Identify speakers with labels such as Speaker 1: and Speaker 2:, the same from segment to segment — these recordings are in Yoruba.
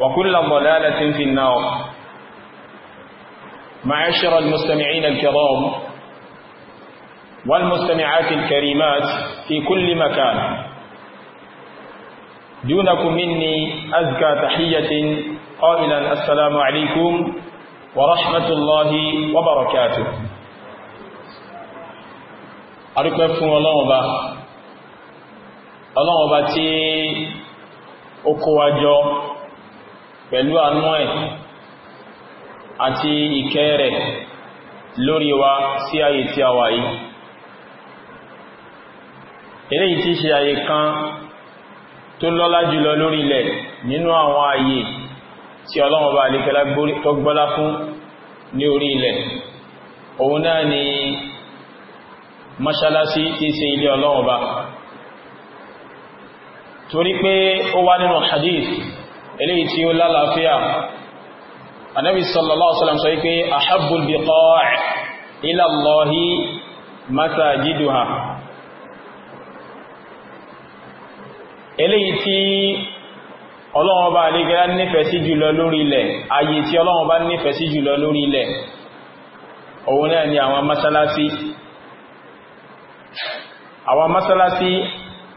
Speaker 1: وكل ضلالة في النار معاشر المستمعين الكرام والمستمعات الكريمات في كل مكان دونكم مني أزكى تحية قائلا السلام عليكم ورحمة الله وبركاته أركب فún ọlọ́run ọba ọlọ́run ọba tí ó kó wájọ́ pẹ̀lú àánú ẹ̀ àti ìkẹ́ rẹ̀ lórí wa sí ayé tí a wà yìí eléyìí tí ṣe ayé kan tó lọ́lá jùlọ lórí ilẹ̀ nínú àwọn ayé tí Ọlọ́run bá alékẹ́lá tó gbọ́lá fún ní orí ilẹ̀ òun náà ni mọ́ṣálásí tí ṣe ilé Ọlọ́run bá torí pé ó wá nínú hadith eléyìí tí ó lálàáfíà anábi sallallahu alaihi wasallam sọ wípé ahabbul biqa'i ila Allahi masajiduha eléyìí tí ọlọ́wọ́ bá alégẹ́lá nífẹ̀ẹ́ sí jùlọ lórí ilẹ̀ ayé tí ọlọ́wọ́ bá nífẹ̀ẹ́ sí jùlọ lórí ilẹ̀ òun náà ni àwọn masalasi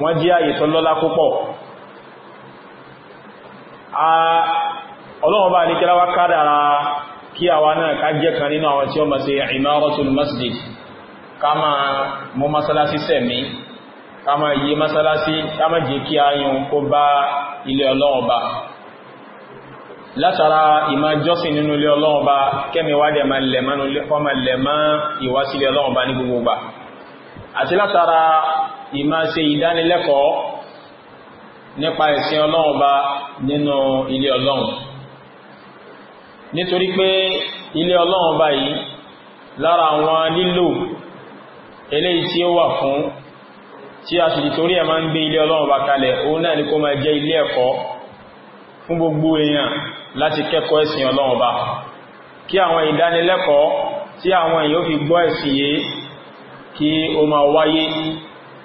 Speaker 1: àwọn ọlọ́wọ́n bá ní kíláwá kádàrá kí àwa náà ká jẹ́ kan nínú àwọn tí ó ma ṣe imaratul masjid ká ma mú masalasi sẹ̀mí ká ma yí masalasi ká ma jẹ́ kí ayun kó bá ilé ọlọ́wọ́n bá látara ìmá jọ́sìn nínú ilé ọlọ́wọ́n bá kẹ́mi wádẹ̀ nípa ìsìn ọlọ́run bá nínú ilé ọlọ́run nítorí pé ilé ọlọ́run bá yìí lára àwọn lílò eléyìí tí ó wà fún tí a sì torí ẹ̀ máa ń gbé ilé ọlọ́run bá kalẹ̀ òun náà ni kó máa jẹ́ ilé ẹ̀kọ́ fún gbogbo èèyàn láti kẹ́kọ̀ọ́ ẹ̀sìn ọlọ́run bá kí àwọn ìdánilẹ́kọ̀ọ́ tí àwọn èèyàn fi gbọ́ ẹ̀sìn yìí kí ó máa wáyé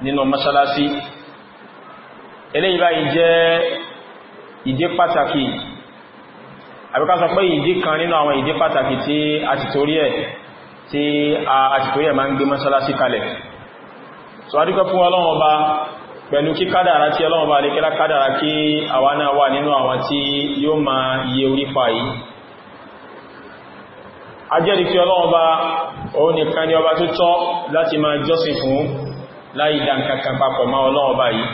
Speaker 1: nínú mọ́ṣálásí eléyìí báyìí jẹ́ ìdí pàtàkì àbíká sọ pé ìdí kan nínú àwọn ìdí pàtàkì tí a ti torí ẹ̀ tí a ti torí ẹ̀ máa ń gbé mọ́sálásí kalẹ̀ so a dúpẹ́ fún Ọlọ́run Ọba pẹ̀lú kí kádàrá tí Ọlọ́run Ọba lè kẹ́lá kádàrá kí àwa náà wà nínú àwọn tí yóò máa yẹ orí pa yìí a jẹ́rìí kí Ọlọ́run Ọba òun nìkan ni ọba tó tọ́ láti máa jọ́sìn fún láì dá papọ̀ mọ́ Ọlọ́run Ọba yìí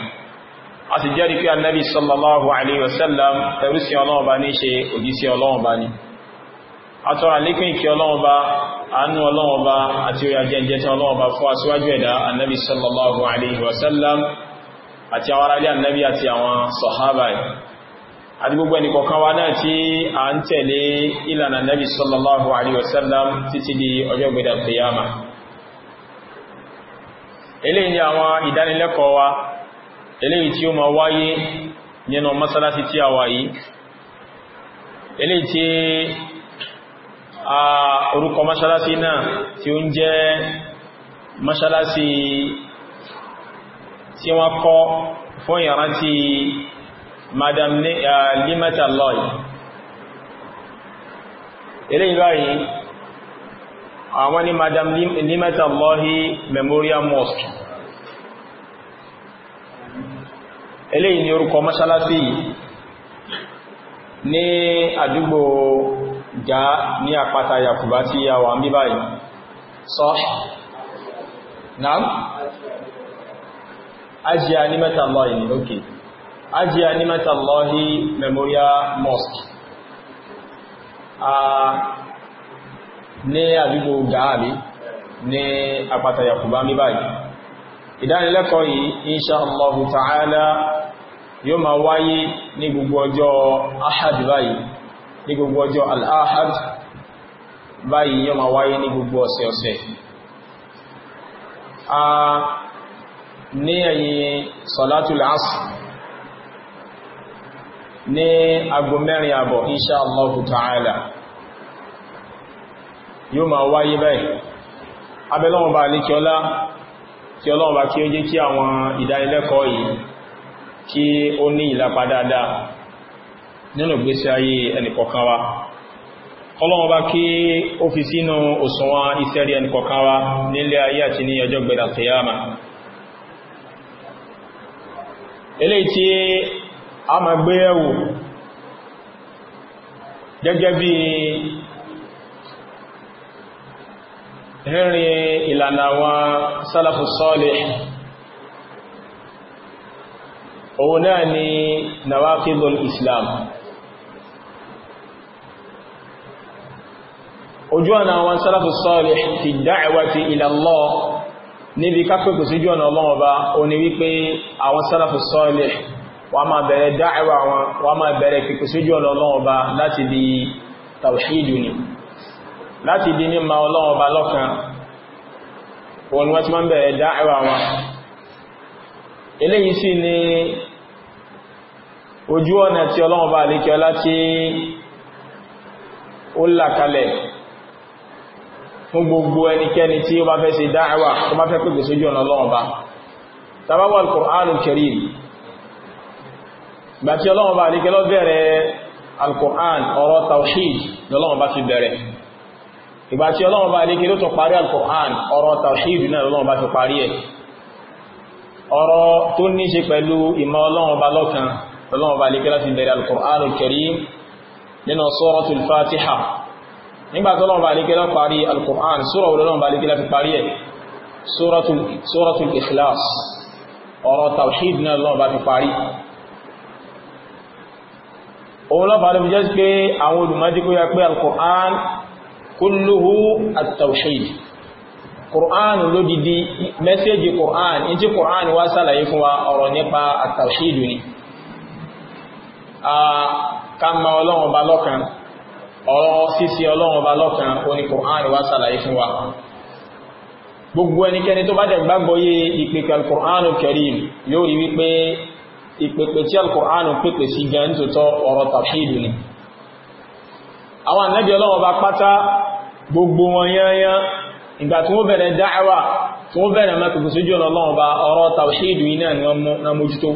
Speaker 1: a sì jẹ́rìí pé annabi sallallahu alaihi wasallam ẹrú sí ọlọ́run bá ní ṣe òjíṣẹ́ ọlọ́run bá ní àtọ́rà lékún ìkẹ́ ọlọ́run bá àánú ọlọ́run bá àti orí ajẹ́jẹ́ tí ọlọ́run bá fún aṣíwájú ẹ̀dá annabi sallallahu alaihi wasallam àti àwọn aráalé annabi àti àwọn sọ̀hábà àti gbogbo ẹnì kọ̀ọ̀kan wa náà tí a ń tẹ̀lé ìlànà eléyìí tí ó ma wáyé nínú masalasi tí a wáyé eléyìí tí a orúkọ masalasi náà tí ó ń jẹ́ masalasi tí wọ́n kọ́ fún ìrántí madam limata lloyd eléyìí báyìí àwọn ni madam limata lloyd memorial mosque eléyìí ni orúkọ mọ́ṣálásí ní àdúgbò ga ní àpáta Yàkùbá tí a wà ń bí báyìí sọ náà ajiya ní mẹ́tàlọ́hì ní òkè ajiya ní mẹ́tàlọ́hì memorial mosque a ní àdúgbò gaari ní àpáta Yàkùbá ń bí báyìí ìdánilẹ́kọ̀ọ́ yìí inṣáàlọ́hù ta'ala yóò máa wáyé ní gbogbo ọjọ́ ahad báyìí ní gbogbo ọjọ́ al-ahad báyìí yóò máa wáyé ní gbogbo ọ̀sẹ̀ọ̀sẹ̀ a ní ẹ̀yìn salatul asr ní agbo mẹ́rin àbọ̀ insha Allah ta'ala yóò máa wáyé báyìí abẹ́lọ́wọ̀n bá ní kí ọlá kí ọlọ́wọ̀n bá kí ó jẹ́ kí àwọn ìdánilẹ́kọ̀ọ́ yìí kí ó ní ìlàpá dáadáa nínú ìgbésí ayé ẹnìkọ̀kan wa ọlọ́wọ́ bá kí ó fi sínú òṣùnwọ̀n iṣẹ́ rí ẹnìkọ̀kan wa nílé ayé àti ní ọjọ́ gbẹ̀dà kìyàmà eléyìí tí a máa gbé ẹ̀wò gẹ́gẹ́ bí rírin ìlànà àwọn sálàfù sọ́ọ̀lẹ̀ òun náà ni nawakidul islam ojú ọ̀nà àwọn sálàfù sọ́ọ̀lẹ̀ ti ila Allah níbi kápẹ́kù síjú ọ̀nà ọlọ́wọ́ o ní wípé àwọn sálàfù sọ́ọ̀lẹ̀ wà máa bẹ̀rẹ̀ dáẹwà wọn wà máa bẹ̀rẹ̀ pẹ̀kù síjú ọ̀nà ọlọ́wọ́ láti di di ti ojú ọ̀nà tí ọlọ́run bá lè kí ọlá tí ó làkalẹ̀ fún gbogbo ẹnikẹ́ni tí ó bá fẹ́ ṣe dáàwà tó bá fẹ́ pẹ̀lú sójú ọ̀nà ọlọ́run bá tàbáwà al-Qur'an al-Karim gbà tí ọlọ́run al-Qur'an ọ̀rọ̀ tawhid lọ́lọ́run bá fi tó al-Qur'an ọ̀rọ̀ tawhid náà lọ́lọ́run bá fi parí ní ṣe pẹ̀lú ìmọ̀ ọlọ́run bá lọ́kan ọlọ́wọ́ bá lékẹ́lá fi bẹ̀rẹ̀ alkùránù karim nínú suratul fatiha nígbàtí ọlọ́wọ́ bá lékẹ́lá parí alkùránù sura ọlọ́wọ́ bá lékẹ́lá fi parí ẹ̀ suratul ikhlas ọ̀rọ̀ tawhid náà lọ́wọ́ bá fi parí òun lọ́pàá lè fi jẹ́ pé àwọn olùmọ́díkó ya pé alkùrán kulluhu at-tawhid Qur'an ló dìdí mẹ́sẹ́jì Qur'an in ti Qur'an wá sálàyé fún wa ọ̀rọ̀ nípa at ni ká ma ọlọ́run ọba lọ́kan ọ̀rọ̀ sísí ọlọ́run ọba lọ́kan oní Kùránì wá sàlàyé fún wa gbogbo ẹnikẹ́ni tó bá dẹ̀ gbàgbọ́ yé ìpèpè Al-Kùránù Kẹrim yóò rí wípé ìpèpè tí Al-Kùránù pèpè ni àwọn ànábì ọlọ́run ọba pátá gbogbo wọn yányán ìgbà tí wọ́n bẹ̀rẹ̀ dáhàwà tí mẹ́kùnkùn sójú ọlọ́run ọba ọ̀rọ̀ tàfíìdù yìí náà ni wọ́n mójútó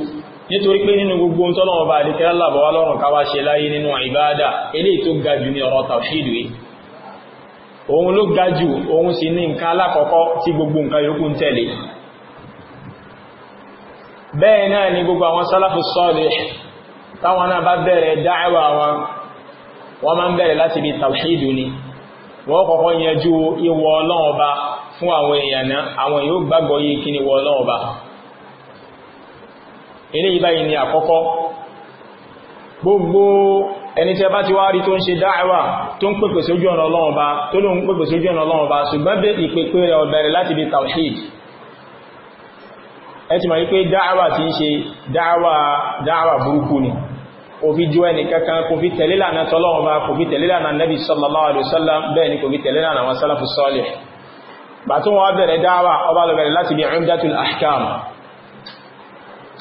Speaker 1: nítorí pé nínú gbogbo ohun tọ́lọ́wọ́ bá àdíkẹ́ aláàbọ̀ wá lọ́rùn káwá ṣe láyé nínú ìbáadà eléyìí tó ga jù ní ọ̀rọ̀ tàwṣídù yìí òun ló ga jù òun sì ní nǹkan alákọ̀ọ́kọ́ tí gbogbo nǹkan yòókù ń tẹ̀lé bẹ́ẹ̀ náà ni gbogbo àwọn sálàfù sọ́ọ̀lẹ̀ eléyìí báyìí ni àkọ́kọ́ gbogbo ẹni tí a bá ti wá rí tó ń ṣe dáẹ̀wà tó ń pèpè sójú ọ̀nà Ọlọ́run bá tó ló ń pèpè sójú ọ̀nà Ọlọ́run bá ṣùgbọ́n dé ìpèpè rẹ̀ ó láti bí tawhid ẹ ti mọ̀ wípé ti ṣe burúkú ni kò fi ju kankan kò fi tẹ̀lé lànà bá kò Nabi sallallahu alaihi wasallam bẹ́ẹ̀ ni kò fi tẹ̀lé lànà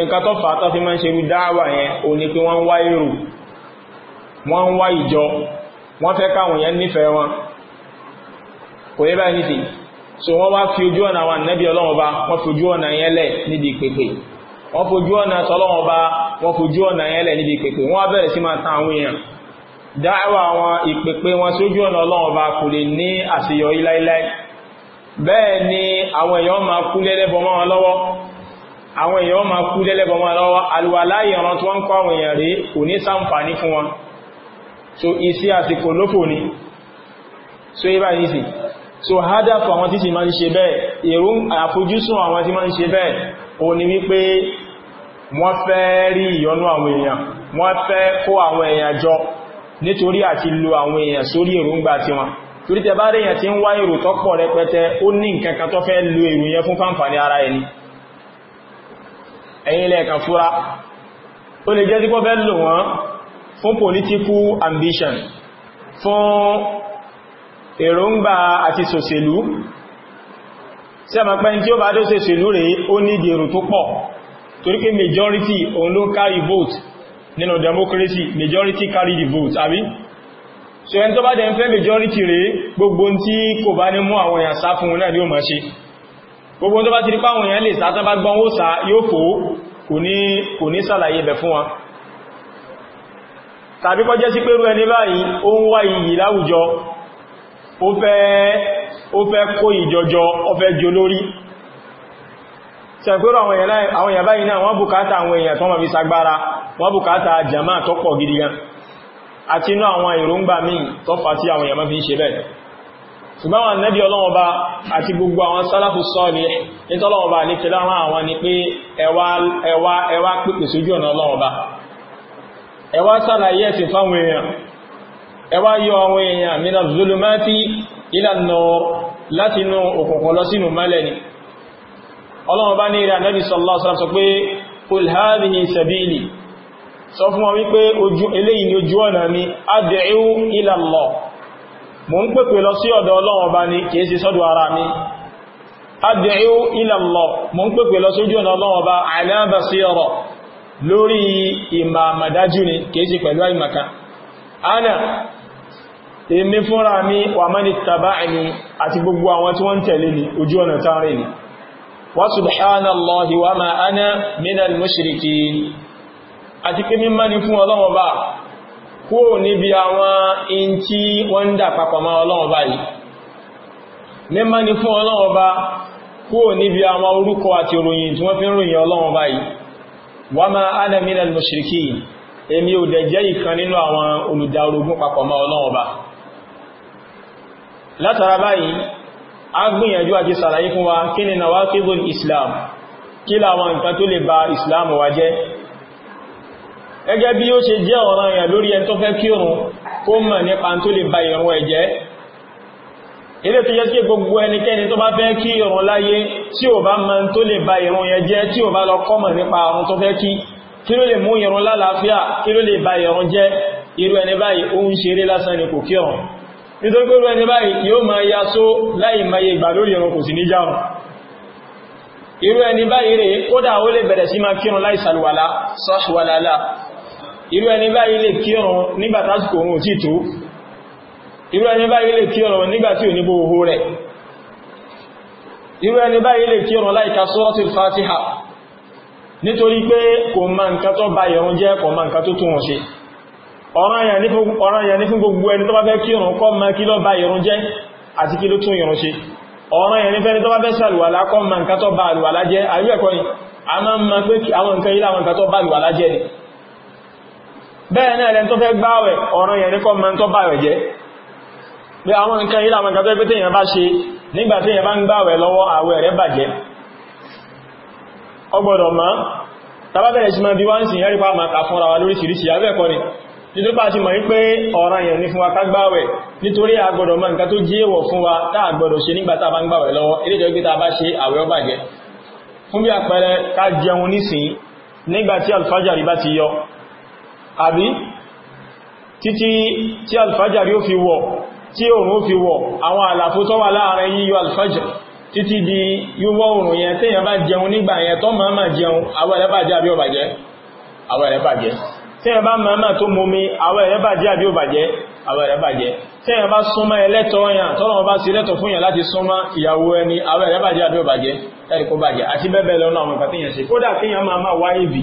Speaker 1: nǹkan tó fàátọ́ fi máa ń ṣerú dáwà yẹn o ní pé wọ́n ń wá èrò wọ́n ń wá ìjọ wọ́n fẹ́ káwọn yẹn nífẹ̀ẹ́ wọn kò yẹ báyìí nìsí so wọ́n wá fi ojú ọ̀nà àwọn ànábì ọlọ́wọ́n wọ́n fi ojú ọ̀nà yẹn lẹ̀ níbi ìpèpè wọ́n fojú ọ̀nà ọ̀nà yẹn lẹ̀ níbi ìpèpè wọ́n bẹ̀rẹ̀ sí máa wọn sójú ọ̀nà ọlọ́wọ́n kò lè ní àṣeyọrí láíláí bẹ́ẹ̀ ni àwọn èèyàn máa wọn lọ́wọ́ àwọn èèyàn ma kú lẹ́lẹ́bọn wọn lọ́wọ́ alùwàlá ìran tí wọ́n ń kọ́ àwọn èèyàn rí kò ní ṣàǹfààní fún wọn so isi àsìkò lófò ni so ibà nìsì so hádá fún àwọn títí máa ń ṣe bẹ́ẹ̀ èrò àfojúsùn àwọn tí máa ń ṣe bẹ́ẹ̀ ó ní wípé wọ́n fẹ́ rí ìyọnú àwọn èèyàn wọ́n fẹ́ kó àwọn èèyàn jọ nítorí ẹ̀yin lẹ́ẹ̀kan fúra ó lè jẹ́ sí pọ́ fẹ́ lò wọ́n fún political ambition fún èròǹgbà àti sòṣèlú sí àmàpẹ́ tí ó bá tó sòṣèlú rẹ̀ ó ní dèrò tó pọ̀ torí pé majority òun ló carry vote nínú democracy majority carry the vote àbí so ẹni tó bá dẹ̀ ń fẹ́ majority rẹ̀ gbogbo tí kò bá ní mú àwọn èèyàn sá fún náà ni ó máa ṣe gbogbo tó bá ti rí páwọn èèyàn lè sátán bá gbọ́n ó sá yóò fò kò ní sàlàyé bẹ̀ fún wọn tàbí kọjẹ́ sí pé rú ẹni báyìí ó ń wá iyì láwùjọ ó fẹ́ kó ìjọjọ ó fẹ́ jọ lórí sẹ̀kúrò àwọn èèyàn gidi gan àti inú àwọn èròǹgbà míì tó fà sí àwọn èèyàn ṣùgbọ́n àwọn nẹ́bí ọlọ́wọ́ba àti gbogbo àwọn sálàfù sọ́ọ̀lẹ̀ nítọ́lọ́wọ́ba ní kí láwọn àwọn ni pé ẹwà pípè sójú ọ̀nà ọlọ́wọ́ba ẹwà sàlàyé ẹ̀sìn fáwọn èèyàn ẹwà yọ àwọn èèyàn mina zulumati ila nur láti mo ń pèpè lọ sí ọ̀dọ̀ ọlọ́run ọba ni kìí sí sọ́dọ̀ ara mi adìríú ilallah mo ń pèpè lọ sójú ọ̀nà ọlọ́run ọba ala basira lórí ìmàmàdájú ni kìí sí pẹ̀lú àìmàká ana èmi fúnra mi wà mani taba'ani àti gbogbo àwọn tí wọ́n tẹ̀lé ni ojú ọ̀nà tánrin ni wa ma ana àti pé mímọ́ ni fún kúrò níbi àwọn in tí wọ́n ń dà papọ̀ mọ́ ọlọ́run ọba yìí mímọ́ ni fún ọlọ́run kúrò níbi àwọn orúkọ àti ìròyìn tí wọ́n fi ń ròyìn ọlọ́run yìí wa ma ana minal mushrikin èmi ò dẹ̀ jẹ́ ìkan nínú àwọn olùdarogún papọ̀ mọ́ ọlọ́run ọba látara báyìí a gbìyànjú islam kí làwọn nǹkan islam wa gẹ́gẹ́ bí ó ṣe jẹ́ ọ̀ràn èèyàn lórí ẹni tó fẹ́ kírun kó mọ̀ nípa tó lè ba ìrun ẹ̀ jẹ́ ilé tó jẹ́ sí gbogbo ẹnikẹ́ni tó bá fẹ́ kí ìrun láyé tí ò bá mọ̀ tó lè ba ìrun yẹn jẹ́ tí ò bá lọ kọ́mọ̀ nípa àrùn tó fẹ́ kí kí ló lè mú ìrun lálàáfíà kí ló lè ba ìrun jẹ́ irú ẹni báyìí ó ń ṣeré lásán ni kò kírun nítorí pé irú ẹni báyìí yóò máa ya só láì máa yẹ ìgbà lórí ìrun kò sì ní járun irú ẹni báyìí rèé kódà ó lè bẹ̀rẹ̀ sí máa kírun láì sàlùwàlá sọ́ṣùwàlálà irú ẹni báyìí lè kírun nígbà tásìkò òun ò tí tó irú ẹni báyìí lè kírun nígbà tí ò ní bó ohó rẹ̀ irú ẹni báyìí lè kírun láìka sọ́ọ̀tì fatiha nítorí pé kò ma nǹkan tó bá ìrun jẹ́ kò ma nǹkan tó tún wọn ṣe ọ̀ranyàn ní fún gbogbo ẹni tó bá fẹ́ kírun kó ma kí ló bá ìrun jẹ́ àti kí ṣe ọ̀ranyàn bẹ́ẹ̀ náà lẹ́n tó fẹ́ gbáwẹ̀ ọ̀rọ̀ yẹn kọ́ mọ́ tó báwẹ̀ jẹ́ bí àwọn nǹkan ilá àwọn nǹkan tó pé tèèyàn bá ṣe nígbà tèèyàn bá ń gbáwẹ̀ lọ́wọ́ àwẹ̀ rẹ̀ bàjẹ́ ọgbọ̀dọ̀ mọ́ tàbábẹ̀rẹ̀ sí máa bí wá ń sìn yẹ́rí pa máa kà ni nítorí bá ti mọ̀ wa ká gbáwẹ̀ nítorí àgbọ̀dọ̀ mọ́ nǹkan tó jí èèwọ̀ fún wa tá àgbọ̀dọ̀ ṣe nígbà tá a bá ń gbáwẹ̀ lọ́wọ́ eré alfajari bá ti yọ àbí títí tí alfajar yóò fi wọ̀ tí oòrùn fi wọ̀ àwọn àlàfo tó wà láàrin yíyọ alfajar títí di yíwọ̀ oòrùn yẹn tí yẹn bá jẹun nígbà yẹn tó máa máa jẹun àwọ̀ ẹ̀rẹ́ bàjẹ́ àbí ọbàjẹ́ àwọ̀ ẹ̀rẹ́ bàjẹ́ tí yẹn bá máa máa tó momi àwọ̀ ẹ̀rẹ́ bàjẹ́ àbí ọbàjẹ́ àwọ̀ ẹ̀rẹ́ bàjẹ́ tí yẹn bá súnmọ́ ẹlẹ́tọ̀ yẹn tọ́lọ́wọ́ bá sí lẹ́tọ̀ fún yẹn láti súnmọ́ ìyàwó ẹni àwọ̀ ẹ̀rẹ́ bàjẹ́ àbí ọbàjẹ́ ẹ̀rì kó bàjẹ́ àti bẹ́ẹ̀ lọ́nà àwọn ìpàtíyàn ṣe kódà kíyàn máa máa wáyé bì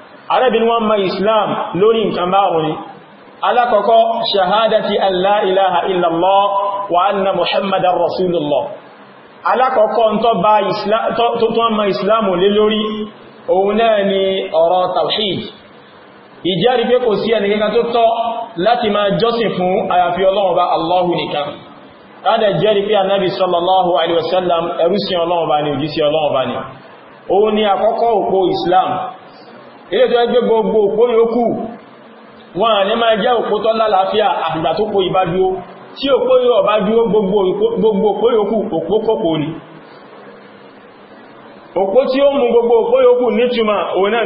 Speaker 1: arábìn wọ́n ma islam lórí nǹkan márùn ni alákọ̀ọ́kọ́ ṣahádàtí an la ilaha illallah wa anna muhammadar rasulullah alákọ̀ọ́kọ́ tó tó ma islam lé lórí òun náà ni ọ̀rọ̀ tawhid ìjẹ́rìí pé kò sí ẹnìkan tó tọ́ láti máa jọ́sìn fún àyàfi ọlọ́run allahu nìkan rádà jẹ́rìí pé anábi sallallahu alaihi wasallam ẹrúsìn ọlọ́run bá òjísí ọlọ́run bá òun ni àkọ́kọ́ òpó islam ilé tó ẹgbẹ́ gbogbo òpó yòókù wọn ní máa jẹ́ òpó tọ́ lálàáfíà àfìgbà tó kó ìbá dúó tí òpó yóò bá dúó gbogbo òpó yòókù òpó kòkó ni òpó tí ó mú gbogbo òpó yòókù nítumà òun náà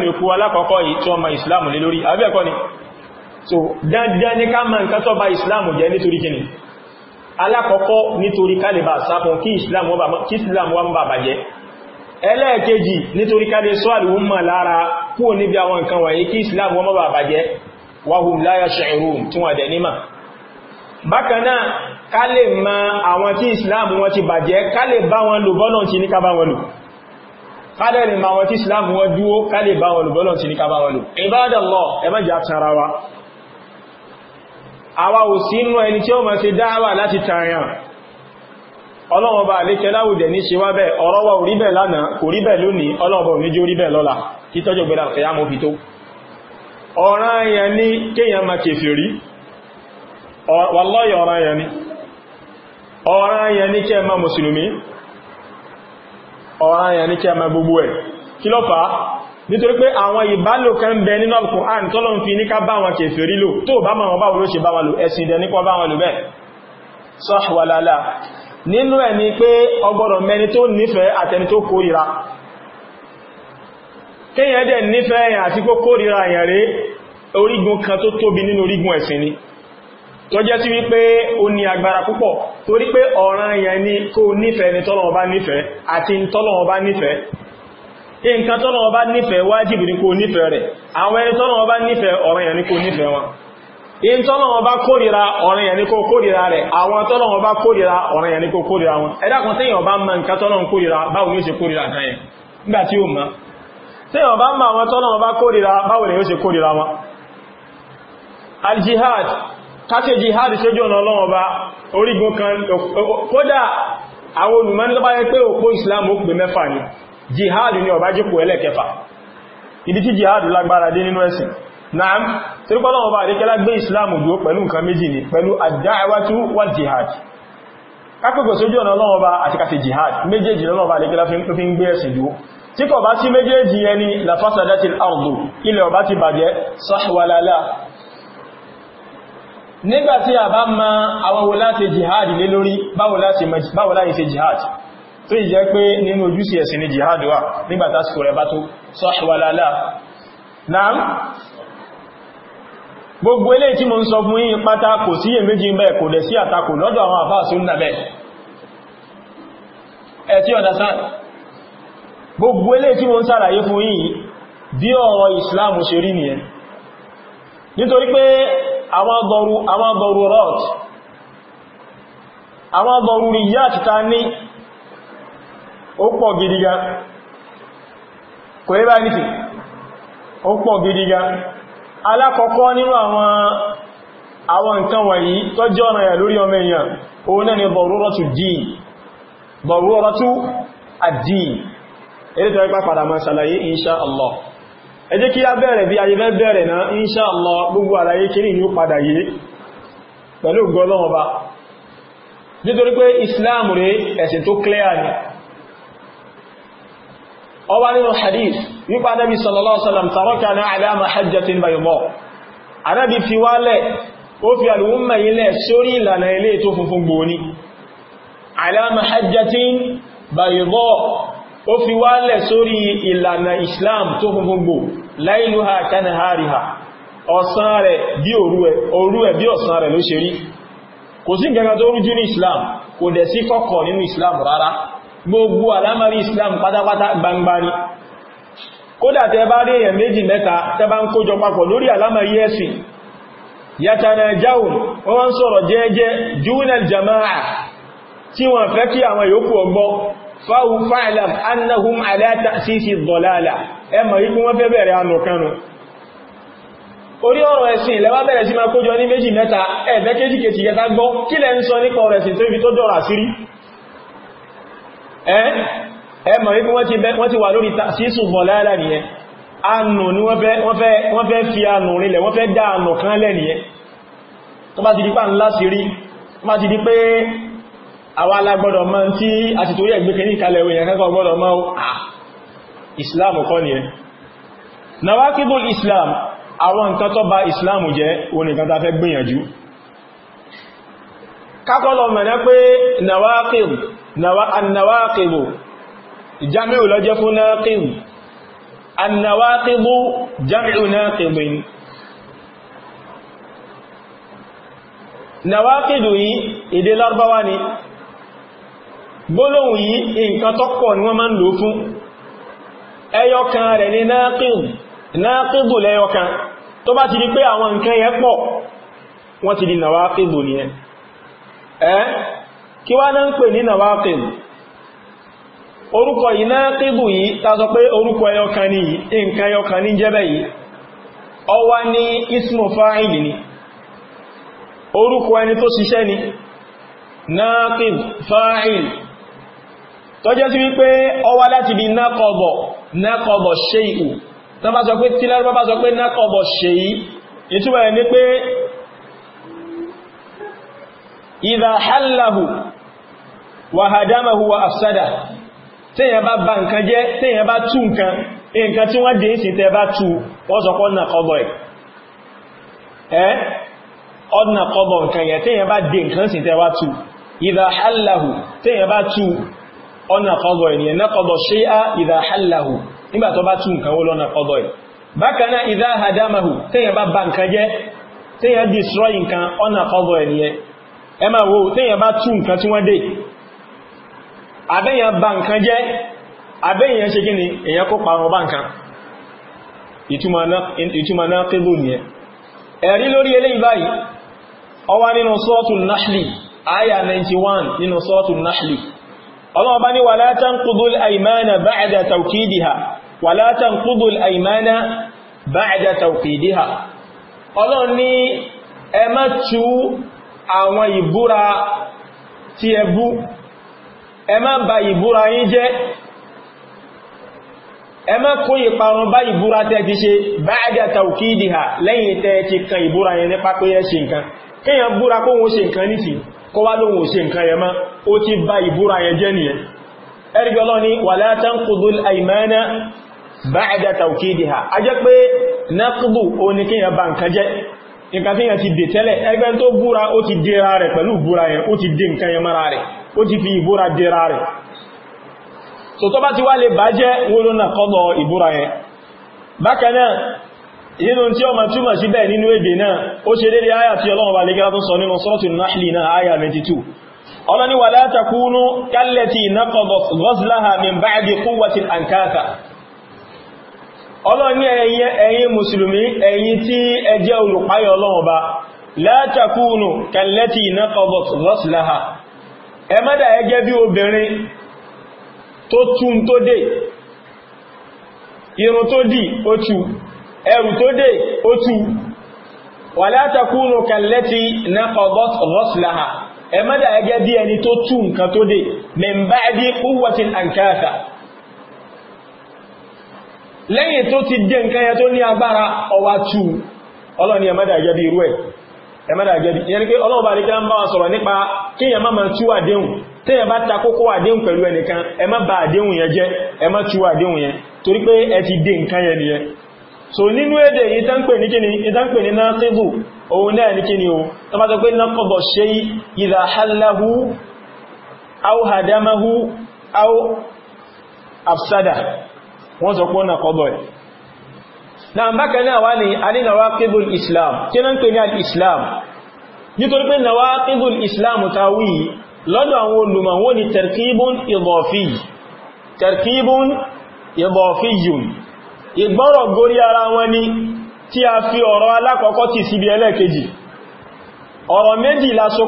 Speaker 1: so dandan ní ká ma nǹkan tó bá ìsìláàmù jẹ́ nítorí kíni alákọ̀ọ́kọ́ nítorí kálíbà sápọn kí ìsìláàmù wọn bàbàjẹ́ ẹlẹ́ẹ̀kejì nítorí ká lè sọ àlùmọ̀ lára kúrò níbi àwọn nǹkan wọ̀nyí kí islam wọ́n mọ́bà bàjẹ́ wahum la yash'urun tí wọ́n dẹ̀ nímà bákanáà ká lè ma àwọn tí islam wọ́n ti bàjẹ́ ká lè bá wọn lò bọ́lọ̀ tí ní ká bá wọn lò ká lè ma àwọn tí islam wọ́n dúó ká wa àwa ò ọlọ́run ọba àlékẹ́ láwùdẹ̀ ní ṣe wá bẹ́ ọ̀rọ̀ wa orí bẹ̀ lánàá kò rí bẹ̀ lónìí ọlọ́run ọba òní jí orí bẹ̀ lọ́la kí tọ́jọ gbẹ̀dà kẹyàmù fi tó ọ̀ràn yẹn ni kéèyàn máa kèfèrí wallahi ọ̀ràn yẹn ni ọ̀ràn yẹn ni kẹ́ máa mùsùlùmí ọ̀ràn yẹn ni kẹ́ máa gbogbo ẹ̀ kí ló fà á nítorí pé àwọn ìbálò kan bẹ nínú Al-Qur'an tọ́lọ́run fi ní ká bá wọn kèfèrí lò tó bá mọ̀ wọn báwo ló ṣe bá wọn lò ẹ̀sìn ìdẹ̀ nípa bá wọn lò bẹ́ẹ̀ sah nínú ẹ̀ ni pé ọgbọ́dọ̀ mẹni tó nífẹ̀ẹ́ àtẹni tó kórìíra kíyàn dẹ̀ nífẹ̀ẹ́ èyàn àti kó kórìíra èyàn rẹ̀ orígun kan tó tóbi nínú orígun ẹ̀sìn ni tó jẹ́ sí wípé ó ní agbára púpọ̀ torí pé ọ̀ràn èyàn ni kó nífẹ̀ẹ́ ni tọ́lọ̀ ọba nífẹ̀ẹ́ àti tọ́lọ̀ ọba nífẹ̀ẹ́ ni kó nífẹ̀ẹ́ rẹ̀ àwọn ẹni tọ́lọ̀ ọba nífẹ̀ẹ́ ọ̀ràn èyàn ni kó in tọ́lọ̀wọ̀n bá kórìíra ọ̀rìn yẹn ní kó àwọn wọn ọba mọ̀ nka tọ́lọ̀wọ̀n kórìíra báwo ni nígbà tí ọba mọ̀ àwọn tọ́lọ̀wọ̀n báwo ni wọn aljihad jihad sójú ọ̀nà ọlọ́wọ̀n orígun kan kódà àwọn olùmọ́ni tó bá yẹ pé òpó islam ó pè mẹ́fà ni jihad ọba jípò ẹlẹ́kẹfà ibi tí jihad lágbára dé nínú ẹ̀sìn tírípọ́lọ́wọ́ bá àríkẹ́lá gbé ìsìláàmù dúó pẹ̀lú nǹkan méjì ni pẹ̀lú àdáwátú wal jihad kápẹ́kọ̀ sójú ọ̀nà Ọlọ́run bá àti kàfẹ́ jihad méjèèjì lọ́wọ́ bá àríkẹ́lá fi ń gbé ẹ̀sìn dúó tí kò bá sí méjèèjì ẹni lafasadatil ardu ilẹ̀ ọba ti bàjẹ́ sahwalala nígbàtí a bá ma àwọn wo láti jihad lé lórí báwo láti ṣe jihad tó ìjẹ́ pé nínú ojúṣe ẹ̀sìn ni jihad wà nígbàtí àsìkò rẹ̀ bá tó sahwalala náà gbogbo eléyìí tí mo ń sọ fún yín pátá kò sí èméjì bẹ́ẹ̀ kò dẹ̀ sí àtakò lọ́dọ̀ àwọn gbogbo eléyìí tí mo ń sàlàyé fún yín bí ọ̀rọ̀ ìsìláàmù ṣe rí nìyẹn nítorí pé àwọn gọrù rọ́t gidiga gidiga alákọ̀ọ́kọ́ nínú àwọn àwọn nǹkan wọ̀nyí tó jẹ́ ọ̀nà yà lórí ọmọ èèyàn òun náà ni bọ̀rúrọ̀tù díì bọ̀rúrọ̀tù àdíì èdè tó ipá padà máa ṣàlàyé inṣá Allah ẹ jẹ́ kí a bẹ̀rẹ̀ bí ayé bẹ̀rẹ̀ náà inṣá gbogbo àlàyé kiri ni ó padà yé pẹ̀lú gọ́lọ́wọ́ nítorí pé Islam rẹ̀ ẹ̀sìn tó clear ni ọwá nínú hadith wípa anábi sallallahu alaihi wasallam tàrọ́kà náà àdáma hajjatin bayọ̀mọ́ anábi fi wálẹ̀ ó fi alùmọ̀ ilẹ̀ sórí ìlànà ilé tó funfun gbóní àdáma hajjatin bayọ̀mọ́ ó fi wálẹ̀ sórí ìlànà islam tó funfun gbó láìlúha kanahariha ọ̀sán rẹ̀ bí òru ẹ̀ bí ọ̀sán rẹ̀ ló ṣe gbogbo àlámàrí islam pátápátá gbangba ni kódà tẹ bá rí èyàn méjì mẹ́ta tẹ bá ń kójọ papọ̀ lórí àlámàrí ẹ̀sìn yàtànà jáun wọ́n sọ̀rọ̀ jẹ́ẹ́jẹ́ júnal jama'a tí wọ́n fẹ́ kí àwọn yòókù ọgbọ́ fáwọn fa'alam annahum aláta sísì dọ̀lálà ẹmọ̀ ikú wọ́n fẹ́ bẹ̀rẹ̀ anùkanu orí ọ̀rọ̀ ẹ̀sìn lẹ́wà bẹ̀rẹ̀ sí máa kójọ ní méjì mẹ́ta ẹ̀ẹ́bẹ́ kéjì kejì yẹta gbọ́ kí lẹ́ ń sọ nípa ọ̀rọ̀ tó ibi tó dọ̀rọ̀ àṣírí ẹ mọ̀ wípé wọ́n ti wà lórí sísù bọ̀láàlá nìyẹn anù ni wọ́n fẹ́ fi anù rinlẹ̀ wọ́n fẹ́ dá anù kan lẹ̀ nìyẹn tó bá ti di ńlá sí rí tó ti di pé àwọn alágbọ́dọ̀ mọ́ tí a ti torí ẹ̀gbẹ́ kalẹ̀ Islam kọ́ Islam Islam onye ta annawaqibu jami'u lọ jẹ́ fún naqibu annawaqibu jami'u naqibin nawaqidu yìí èdè Lárúbáwá ni gbólóhùn yìí nǹkan tó pọ̀ ni wọ́n máa ń lò fún ẹyọkan rẹ̀ ni naqibu naqibu lẹ́yọkan tó bá ti di pé àwọn nǹkan yẹn pọ̀ wọ́n ti di nawaqibu ni
Speaker 2: ẹ́
Speaker 1: kiwanan pe ni nawaqin oruko inaqibu yi ta so pe oruko yo kan ni nkan yo kan ni jebe yi o wa ni ismu fa'il ni oruko ani to sise ni naqib fa'il to je si pe o wa lati bi naqabo naqabo shay'u ta ba so pe tilar ba so pe naqabo shay'i ituba ni pe idha halahu wàhádámàhù wa afsada tíyàn bá bá nǹkan jẹ́ tíyàn bá tú nǹkan nǹkan tí wọ́n dé ìsìn tẹ bá tú wọ́n sọ kọbọ̀ ẹ̀ ọdún àkọbọ̀ nǹkan yẹ tíyàn bá dé nǹkan sí tẹ ìdá hallahu tíyàn bá bá nǹkan jẹ́ tíyàn destroy nǹkan ọ̀nà kọbọ̀ ẹ wo tíyàn bá nǹkan tí wọ́n dé àbẹ́yàn bá nǹkan jẹ́ àbẹ́yàn ṣe gíní èyàn kó parun bá nǹkan ìtumọ̀ náà kébù ní ẹ ẹ̀rí lórí eléyìí báyìí ọwá nínú suratul Nahli àyà 91 nínú suratul Nahli Ọlọ́run bá ní wala tanqudul aymana ba'da tawkidiha wala tanqudul aymana ba'da tawkidiha Ọlọ́run ní ẹ má bà ìbúra yín jẹ́ ẹ má kó ìparun bá ìbúra tẹ́ ti ṣe ba'da tawkidiha lẹ́yìn tẹ́ ti kan ìbúra yẹn nípa pé yẹ ṣe nǹkan kíyàn búra kó wọ́n ṣe nǹkan nìsí kó wá lóhun ò ṣe nǹkan yẹn mọ́ ó ti bà ìbúra yẹn jẹ́ nìyẹn ẹ̀rí Ọlọ́run ní wala tanqudul aymana ba'da tawkidiha a jẹ́ pé naqdu ó ti fi ìbúra jẹra rẹ̀ so tó bá ti wá lè bá jẹ́ wóró náà kọ́lọ̀ ìbúra yẹn bákanáà nínú tí ó ma túmọ̀ sí bẹ́ẹ̀ nínú èdè náà ó ṣe dédé áyà tí ọlọ́run bá lè gẹ́ra tó sọ nínú sọ́rọ̀tù náà náà áyà 22 ọlọ́ni wala takunu kallati naqadat ghazlaha min ẹ mọ́dà ẹgẹ́ bí obìnrin tó tún tó dé irun tó dì ó tú ẹrù tó dé ó tú wà látàkúnù kàlẹ́tì naqadat ghaslaha ẹ mọ́dà ẹgẹ́ bí ẹni tó tú nǹkan tó dé min ba'di quwwatin ankatha lẹ́yìn tó ti dé nǹkan yẹ tó ní agbára ọwá tú ọlọ́ni ẹ ẹgẹ́ bí irú ẹ̀ ẹmẹ́dà jẹ́bi ìyẹn ni pé ọlọ́ọ̀bá ní ń bá wa sọ̀rọ̀ nípa kíyàn má ma tú àdéhùn bá ta kókó àdéhùn pẹ̀lú ẹnìkan ẹ má ya àdéhùn yẹn jẹ́ ẹ tú àdéhùn yẹn torí pé ẹ ti dé nǹkan yẹn so nínú èdè ìtànpè ní kíni ìtànpè ní o na bákan náà wá ní a ní nawaqidul islam kí náà ń pè ní al-islam nítorí pé nawaqidul islam ta wí lọ́dọ̀ àwọn olùmọ̀ wọ́n ni tarkibun idafi tarkibun idafi yun ìgbọ́rọ̀ gorí ara wọn ni tí a fi ọ̀rọ̀ alákọ̀ọ́kọ́ ti síbi ẹlẹ́ẹ̀kejì ọ̀rọ̀ méjì la so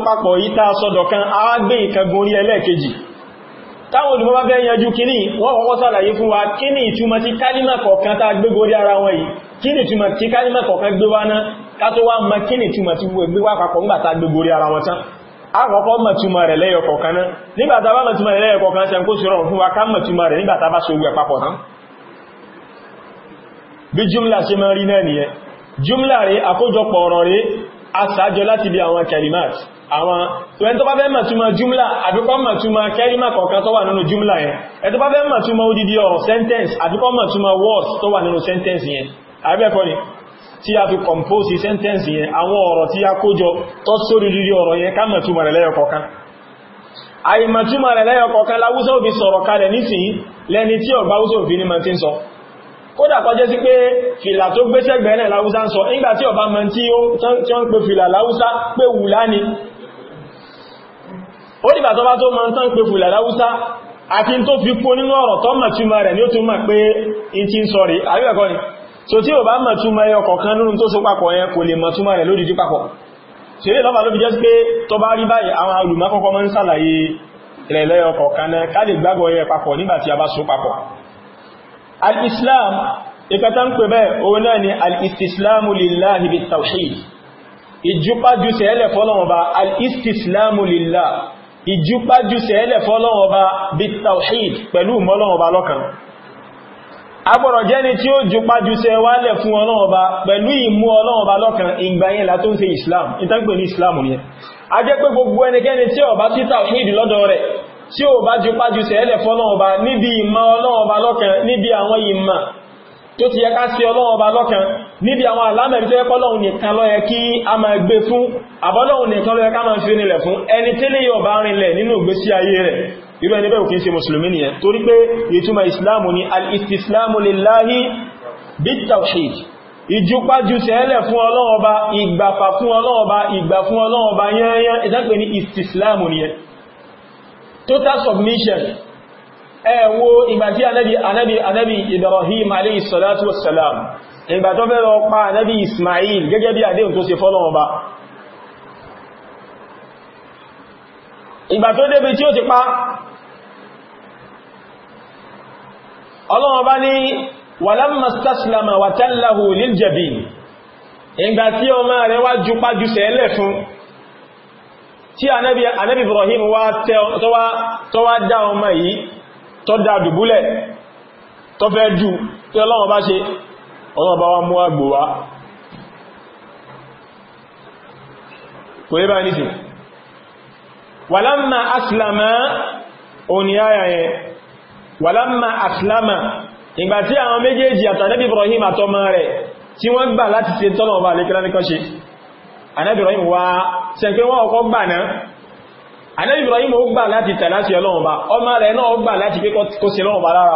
Speaker 1: ta sọ́dọ̀ kan gbé ìkan gorí ẹlẹ́ẹ̀kejì táwọn olùmọ́ bá fẹ́ yanjú kíní wọ́n kọ́kọ́ sàlàyé fún wa kíní ìtumọ̀ tí kálímà kọ̀ọ̀kan tá gbé gorí ara wọn yìí kíní ìtumọ̀ tí kálímà kọ̀ọ̀kan gbé wá náà ká tó wá mọ̀ kíní ìtumọ̀ tí gbé wá papọ̀ ńgbà tá gbé gorí ara wọn tán àkọ́kọ́ mọ̀ ìtumọ̀ rẹ̀ lẹ́yọ kọ̀ọ̀kan náà nígbà tá bá mọ̀ ìtumọ̀ rẹ̀ lẹ́yọ kọ̀ọ̀kan ṣe kó sọ̀rọ̀ fún wa àwọn ẹni tó bá fẹ́ màtúmọ̀ jùmlà àbíkọ́ màtúmọ̀ kẹ́rímà kọ̀ọ̀kan tó wà nínú jùmlà yẹn ẹni tó bá fẹ́ màtúmọ̀ odidi ọ̀rọ̀ sentence àbíkọ́ màtúmọ̀ words tó wà nínú sentence yẹn àbẹ́ẹ̀kọ́ ni tí a fi sentence yẹn àwọn ọ̀rọ̀ tí a kójọ tó sórí lílí ọ̀rọ̀ yẹn ká màtúmọ̀ rẹ̀ lẹ́yọ kọ̀ọ̀kan àìmàtúmọ̀ rẹ̀ lẹ́yọ kọ̀ọ̀kan láwúsọ́ òfin sọ̀rọ̀ kalẹ̀ nísìnyí lẹni tí ọ̀gbá wúsọ́ òfin ní ma ti ń sọ kódà kọjẹ́ sí pé fìlà tó gbéṣẹ́gbẹ̀ẹ́ náà láwúsá ń sọ nígbà tí ọba mọ̀ tí ó ń pè fìlà láwúsá pé wùlá ni ó dìbà tó bá tó ma ń tán pé fùlà láwúsá àti tó fi kó nínú ọ̀rọ̀ tó mọ̀ túnmà rẹ̀ ni ó tún mọ̀ pé in ti ń sọ̀rí àríwẹ̀kọ́ ni so tí ò bá mọ̀ túnmà ẹ ọkọ̀ kan nínú tó so papọ̀ yẹn kò lè mọ̀ túnmà rẹ̀ lódìdí papọ̀ ṣe lè lọ́fà ló fi jẹ́ pé bá al-islam ìkẹta ń pè bẹ́ẹ̀ al-istislamu lillahi bit-tawhid ìjúpájú sẹ́ẹ̀lẹ̀ fọ́lọ́wọ́n bá al-istislamu lillahi ìjúpájú sẹ́ẹ̀lẹ̀ fọ́lọ́wọ́ ọba bí tawhid pẹ̀lú mọ́lọ́wọ́ ọba lọ́kan agbọ̀rọ̀ jẹ́ni tí ó jùpájú sẹ wálẹ̀ fún ọlọ́wọ́ ọba pẹ̀lú ìmú ọlọ́wọ́ ọba ìgbàyẹ̀lá tó ń ṣe islam ìtàgbẹ̀ ní islam ni a jẹ́ pé gbogbo ẹnikẹ́ni tí ó bá sí tawhid lọ́dọ̀ rẹ̀ tí ó bá jùpájú sẹ́ẹ̀lẹ̀ fọ́lọ́wọ́ ọba níbi ìmọ̀ níbi àwọn alámẹ̀rí tó yẹ kọ́lọ́hun nìkan ló yẹ kí a máa gbé fún àbọ́lọ́hun nìkan ló yẹ ká máa fi rinlẹ̀ fún ẹni tẹ́lẹ̀ yọ bá rinlẹ̀ nínú ìgbésí ayé rẹ̀ irú ẹni bẹ́ẹ̀ kì í ṣe mùsùlùmí nìyẹn torí pé ìtumọ̀ ìsìláàmù ni al-istislamu lillahi bit-tawhid ìjúpájú sẹ́lẹ̀ fún Ọlọ́run Ọba submission ẹ wo ìgbà tí Ànábì Ànábì Ànábì Ibrahim alayhi ìgbà tó fẹ́ lọ pa ànábì Ismail gẹ́gẹ́ bí àdéhùn tó ṣe fọ́lọ́wọ́ bá ìgbà tó débi tí ó ti pa ọlọ́wọ́ bá ní walamma staslama watallahu liljabin ìgbà tí ọmọ rẹ̀ wá ju pájú sẹ́lẹ̀ fún tí ànábì Ibrahim wá dá ọmọ yìí tó dá dùbúlẹ̀ tó fẹ́ ju tí ọlọ́wọ́ ṣe ọlọ́ọ̀bá wá mú àgbò wá kò yí bá ní sí wàlámà aslama òní ayà yẹn wàlámà aslama ìgbà tí àwọn méjèèjì àtànẹ́bì Ibrahim àtọmọ rẹ̀ tí wọ́n gbà láti ṣe tọ́lọ̀ ọba àlékẹ́lá ní kọ́ṣe ànẹ́bì Ibrahim wá sẹ́ǹkẹ́ wọ́n ọkọ́ gbà náà Ibrahim ó gbà láti tẹ̀láṣì ọlọ́ọ̀ba ọmọ rẹ̀ náà ó gbà láti pé kó sí ọlọ́ọ̀ba lára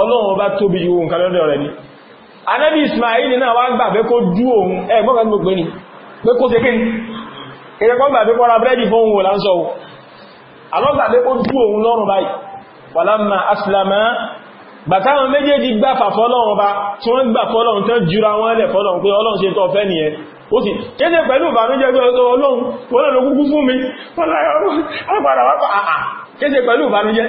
Speaker 1: ọlọ́run bá tóbi ìwò nǹkan lọ́dọ̀ rẹ̀ ni anábì ismail náà wá gbà pé kó dú òun ẹgbọ́n kan gbogbo ni pé kó se kí ní ìrẹ́kọ́ gbà pé kọ́ra búrẹ́dì fún òun láńsọ òun alọ́gbà pé kó dú òun lọ́rùn báyìí wàlámà aslama bàtàwọn méjèèjì gbà fàfọ́lọ́run bá tí wọ́n gbà fọ́lọ́run tán jura wọn lẹ̀ fọ́lọ́run pé ọlọ́run ṣe tọ́ fẹ́ nìyẹn ó sì kéde pẹ̀lú ìbànújẹ́ pé ọlọ́run wọ́n lọ́rọ̀ kúkú fún mi wọ́n láyọ́ àpàdà wákọ̀ àà kéde pẹ̀lú ìbànújẹ́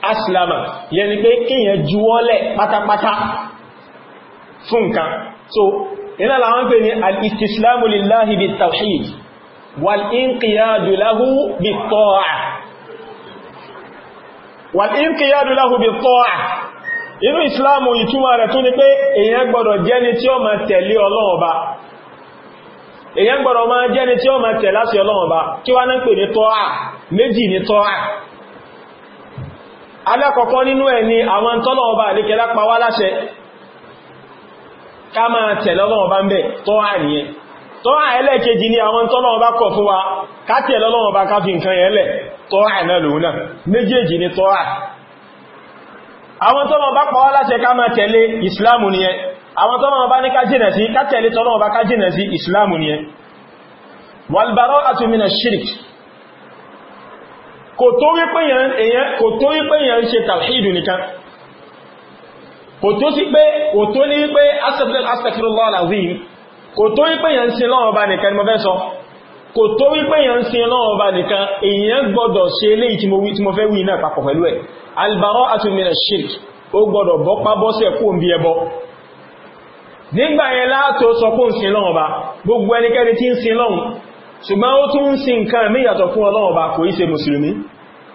Speaker 1: aslama yẹni pé kíyàn juwọ́lẹ̀ pátápátá fún nǹkan so iná làwọn pè ní al-istislamu lillahi bi tawhid wal-inqiyadu lahu bi ta'a wal-inqiyadu lahu bi ta'a inú islamu ìtumọ̀ rẹ̀ tún ni pé èyàn gbọ́dọ̀ jẹ́ni tí ó ma tẹ̀lé Ọlọ́run Ọba èyàn gbọ́dọ̀ ma jẹ́ni tí ó ma tẹ̀lé àṣẹ Ọlọ́run kí wá náà pè ní tọ́à méjì ní tọ́à alákọ̀ọ́kọ́ nínú ẹ̀ ni àwọn tọ́lọ̀ ọba àríkẹ́ lápá wá láṣẹ ká máa tẹ̀lọ́lọ́ ọba ń bẹ̀ tọ́ àníyẹn tọ́ àẹ́lẹ́kejì ni àwọn tọ́lọ̀ ọba kọ̀ fún wa ká tẹ̀lọ́lọ́ ọba ká fi nǹkan yẹn lẹ̀ tọ́ àìná lòun náà méjèèjì ni tọ́ à àwọn tọ́lọ̀ ọba pa wá láṣẹ ká máa tẹ̀lé ìsìláàmù nìyẹn àwọn tọ́lọ̀ ọba ní ká jìnà sí ká kò tó rí pé èyàn ń ṣe tàwíìdù nìkan kò tó sí pé kò tó ní pé astaghfirullah alazim kò tó rí pé èyàn ń ṣe lọ́wọ́ bá nìkan ni mo fẹ́ sọ kò tó rí pé èyàn ń ṣe lọ́wọ́ bá nìkan èyàn gbọ́dọ̀ ṣe léyìí tí mo fẹ́ wí náà papọ̀ pẹ̀lú ẹ̀ albara'atu minash ṣùgbọ́n ó tún sí nǹkan mí yàtọ̀ fún Ọlọ́run bá kò í ṣe mùsùlùmí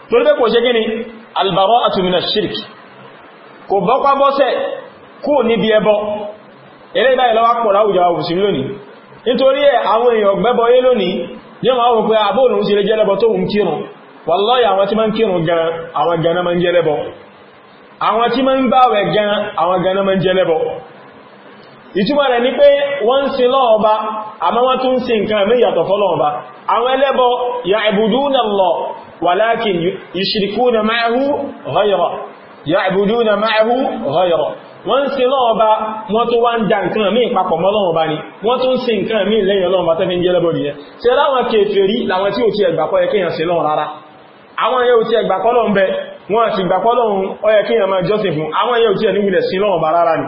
Speaker 1: torí pé kò ṣe gíní al-bara'atu mina shirk kò bọ́pá bọ́sẹ̀ kò níbi ẹbọ eré ìdáyẹ̀ lọ́wọ́ pọ̀ láwùjọ àwùsùn lónìí nítorí ẹ̀ àwọn èèyàn gbẹ́bọ yé ìtumọ̀ rẹ̀ ní pé wọ́n ń sin lọ́wọ́ ọba àmọ́ wọ́n tún sin nǹkan ẹ̀mí ìyàtọ̀ fọ́lọ́wọ́ ọba àwọn ẹlẹ́bọ ya'buduna Allah walakin yushrikuna ma'ahu ghayra ya'buduna ma'ahu ghayra wọ́n ń sin lọ́wọ́ ọba wọ́n tún wá ń da nǹkan ẹ̀mí ìpapọ̀ mọ́ lọ́wọ́ ọba ni wọ́n tún sin nǹkan ẹ̀mí lẹ́yìn lọ́wọ́ ọba tẹ́ni jẹ́lẹ́bọ̀ nìyẹn ṣe láwọn àwọn yẹn ò ti ń bẹ wọ́n ti gbà kọ́ máa jọ́sìn fún àwọn yẹn ò ti ẹ̀ níwìlẹ̀ sí lọ́wọ́ ọba rárá ni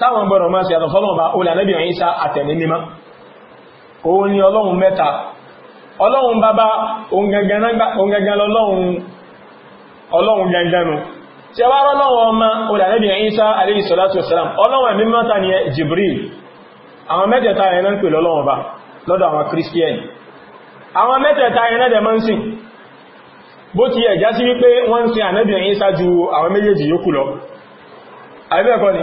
Speaker 1: táwọn gbọ́dọ̀ máa ṣe àtọ̀fọ́lọ́ọ̀bá olè ànábì Ìsá àtẹ̀mí mímọ́ òun ni ọlọ́run mẹ́ta ọlọ́run bàbá òun gangan lọ́lọ́run ọlọ́run ganganu tí a wá rọ́lọ́run ọmọ olè ànábì Ìsá alayhi salatu wassalam ọlọ́run Jibril àwọn mẹ́tẹ̀ẹ̀ta ẹ̀nà ń pè lọ́lọ́run bá lọ́dọ̀ àwọn kírísítíẹ̀nì àwọn mẹ́tẹ̀ẹ̀ta ẹ̀nà dẹ̀ máa ń sìn bó ti ẹ̀já sí wípé wọ́n ń sin ànábì Ìsá àwọn méjèèjì yókù lọ àbẹ́ẹ̀kọ́ ni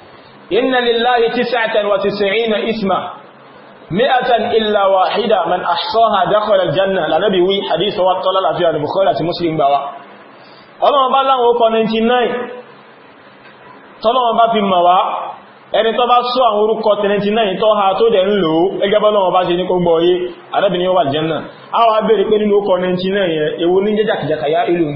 Speaker 1: إن لله تسعة وتسعين إثما مئة إلا واحدة من أحصاها دخل الجنة لنبي وي حديث وطلال في البخارة مسلم بوا ọlọ́wọ́n bá láwọn orúkọ 99 tọ́lọ́wọ́n bá fi mọ̀ wá ẹni tó bá sọ àwọn orúkọ 99 tó ha tó dẹ̀ ń lò ó ẹgbẹ́ bọ́lọ́wọ́n bá ṣe ní kógbọ́ yé arábìnrin wà jẹ́nà àwọn abẹ́rẹ̀ pé nínú orúkọ 99 yẹn èwo ní jẹ́jàkìjàkà yá ìlú ń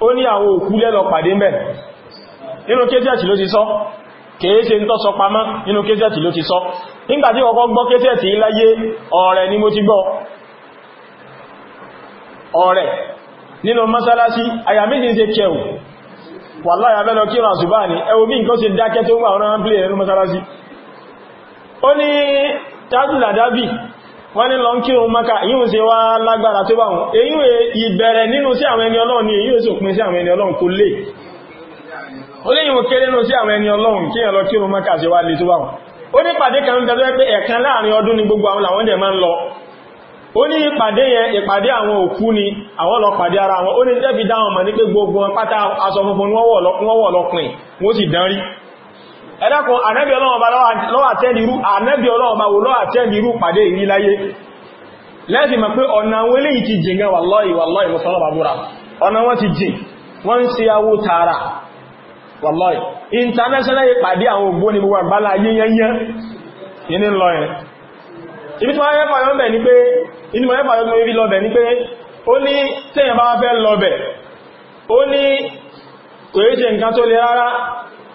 Speaker 1: ó ní àwọn òkú lẹ́lọ pàdé mẹ́ nínú kéṣẹ́ẹ̀tì ló ti sọ kèése ń tọ́sọ pamọ́ nínú kéṣẹ́ẹ̀tì ló ti sọ nígbàtí ọkọ̀ gbọ́ kéṣẹ́ẹ̀tì láyé ọ̀rẹ́ ni mo ti gbọ́ ọ̀rẹ́ nínú mọ́sálásí àyà méjì wala wọ́n ní lọ ń kírun maka yíò ṣe wá lágbára tó bá wọn èyí ìbẹ̀rẹ̀ nínú sí àwọn ẹni ọlọ́run ni èyí ò sì pín sí àwọn ẹni ọlọ́run kò lè ó kéré nínú sí àwọn ẹni ọlọ́run kí ẹ lọ kírun maka ṣe wá lè tó bá wọn ó ní pàdé kan bẹ̀rẹ̀ pé ẹ̀kan láàrin ọdún ni gbogbo àwọn làwọn jẹ máa ń lọ ó ní ìpàdé yẹn ìpàdé àwọn òkú ni àwọn lọ pàdé ara wọn ó ní jẹ́bi dáwọn mọ̀ ní pé gbogbo pátá aṣọ funfun wọ́wọ̀ lọ́pìn wọ́n sì dánrí ẹ̀dàkùn ànẹ́bí ọlọ́ọ̀bá lọ́wà tẹ́lìrú ànẹ́bí ọlọ́ọ̀bá wò lọ́wà tẹ́lìrú pàdé ìrí láyé lẹ́sì ma pé ọ̀nà wọn lè ti jìn gan wàlọ́ì wàlọ́ì mọ́sánlọ́bà búra ọ̀nà wọn ti jìn wọ́n sí awó tààrà wàlọ́ì international pàdé àwọn ògbóni gbogbo àgbálá yẹ́yẹ́yẹ́ yẹ́ni lọ́yẹn ibi tí wọ́n yẹ́ fàyọ́ bẹ̀ ní pé inú mọ̀ yẹ́ fàyọ́ tó rí lọ́bẹ̀ ní pé ó ní tẹ́yìn bá fẹ́ lọ́bẹ̀ ó ní ṣe nǹkan tó le rárá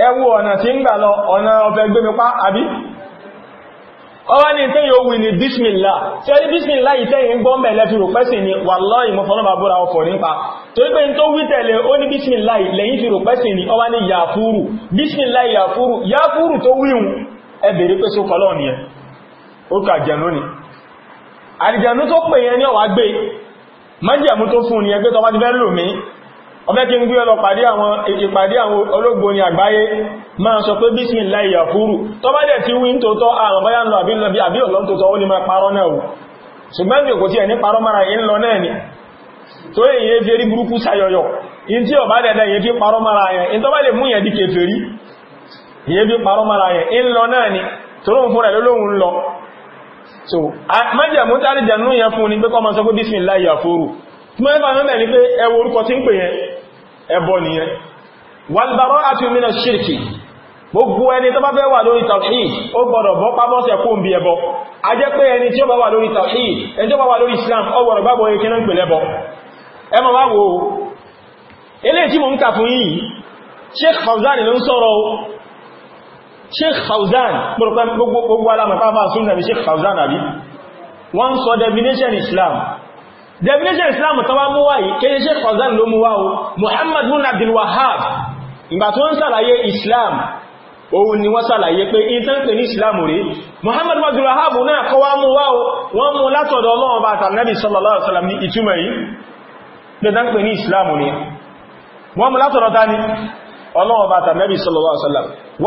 Speaker 1: ẹ ọ̀nà tí ń gbà lọ ọ̀nà ọ̀fẹ́ gbé mi pa àbí ọwá ní ohun ni bismillah tí ó ní bismillah ìtẹ́yìn gbọ́mẹ̀ lẹ́fìrò pẹ́sì ni wallahi ìmọ̀fọ́nàmà búra ọkọ̀ nípa torí pé tó wí ó ní bismillah lẹ́yìn fìrò pẹ́sì ni ọwá ní yàfúrù bismillah yàfúrù yàfúrù tó wíhun ni ẹ ó kà ni tó pè yẹn ní gbé májẹ̀mú tó ni ẹgbẹ́ tó wá ti fẹ́ lò ọbẹ́ kí n gbé ọlọ ìpàdé àwọn olóògbò ní àgbáyé máa sọ pé bí sí ìlà ìyàfúrù tó bá dẹ̀ tí wín tótọ́ àwọn báyá lọ àbí ọlọ́n ó lè máa parọ́ náà wù ṣùgbọ́n kò tí ẹ̀ parọ́ mara yìí lọ náà ni tó lè yẹ fi rí burúkú sayọyọ in tí ọba dẹ̀dẹ̀ yẹ fi parọ́ mara yẹn in tó bá lè mú yẹn di kèfèrí so májẹ̀mú tàrí jẹ̀nú yẹn fún ni pé kọ́ ma sọ pé bísmìlá ìyàfóòrù tí mọ́ ẹ̀fà mẹ́mẹ́ ni pé ẹwọ orúkọ tí ń pè yẹn ẹbọ nìyẹn wàlbàrọ́ shirki. òmìnà ṣírkì gbogbo ẹni tó bá fẹ́ wà lórí tawhid ó gbọ́dọ̀ bọ́ pábọ́sẹ̀ kó ń bí ẹbọ a jẹ́ pé ẹni tí ó bá wà lórí tawhid ẹni tó bá wà lórí islam ó gbọ́dọ̀ gbàgbọ́ yẹ kínan sheikh gbogbo sheikh islam definition islam tọwa mú wáyí kéyẹ ṣe ọ̀zán ló mú wáwó muhammad bin abdul wahab ìgbà tó ń sàlàyé islam òun ni wọ́n sàlàyé pé ìtànkè ní islam rí muhammad bin abdul wahab náà kọwa mú wáwó wọ́n mú látọ̀dọ̀ ọlọ́run bá tàbí sallallahu alaihi wasallam ní ìtumọ̀ yìí ìtànkè ní islam rí wọ́n mú látọ̀dọ̀ tani ọlọ́run bá tàbí sallallahu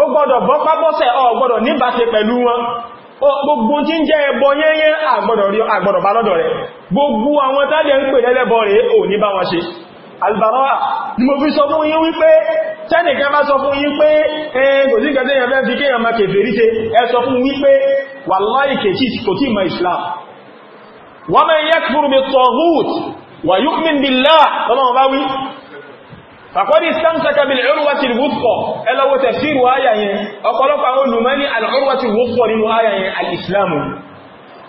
Speaker 1: ó gbọ́dọ̀ bọ́pá bọ́sẹ̀ ọ gbọ́dọ̀ níbáṣe pẹ̀lú wọn gbogbo tí ń jẹ́ ẹbọ yẹ́yẹ́ àgbọ̀dọ̀ bá lọ́dọ̀ rẹ̀ gbogbo àwọn tàbí ń pè lẹ́lẹ́bọ rẹ̀ ò ní bá wọn ṣe albaroa ni mo fi sọ fún yín wípé tẹ́nìkan bá sọ fún yín pé ẹn fàkọ́dí stamsakabil urwatil wuthqa ẹlọ́wọ́ tafsir àyà yẹn ọ̀pọ̀lọpọ̀ àwọn olùmọ́ni al-urwatil wuthqa nínú àyà yẹn al-islamu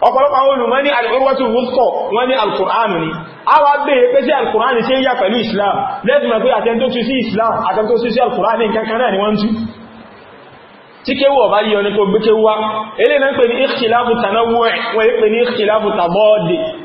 Speaker 1: ọ̀pọ̀lọpọ̀ àwọn olùmọ́ni al-urwatil wuthqa wọ́n ní al-Qur'anu ni a wá bèèrè pé sí al-Qur'anu ṣe yà pẹ̀lú islam lẹ́tùmọ̀ pé àtẹ́ntó sí islam àtẹ́ntó sí al-Qur'anu kankan náà ni gbé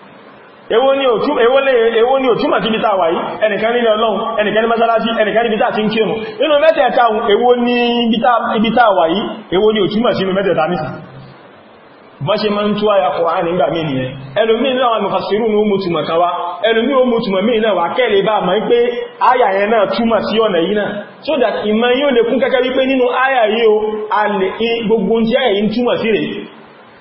Speaker 1: ewo ni otu kí bita wà yìí ẹnìkan nílẹ̀ ọlọ́run ẹnìkan ní mọ́sálásí enikan ní bita ti ń kírùn nínú mẹ́tẹ̀ẹ̀ta ewo ni bita wà yìí èwo ni otu sínú mẹ́tẹ̀ẹ̀ta nìsì bá nisa máa ń tó àyà Kùránì nígbà mí nìyẹn ẹlòmí náà wọn mọ̀fàṣírù ní omi túnmọ̀ kan wá ẹlòmí omi túnmọ̀ mí náà wà kẹ́lẹ̀ bá máa ń pé àyà yẹn náà so that gbogbo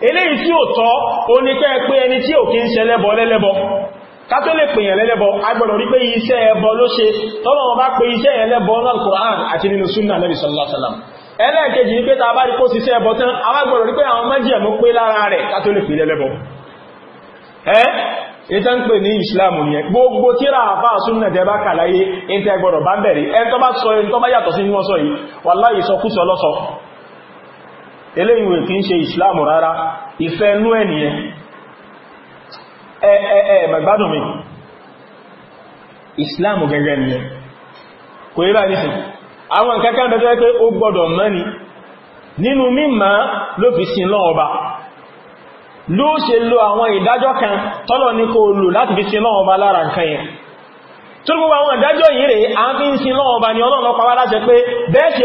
Speaker 1: eléyìí tí ó tọ́ o ní kẹ́ pé ẹni tí ò kí ń ṣe lẹ́bọ lẹ́lẹ́bọ ká tó lè pèyàn lẹ́lẹ́bọ agbọ̀dọ̀ rí pé iṣẹ́ ẹbọ ló ṣe tọ́lọ̀wọ́n bá pé iṣẹ́ ẹlẹ́bọ náà Qur'an àti nínú súnnà Nabi sallallahu alaihi wasallam ẹlẹ́ẹ̀kejì ní pé ta bá rí kó sí iṣẹ́ ẹbọ tán agbọ̀dọ̀ rí pé àwọn májẹ̀mú pé lára rẹ̀ ká tó lè pè lẹ́lẹ́bọ ẹ́ ìta ń pè ní ìsìláàmù yẹn gbogbo tíra àfá súnnà tẹ bá kàláyé ìntẹ́gbọ̀rọ̀ bá ń bẹ̀rẹ̀ ẹn tó bá sọ ẹn tó bá yàtọ̀ sí wọ́n sọ yìí wàláyìí sọ kúsọ lọ́sọ eléyìnwé kí ń ṣe islam rárá ìfẹ́ inú ẹniyẹn ẹ̀ẹ̀ẹ̀ mẹ̀gbádùn mi islam gẹ́gẹ́ niyẹn kò yíra nìsìn àwọn kankan bẹ̀tẹ́ pé ó gbọ́dọ̀ mẹ́ni fi sin ọba ló ṣe lo àwọn ìdájọ́ kan tọ́lọ̀ ní lati fi sin lọ́wọ́ ọba lára nǹkan yẹn tó gbogbo àwọn ìdájọ́ yìí rèé a fi ń sin lọ́wọ́ ọba ni ọlọ́run wá pé bẹ́ẹ̀ ṣe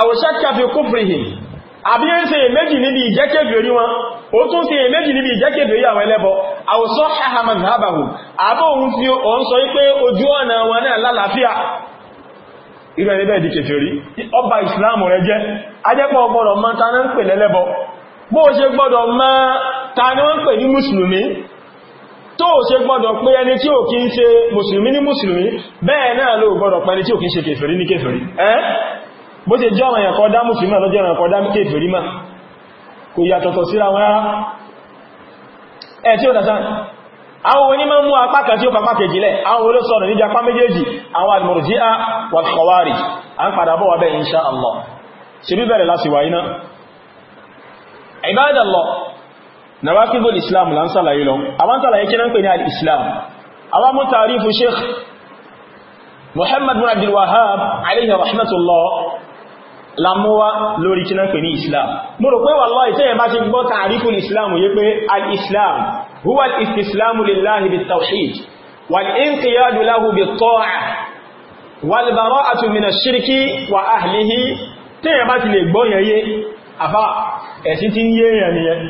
Speaker 1: àwòṣẹ́kà fi kúfrihim ihe, ń ṣe èméjì níbi ìjẹ́kèfèrí wọn ó tún ṣe èméjì níbi ìjẹ́kèfèrí àwọn ẹlẹ́bọ àwòsọ́ hahamad habahu àbọ́ òun fi òun sọ wípé ojú ọ̀nà wọn náà lálàáfíà irú ẹni bẹ́ẹ̀ di kèfèrí ọba ìsìláàmù rẹ jẹ́ ajẹ́pọ̀ gbọ́dọ̀ mọ̀ ta ní ń pè lẹ́lẹ́bọ bó ṣe gbọ́dọ̀ ta ní pè ní mùsùlùmí tó ṣe gbọ́dọ̀ pé ẹni tí ò kí ń ṣe mùsùlùmí ní mùsùlùmí bẹ́ẹ̀ náà ló gbọ́dọ̀ bó ṣe jọ́ ọ̀rọ̀ ẹ̀kọ́ dámù sí náà ló jẹ́ ọ̀rọ̀ ẹ̀kọ́ dámù kéèfè rí máa kò yàtọ̀tọ̀ síra wọn rárá ẹ̀ tí ó dásán àwọn onímọ̀ mú apá kan tí ó papá kejìlẹ̀ àwọn olóṣọ́nà níjà apá méjèèjì àwọn al-Murji'a wal-Khawarij a ń padà bọ́ wabẹ́ insha Allah ṣe bí bẹ̀rẹ̀ láti wà iná Ibadallah nawaqidul Islam la Muhammad bin Abdul Wahhab rahmatullah lamowa lórí kí náà pè ní islam mo rò pé wallahi ìtẹ́yẹ bá ṣe gbọ́ ta'riful islam yé pé al-islam huwa al-istislamu lillahi bit-tawhid wal-inqiyadu lahu bit-ta'ah wal-bara'atu min ash-shirki wa ahlihi tẹ́yẹ bá ti lè gbọ́ yẹye àfá ẹ̀sìn tí ń yé yẹn nìyẹn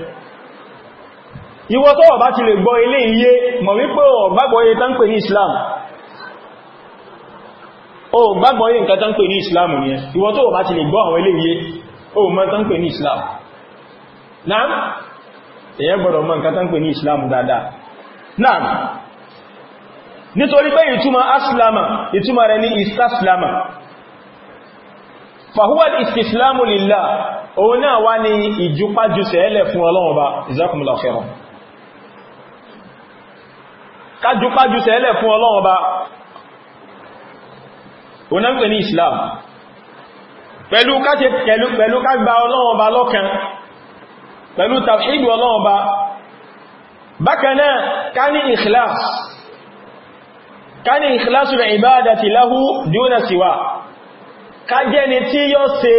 Speaker 1: ìwọ tó bá ti lè gbọ́ ilé iye mọ̀ wípé ọ̀gbàgbọ́ yẹ tán pè ní islam o gbàgbọ́ yìí nǹkan tán pè ní islam ni ẹ ìwọ tó bá ti lè gbọ́ àwọn eléyìí o mọ̀ tán pè ní islam náà èyẹ gbọ́dọ̀ mọ̀ nǹkan tán pè ní islam dáadáa náà nítorí pé ìtumọ̀ aslama ìtumọ̀ rẹ̀ ní istaslama fàhúwà istislamu lillah òun náà wá ní ìjúpájú sẹ́ẹ̀lẹ̀ fún ọlọ́run bá jazakumullahu khairan kájúpájú sẹ́ẹ̀lẹ̀ fún ọlọ́run bá òun náà pè ní Islam pẹ̀lú káti pẹ̀lú pẹ̀lú kágbà ọlọ́wọ́n ba lọ́kan pẹ̀lú tàbíìdù ọlọ́wọ́n ba bákanáà ká ní ikhlas ká ní ikhlasul ibadati lahu duna siwa ká jẹ́ ni tí yóò ṣe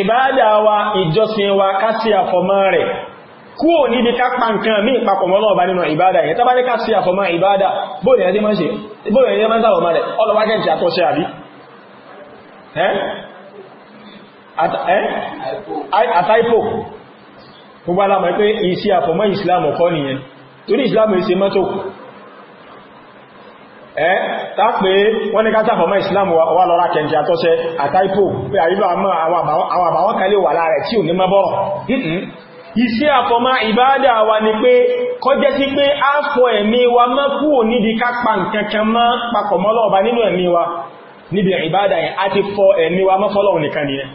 Speaker 1: ìbádà wa ìjọsìn wa ká sí àfọmọ́ rẹ̀ kúò níbi ká pa nǹkan mí papọ̀ mọ́ lọ́ọ̀bá nínú ìbádà yẹn tàbí ká sí àfọmọ́ ìbádà bóòlù ẹ̀dí máa ń ṣe bóòlù ẹ̀dí máa ń sàrọ̀ máa rẹ̀ ọlọ́wákẹ́ ti àtọ́ṣe àbí àtàìpò gbogbo alamọ̀ pé ìṣe àfọmọ́ ìsìlámù kọ́ nìyẹn torí ìsìlámù ìṣe mọ́tò ẹ́ tá pé wọ́n ní ká sàfọmọ́ ìsìlámù wà lọ́ra kẹjì àtọ́ṣẹ́ àtàìpò pé àrílọ́ àwọn àbàwọ́kalẹ̀ wà láàrẹ̀ tí ò ní mọ́bọ̀rọ̀ iṣẹ́ àfọmá ìbáadà wa ni pé kọjẹ́ sí pé a fọ ẹ̀mí wa mọ́ kúrò níbi kápa nkankan mọ́ papọ̀ mọ́ Ọlọ́run bá nínú ẹ̀mí wa níbi ìbáadà yẹn a ti fọ ẹ̀mí wa mọ́ fọ́lọ́run nìkan nìyẹn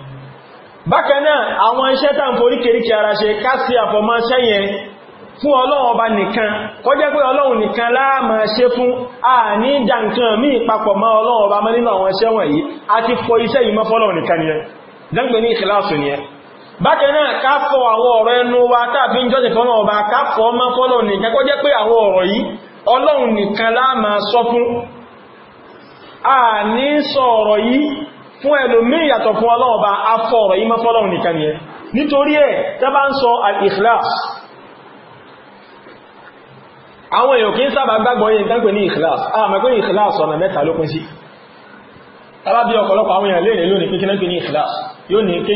Speaker 1: bákan náà àwọn iṣẹ́ tàn forí kèríkì ara ṣe ká sí àfọmá ṣẹ́ yẹn fún Ọlọ́run bá nìkan kọjẹ́ pé bákan náà ká fọ àwọn ọ̀rọ̀ ẹnu wa tàbí jọ́sìn fọ́nà ọba ká fọ ọmọ fọ́nà nìkan kó jẹ́ pé àwọn ọ̀rọ̀ yìí ọlọ́run nìkan la máa sọ fún a ní sọ ọ̀rọ̀ yìí fún ẹlòmíì yàtọ̀ fún ọlọ́run ọba a fọ ọ̀rọ̀ yìí mọ́ ikhlas a mọ̀ ikhlas ọ̀nà mẹ́ta ló pín sí tàbá bí ọ̀pọ̀lọpọ̀ àwọn èèyàn lè rè lónìí pé kí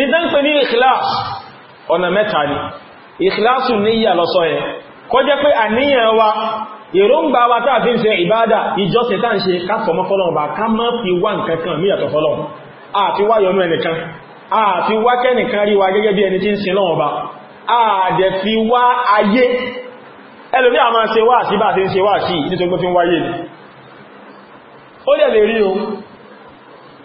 Speaker 1: ìdánpẹ̀ ní ikhlas ọ̀nà mẹ́ta ni ikhlasu níyà lọ́sọ́ yẹn kó jẹ́ pé àníyàn wa èròǹgbà wa tàà fi ń ṣe ìbádà ìjọsìn tàà ń ṣe káfọ̀mọ́ fọ́lọ́run bá ká má fi wá nǹkan kan míyàtọ̀ fọ́lọ́run àfi wá yọnú ẹnìkan àfi wá kẹ́nìkan rí wa gẹ́gẹ́ bí ẹni tí ń sin lọ́wọ́ bá àdẹ̀ fi wá ayé ó dẹ̀ lè rí ohun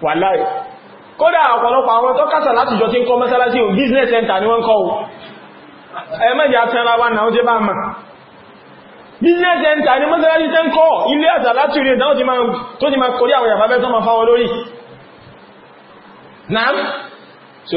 Speaker 1: wàláì kódà ọ̀pọ̀lọpọ̀ àwọn tó kásà láti jọ tí ń o business center ni wọ́n kọ́ o ẹ̀mẹ́jì àtẹ́ra náà jẹ́ bá mọ̀ business center ni mọ́sálásí tẹ́ ń kọ́ ilé àtà láti rí tó ti máa kórí àwọn ìyàbábẹ́ tó lórí náà so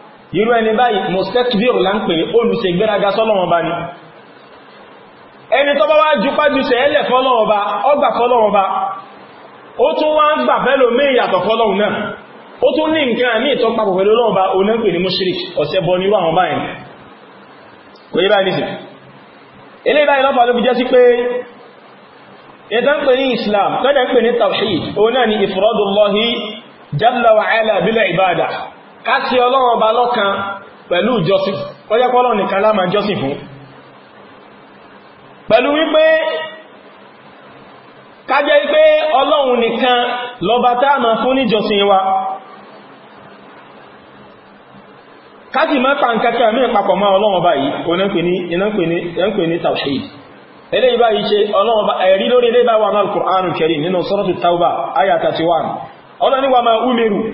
Speaker 1: irú ẹni báyìí mustekbir la ń pè olùṣègbéraga sọ́lọ́wọ́n bá ní ẹni tó bá wá jupájú sẹ́ẹ̀lẹ̀ fọ́lọ́wọ́n bá ọgbà fọ́lọ́wọ́n bá ó tún wá ń gbà fẹ́lò méyàtọ̀ fọ́lọ́wọ́n náà ó tún ní nǹkan ní ìtọ́papọ̀ pẹ̀lú lọ́wọ́ bá onápè ní mushrik ọ̀sẹ̀ bọ nírú àwọn báyìí kò yí báyìí nìsìn ilé pè ní Islam tọ́dẹ̀ pè ní tawhid òun náà ni ifradullahi jalla wa ala bil ibada ká sí ọlọ́run ọba lọ́kan pẹ̀lú ìjọsìn kọjẹ́kọ́lọ́ nìkan láàmà jọsìn fún pẹ̀lú wípé kájẹ́ wípé ọlọ́run nìkan lọba táàmà fún wa kájì mẹ́ta papọ̀ mọ́ ọlọ́run ọba yìí ní tawhid wa náà 31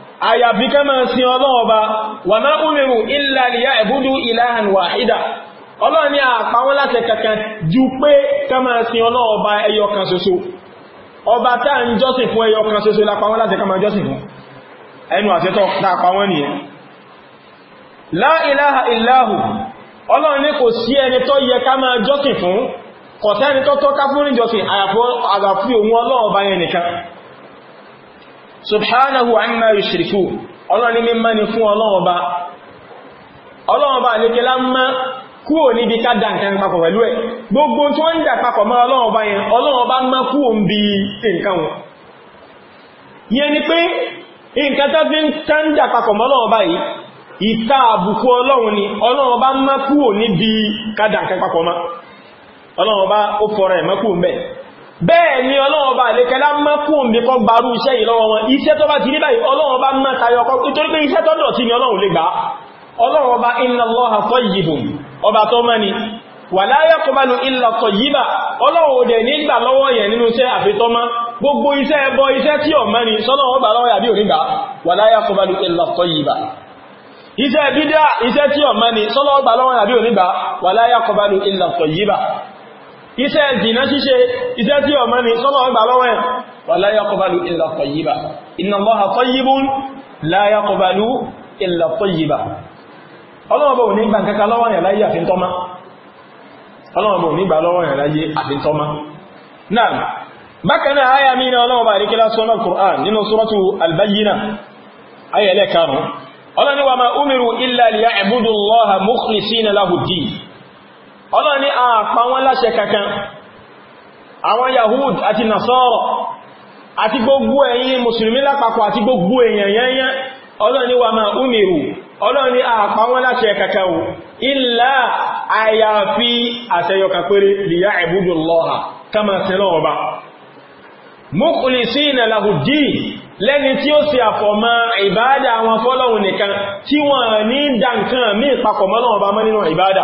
Speaker 1: àyàfi kama máa sin ọlọ́run ọba wà máa umiru illa liya'budu ilahan wahida ọlọ́run ní àpá wọn láti kankan ju pé kama sin ọba ẹyọ ọba tá ń jọ́sìn fún ẹyọ kan ṣoṣo láti ká jọ́sìn fún ẹnu nìyẹn subhanahu amma yushriku ọlọ́run ní mímọ́ ni fún ọlọ́run ọba ọlọ́run ọba àlékelá mọ́ kúrò níbi ká nǹkan papọ̀ pẹ̀lú ẹ̀ gbogbo tí ń dà papọ̀ mọ́ yẹn bi nǹkan wọn yẹn ni pé nǹkan tó fi ń dà papọ̀ mọ́ ọlọ́run yìí ìta àbùkù ọlọ́run ni ọba mọ́ kúrò níbi ó fọ́ra ẹ̀ mọ́ kúrò bẹ́ẹ̀ ni ọlọ́wọ́ bá lè kẹlá mọ́ kú òmì kọ gbarú iṣẹ́ yìí lọ́wọ́ wọn iṣẹ́ tó bá ti ní báyìí ọlọ́wọ́ bá mọ́ tayọkọ́ nítorí pé iṣẹ́ tó dọ̀tí ni ọlọ́wọ́ lè gbá ọlọ́wọ́ iṣẹ́ bídá iṣẹ́ tí ọmọ ni sọ́lọ́wọ́ lọ́wọ́ yàbí ònígbà wa la yaqbalu illa iṣẹ́ ìdìnà ṣíṣe iṣẹ́ tí ọmọ ni sọ́nà ọgbà lọ́wọ́ ẹ̀ wà la yaqbalu illa tayyiba inna Allaha tayyibun la yaqbalu illa tayyiba ọlọ́wọ́ ní gbà kankan lọ́wọ́ ẹ̀ láyé àfintọ́má ọlọ́wọ́ ní gbà lọ́wọ́ ẹ̀ láyé àfintọ́má ọlọ́run ní àpá wọn láṣẹ kankan àwọn Yahud àti Nasara àti gbogbo ẹ̀yin mùsùlùmí lápapọ̀ àti gbogbo èèyàn yányá ọlọ́run ní wa ma umiru ọlọ́run ní àpá wọn láṣẹ kankan illa àyàfi àṣẹyọkà péré liya'budu Allaha kama sẹ́lọ́ ọba mukhlisina lahu ddin lẹ́ni tí ó sì àfọ̀mọ́ ìbádà àwọn fọ́lọ́hun nìkan tí wọ́n ní dànkan mí ìpapọ̀ mọ́lọ́wọ́ bá mọ́ nínú ìbádà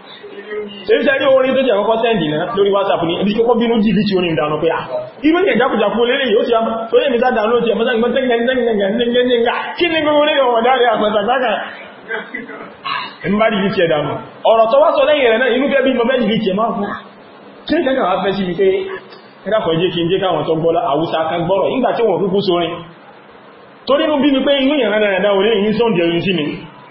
Speaker 1: ṣebí tẹ́rí orin tó jẹ́ àkọ́kọ́ sẹ́ndì náà lórí whatsapp ní ẹbí kọ́kọ́ bínú jìbí tí orin ìdánù pé à ah, irú ní ẹ̀jákùjákù lélẹ̀ yóò ti tó yẹ mìta dánù tí ẹmọ́sá gbọ́n tẹ́gbẹ̀ẹ́gbẹ̀ẹ́gbẹ̀ẹ́gbẹ̀ẹ́gbẹ̀ẹ́gbẹ̀ẹ́ a mi pé ẹ̀dàkọ̀ jẹ́ kí n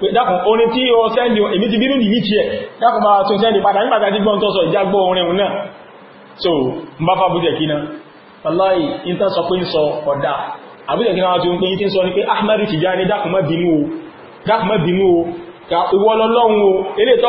Speaker 1: dákùn orin tí ó sẹ́ndì èmi ti bínú nìyí tí ẹ̀ dákùn bá tún sẹ́ndì padà nígbàtà tí gbọ́n tó sọ ìjágbó orin òun náà so n bá fà bújẹ̀ kíná wallahi ìntà sọ pé ń sọ ọ̀dá àbújẹ̀ kíná wá tí ó ń pè ní tí ń sọ ní pé Ahmadu o dákùn má bínú o ka ìwọ lọ́lọ́run o ilé tó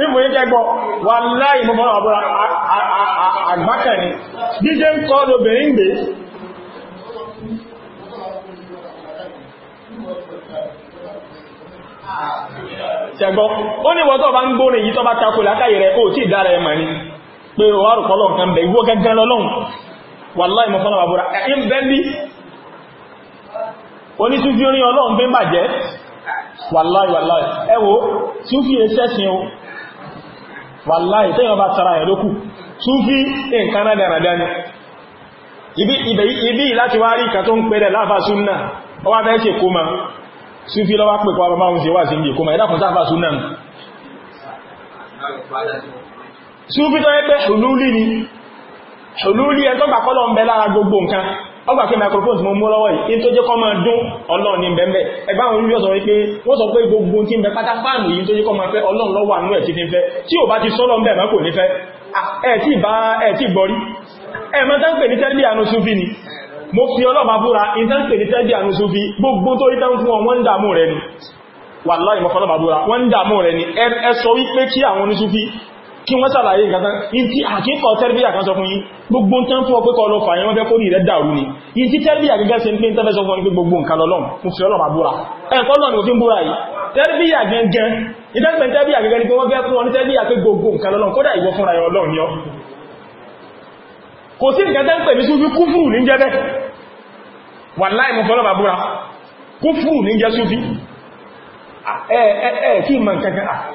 Speaker 1: ìmú ìjẹ́ gbọ́ wà láì mọ́ ọ̀bọ̀ àgbákẹ̀ni jíjẹ́ ń kọ́
Speaker 2: ó ní wọ́n tó bá ń
Speaker 1: gbórin yìí tó bá takò látàrí rẹ̀ ó tí ìdára kọlọ ní pé wà rùkọ́lọ̀ nǹkan bẹ̀ ìwó gẹ́gẹ́ lọ́lọ́un wà Onye mọ́ fọ́nà bàbúrà ẹ̀yìn bẹ́ndí onítúfí orí ọlọ́run bí wàláì tẹ́yàn bá tara ẹ̀ lókù Súfí nǹkan náà dáradá ni ibi láti wá rí ìkàtọ́ ń pẹ̀lẹ̀ láàfà súnnà ọwá bẹ́ẹ̀ ṣe kó ma Súfí lọ́wá pè pọ̀ àbábáwọn ṣe wà sí ìdí kó ma ẹ̀dàkùn sáfà súnnà ni ṣòlúlì ẹ̀ tọ́gbàkọ́lọ̀ ń bẹ lára gbogbo ọgbà kí microphone tí mo mú lọ́wọ́ yìí tó jẹ́ kọ́ máa dún ọlọ́run ní bẹ̀m̀bẹ̀ ẹgbà àwọn olùyọ́sọ wípé wọ́n sọ pé gbogbo tí ń bẹ pátá fáàmù yìí tó jẹ́ kọ́ máa fẹ́ ọlọ́run lọ́wọ́ àánú ẹ̀ tí fi ń fẹ́ tí ò ti sọ́lọ́ ń bẹ̀ mọ́ kò ní fẹ́ ẹ̀ tí gbọ́rí ẹ̀ mọ́ tán pè ní tẹ́lẹ̀ ni mo fi ọlọ́pàá búra ìtẹ́ǹpè ní tẹ́lẹ̀ àánú súfì gbogbo tó rí tán fún wọn wọ́n ń dààmú ni wàláì mọ́fọ́lọ́pàá búra wọ́n ń dààmú rẹ̀ kí wọ́n sàlàyé ìgbàtán in tí àkíkọ̀ tẹ́rbíyà kan sọ fún yí gbogbo tán fún ọpẹ́ kọ́ lọ́fà yẹn wọ́n fẹ́ kó ní rẹ̀ dàrú ni in tí tẹ́rbíyà gẹ́gẹ́ sí pé tẹ́fẹ́ sọ fún ní gbogbo nǹkan lọ́lọ́m fún fi ọlọ́mà búra ẹ̀kọ́ lọ́nà òfin búra yìí tẹ́rbíyà gẹ́gẹ́ ìdẹ́gbẹ̀ tẹ́rbíyà gẹ́gẹ́ ni pé wọ́n fẹ́ fún ọ ní tẹ́rbíyà pé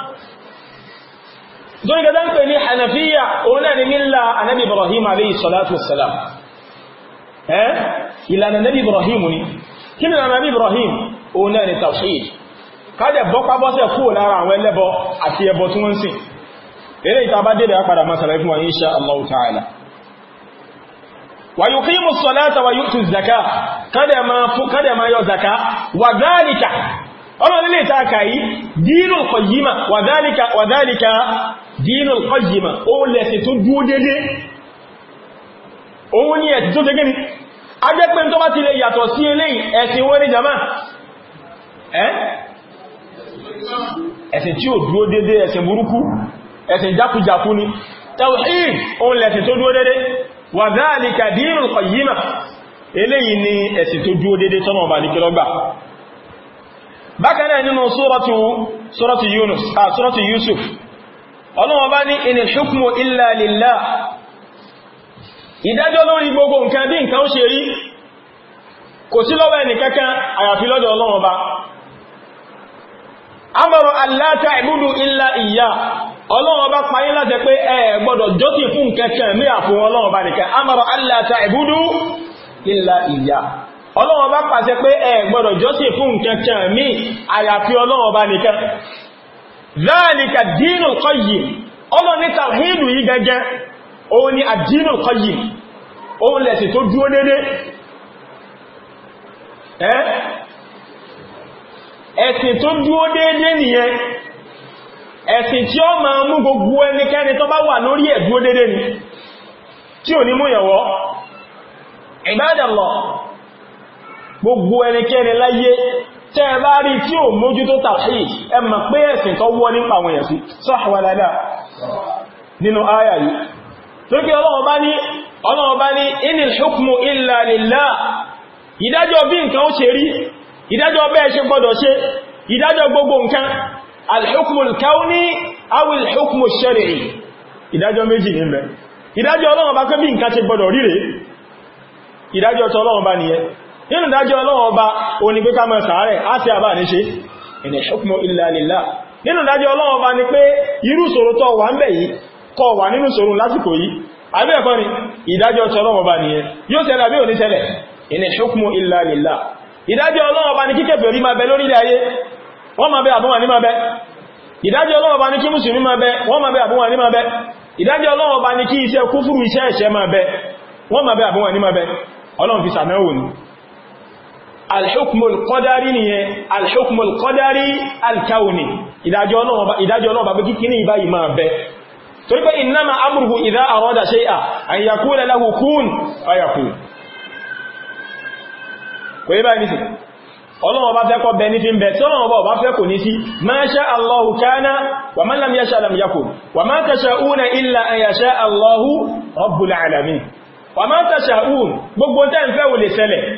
Speaker 1: dóní gẹ́gẹ́ ń pè ní hanafiya òun náà ni nílà anábì ibrahim alayhi salatu wassalam ẹ́ ìlànà anábì ibrahim ni kí ni anábì ibrahim òun náà ni tawhid kájẹ̀ bọ́pá bọ́sẹ̀ kú lára àwọn ẹlẹ́bọ àti ẹbọ tí wọ́n sìn eré ìta bá dédé apadà masàlẹ̀ fún wa insha Allah ta'ala wa yuqimu as-salata wa yu'tu az-zakata kada ma fu kada ma yọ zaka wa dhalika ọlọ́run lè ta kàí dínú kọ̀yíma wàdálíkà dínul qayyima ó lẹ̀sì tó dúó dédé òun ni ẹ̀sì tó tẹ́gẹ́ ni a jẹ́ pé tó bá ti lè yàtọ̀ sí eléyìí ẹ̀sìn wọ́n ní jama ẹ̀sìn tí ó dúó dédé ẹ̀sìn burúkú ẹ̀sìn jákújákú ni tawhid òun lẹ̀sì tó dúó dédé wa dhalika dínul qayyima eléyìí ni ẹ̀sìn tó dúó dédé tọ́nà ọba ní kílọ́gbà bákanáà nínú suratu suratu Yunus ah suratu Yusuf ọlọ́wọ́ bá ní inil hukmu illa lillah ìdájọ́ lórí gbogbo nǹkan bí nǹkan ṣe rí kò sí lọ́wọ́ ẹni kankan àyàfi lọ́dọ̀ ọlọ́wọ́ bá amara alla ta'budu illa iya ọlọ́wọ́ bá parí láti pé ẹ gbọ́dọ̀ jọ́sìn fún kankan mí àfún ọlọ́wọ́ bá nìkan amara alla ta'budu illa iya ọlọ́wọ́ bá pàṣẹ pé ẹ gbọ́dọ̀ jọ́sìn fún kankan mí àyàfi ọlọ́wọ́ bá nìkan ذلك ka القيم ọlọ́ ní tàwíìdù yí gẹ́gẹ́ òun ni àdínù kọyì òun lẹ̀sì tó dúó dédé ẹ̀sìn tó dúó dédé nìyẹn ẹ̀sìn tí ó máa mú gbogbo ẹnikẹ́ni tó bá wà lórí ẹ̀ dúó dédé ni tí ò ní mú yẹ̀wọ́ ìbádàlọ́ gbogbo ẹnikẹ́ni láyé tẹ́ ẹ bá rí tí ò mójú tó tawhid ẹ mọ̀ pé ẹ̀sìn tó wọ́ nípa àwọn èèyàn sí sọ́hàwàlálà nínú àyà yìí lókè ọlọ́wọ́ bá ní ọlọ́wọ́ bá ní inil hukmu illa lillah ìdájọ́ bí nǹkan ó ṣe rí ìdájọ́ bẹ́ẹ̀ ṣe gbọ́dọ̀ ṣe ìdájọ́ gbogbo nǹkan nínú dájọ́ ọlọ́wọ́ ọba òní pé ká mọ̀ sàárẹ̀ á sí àbá ní ṣe in hukmu illa lillah nínú dájọ́ ọlọ́wọ́ ọba ni pé irú ṣòro tó wà ń bẹ̀ yìí kò wà nínú ṣòro lásìkò yìí àbí ẹ̀kọ́ ni ìdájọ́ ọlọ́wọ́ ọba nìyẹn yóò ṣẹlẹ̀ àbí òní ṣẹlẹ̀ in hukmu illa lillah ìdájọ́ ọlọ́wọ́ ọba ni kíkẹ́ fèrí máa bẹ lórílẹ̀ ayé wọ́n máa bẹ àbúwà ní máa bẹ ìdájọ́ ọlọ́wọ́ ọba ni kí mùsùlùmí máa bẹ wọ́n máa bẹ àbúwà ní máa ọlọ́run fi sàmẹ́wò ni alhukmul kọ́dárí nìyẹn alhukmul kọ́dárí alkauni ìdájọ́ náà bàbá kíkí ní ìbáyìí máa bẹ torí pé innama amruhu idha arada shay'an an yaqula lahu kun fayakun kò yí báyìí nìsìn ọlọ́wọ́ bá fẹ́ kọ́ bẹ ní fi ń bẹ tí ọlọ́wọ́ bá fẹ́ kò ní sí ma sha Allahu kana wa man lam yasha lam yakun wa ma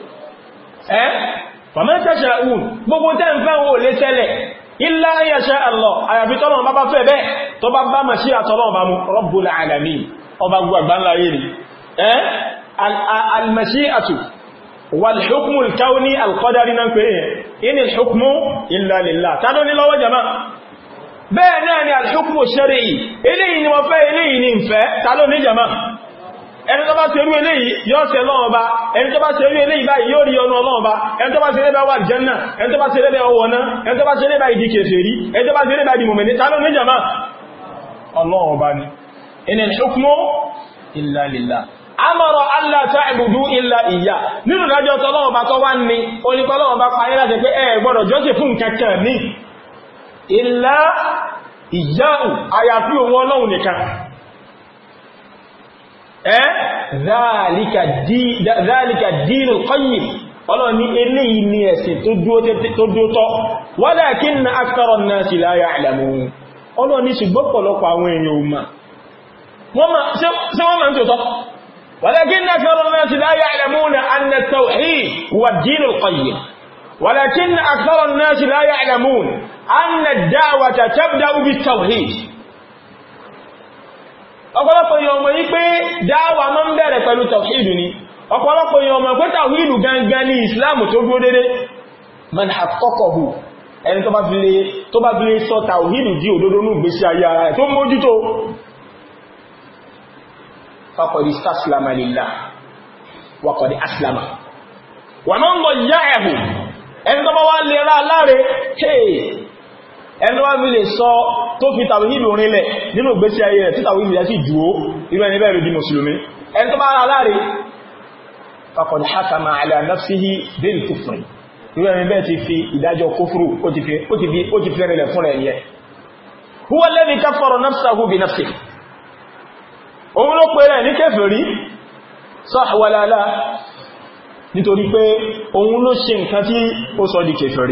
Speaker 1: ẹ́ pàmẹ́tẹ̀ṣẹ̀ ùn gbogbo tẹ́ ń fẹ́ wò lé tẹ́lẹ̀ ilá ayẹ́ṣẹ́ àlọ́ àyàfi tọ́lọ̀ bá bá fẹ́ bẹ́ẹ̀ tó bá bá mọ̀ sí àtọ́lọ̀ bá mú Rabbul alamin ọba gbàgbánláyé ni ẹ́ al-mashi'atu والحكم الكوني القدري نكيه ان الحكم الا لله تعالوا لله وجماعه بيننا الحكم الشرعي اليه نوفى اليه ننفى تعالوا يا جماعه ẹni tó bá ṣe irú eléyìí yóò ṣe lọ́wọ́ bá ẹni tó bá ṣe irú eléyìí báyìí yóò rí ọnà ọlọ́wọ́ bá ẹni tó bá ṣe lébà wà jẹ́nà ẹni tó bá ṣe lébà ọwọ́ náà ẹni tó bá ṣe lébà ìdí kèfèrí ẹni tó bá ṣe lébà ìdìmọ̀mẹ̀ ní tánú níjàmá ọlọ́wọ́ bá ni inna al-hukmu illa lillah amọ̀rọ̀ alátàìbùdú ilá ìyá nínú ìdájọ́ tọ́lọ́wọ́ bá ní onípọ́lọ́wọ́ bá fàyẹ́ ذلك الدين القيم ọlọ́run ní eléyìí ni ẹ̀sìn tó dúó tọ́ walakinna akthara an-nasi la ya'lamun ọlọ́run ní ṣùgbọ́n pọ̀lọpọ̀ àwọn èèyàn ò máa wọ́n máa ṣe wọ́n máa ń tó tọ́ walakinna akthara an-nasi la ya'lamuna anna at-tawhid huwa ad-din al-qayyim ọ̀pọ̀lọpọ̀ èèyàn mọ̀ yí pé dáwà máa ń bẹ̀rẹ̀ pẹ̀lú tọ̀hídù ni ọ̀pọ̀lọpọ̀ èèyàn mọ̀ pé tàwídù gangan ní ìsìláàmù tó dúró dédé man hakọ́kọ̀hù ẹni tó sọ tàwídù di òdodo ní ìgbésí ayé ara tó mójútó ẹni ẹni wá fi lè sọ tó fi tàwíhìdì orinlẹ̀ nínú ìgbésí ayé rẹ̀ tí tàwíhìdì rẹ̀ sì jùó irú ẹni bẹ́ẹ̀ ló di mùsùlùmí ẹni tó bá ara láre faqad hakama ala nafsihi bil kufr irú ẹni bẹ́ẹ̀ ti fi ìdájọ́ kófúrú ó ti fi rẹ̀lẹ̀ fún rẹ̀ yẹ huwa alladhi kaffara nafsahu bi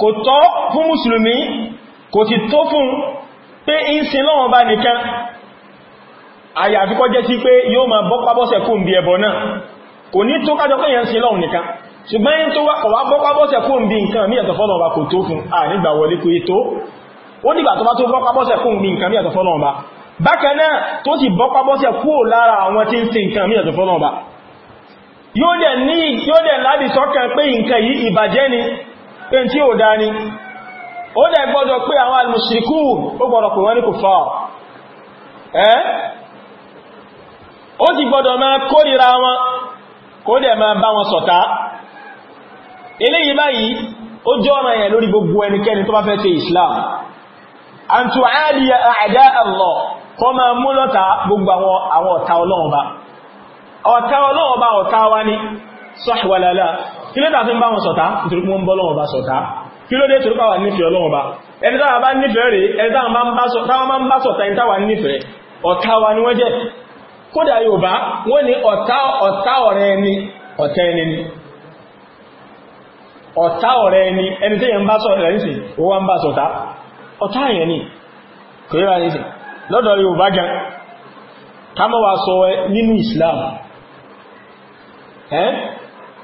Speaker 1: kò tọ́ fún mùsùlùmí kò ti tó fún pé in sin lọ́wọ́n bá nìkan àyàfi kó jẹ́ sí pé yóò ma bọ́pàbọ́sẹ̀ kún bí ẹbọ náà kò ní tó kájọ pé yẹn sin lọ́wọ́n nìkan ṣùgbọ́n yẹn tó wá bọ́pàbọ́sẹ̀ kún bí nǹkan mí ẹ̀tọ̀ fọ́lọ́wọ́n bá kò tó fún à nígbà wọlé kò tó ó dìgbà tó bá tó bọ́pàbọ́sẹ̀ kún bí nǹkan kú yóò dẹ̀ ní sọ́kàn pé nǹkan yìí ìbàjẹ́ ni pé tí ó dání ó dẹ̀ gbọ́dọ̀ pé àwọn alìmùsìríkú ó gbọ́dọ̀ pè wọ́n ní kùfàr ẹ́ ó sì gbọ́dọ̀ máa kórìíra wọn kó dẹ̀ máa bá wọn sọ̀tá iléyìí báyìí ó jẹ́ lórí gbogbo ẹnikẹ́ni tó bá fẹ́ ọ̀tá ọ̀tá kí ló mba bá wọn ṣọ̀tá nítorí pé bọ́ lọ́wọ́ bá ṣọ̀tá kí ló dé wà ọlọ́wọ́ bá ẹni bá nífẹ̀ẹ́ ẹni ń bá ẹni nífẹ̀ẹ́ ọ̀tá wa ni wọ́n jẹ́ kódà Yorùbá wọ́n ni ọ̀tá ọ̀rẹ́ ẹni ọ̀tá ẹni ni ọ̀tá ọ̀rẹ́ ẹni ẹni tí yẹn bá ó wá ń ni kò lọ́dọ̀ gan ká mọ́ Islam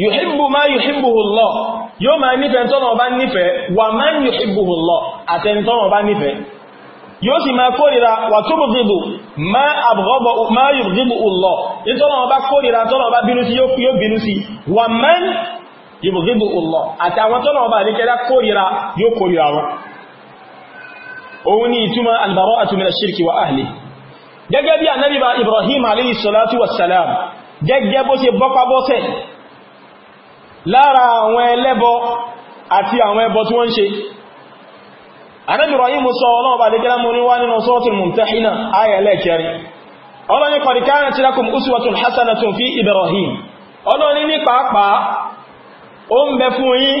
Speaker 1: yùhìbù máa yùhìbùhù lọ yóò máa nífẹ̀ẹ́ tọ́nà ọba nífẹ̀ẹ́ wà máa ń yùhìbùhù lọ àtẹntọ́nà ọba nífẹ̀ẹ́ yóò sì máa kórìíra wà túbù gígbù máa yùhìbù lọ nítọ́nà ọba kórìíra tọ́nà ọba bínú sí yóò bínú sí wà máa ń yùhìbù lọ àtàwọn tọ́nà ọba àdíkẹ́lá kórìíra yóò kórìíra wọn òun ni ìtumọ̀ albara'atu min ash-shirki wa ahli gẹ́gẹ́ bó ṣe bọ́pá bọ́sẹ̀ lára àwọn ẹlẹ́bọ àti àwọn ẹbọ tí wọ́n ń ṣe Ànábì Ibrahim sọ ọlọ́wọ́ bá dékẹ́lá mú níwá nínú suratul Mumtahina ayà ẹlẹ́kẹrin ọlọ́ni qad kanat lakum uswatun hasanatun fi Ibrahim ọlọ́ni ní pàápàá ó ń bẹ fún yín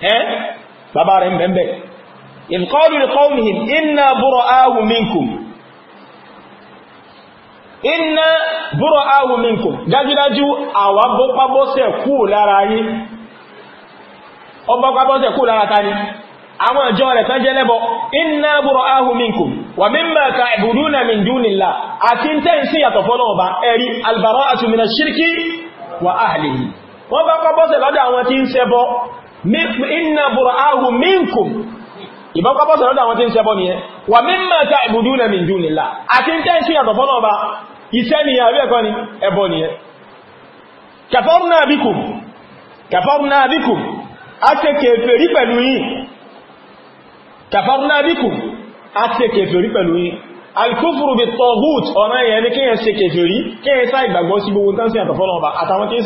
Speaker 1: ẹ́ bàbá rẹ̀ mẹ́mẹ́ ìfọ́lù ìkọ́mìhìn iná búrọ̀ áhù minkum iná búrọ̀ áhù minkum dájúdájú àwa bọ́pábọ́sẹ̀ kú lára yín ọgbọ́pábọ́sẹ̀ kú lára tani àwọn ìjọ rẹ̀ tán jẹ́ lẹ́bọ iná búrọ̀ áhù minkum wà mímọ̀ ka ìbùdúnà min dúnìlá àti tẹ́ǹsí yàtọ̀ fọ́lọ́ọ̀bá ẹ̀rí albara'atu mina shirki wa ahlihi wọ́n bá pọ́pọ́sẹ̀ lọ́dọ̀ àwọn tí ń ṣẹbọ inna bura'ahu minkum ìbọn kọ́ bọ́sọ̀ lọ́dọ̀ àwọn tí ń ṣẹbọ nìyẹn wà mimma ta'buduna min dunillah àti ń tẹ́ṣí yàtọ̀ fọ́nà ọba iṣẹ́ ise ni ẹbọ nìyẹn kafarna bikum kafarna bikum
Speaker 2: a ṣe kèfèrí pẹ̀lú yín
Speaker 1: kafarna bikum a ṣe kèfèrí pẹ̀lú yín alkufuru bi tọ́hút ọ̀nà yẹn ni kíyàn ṣe kèfèrí kíyàn sá ìgbàgbọ́ sí gbogbo tán sí àtọ̀fọ́nà ọba àtàwọn kí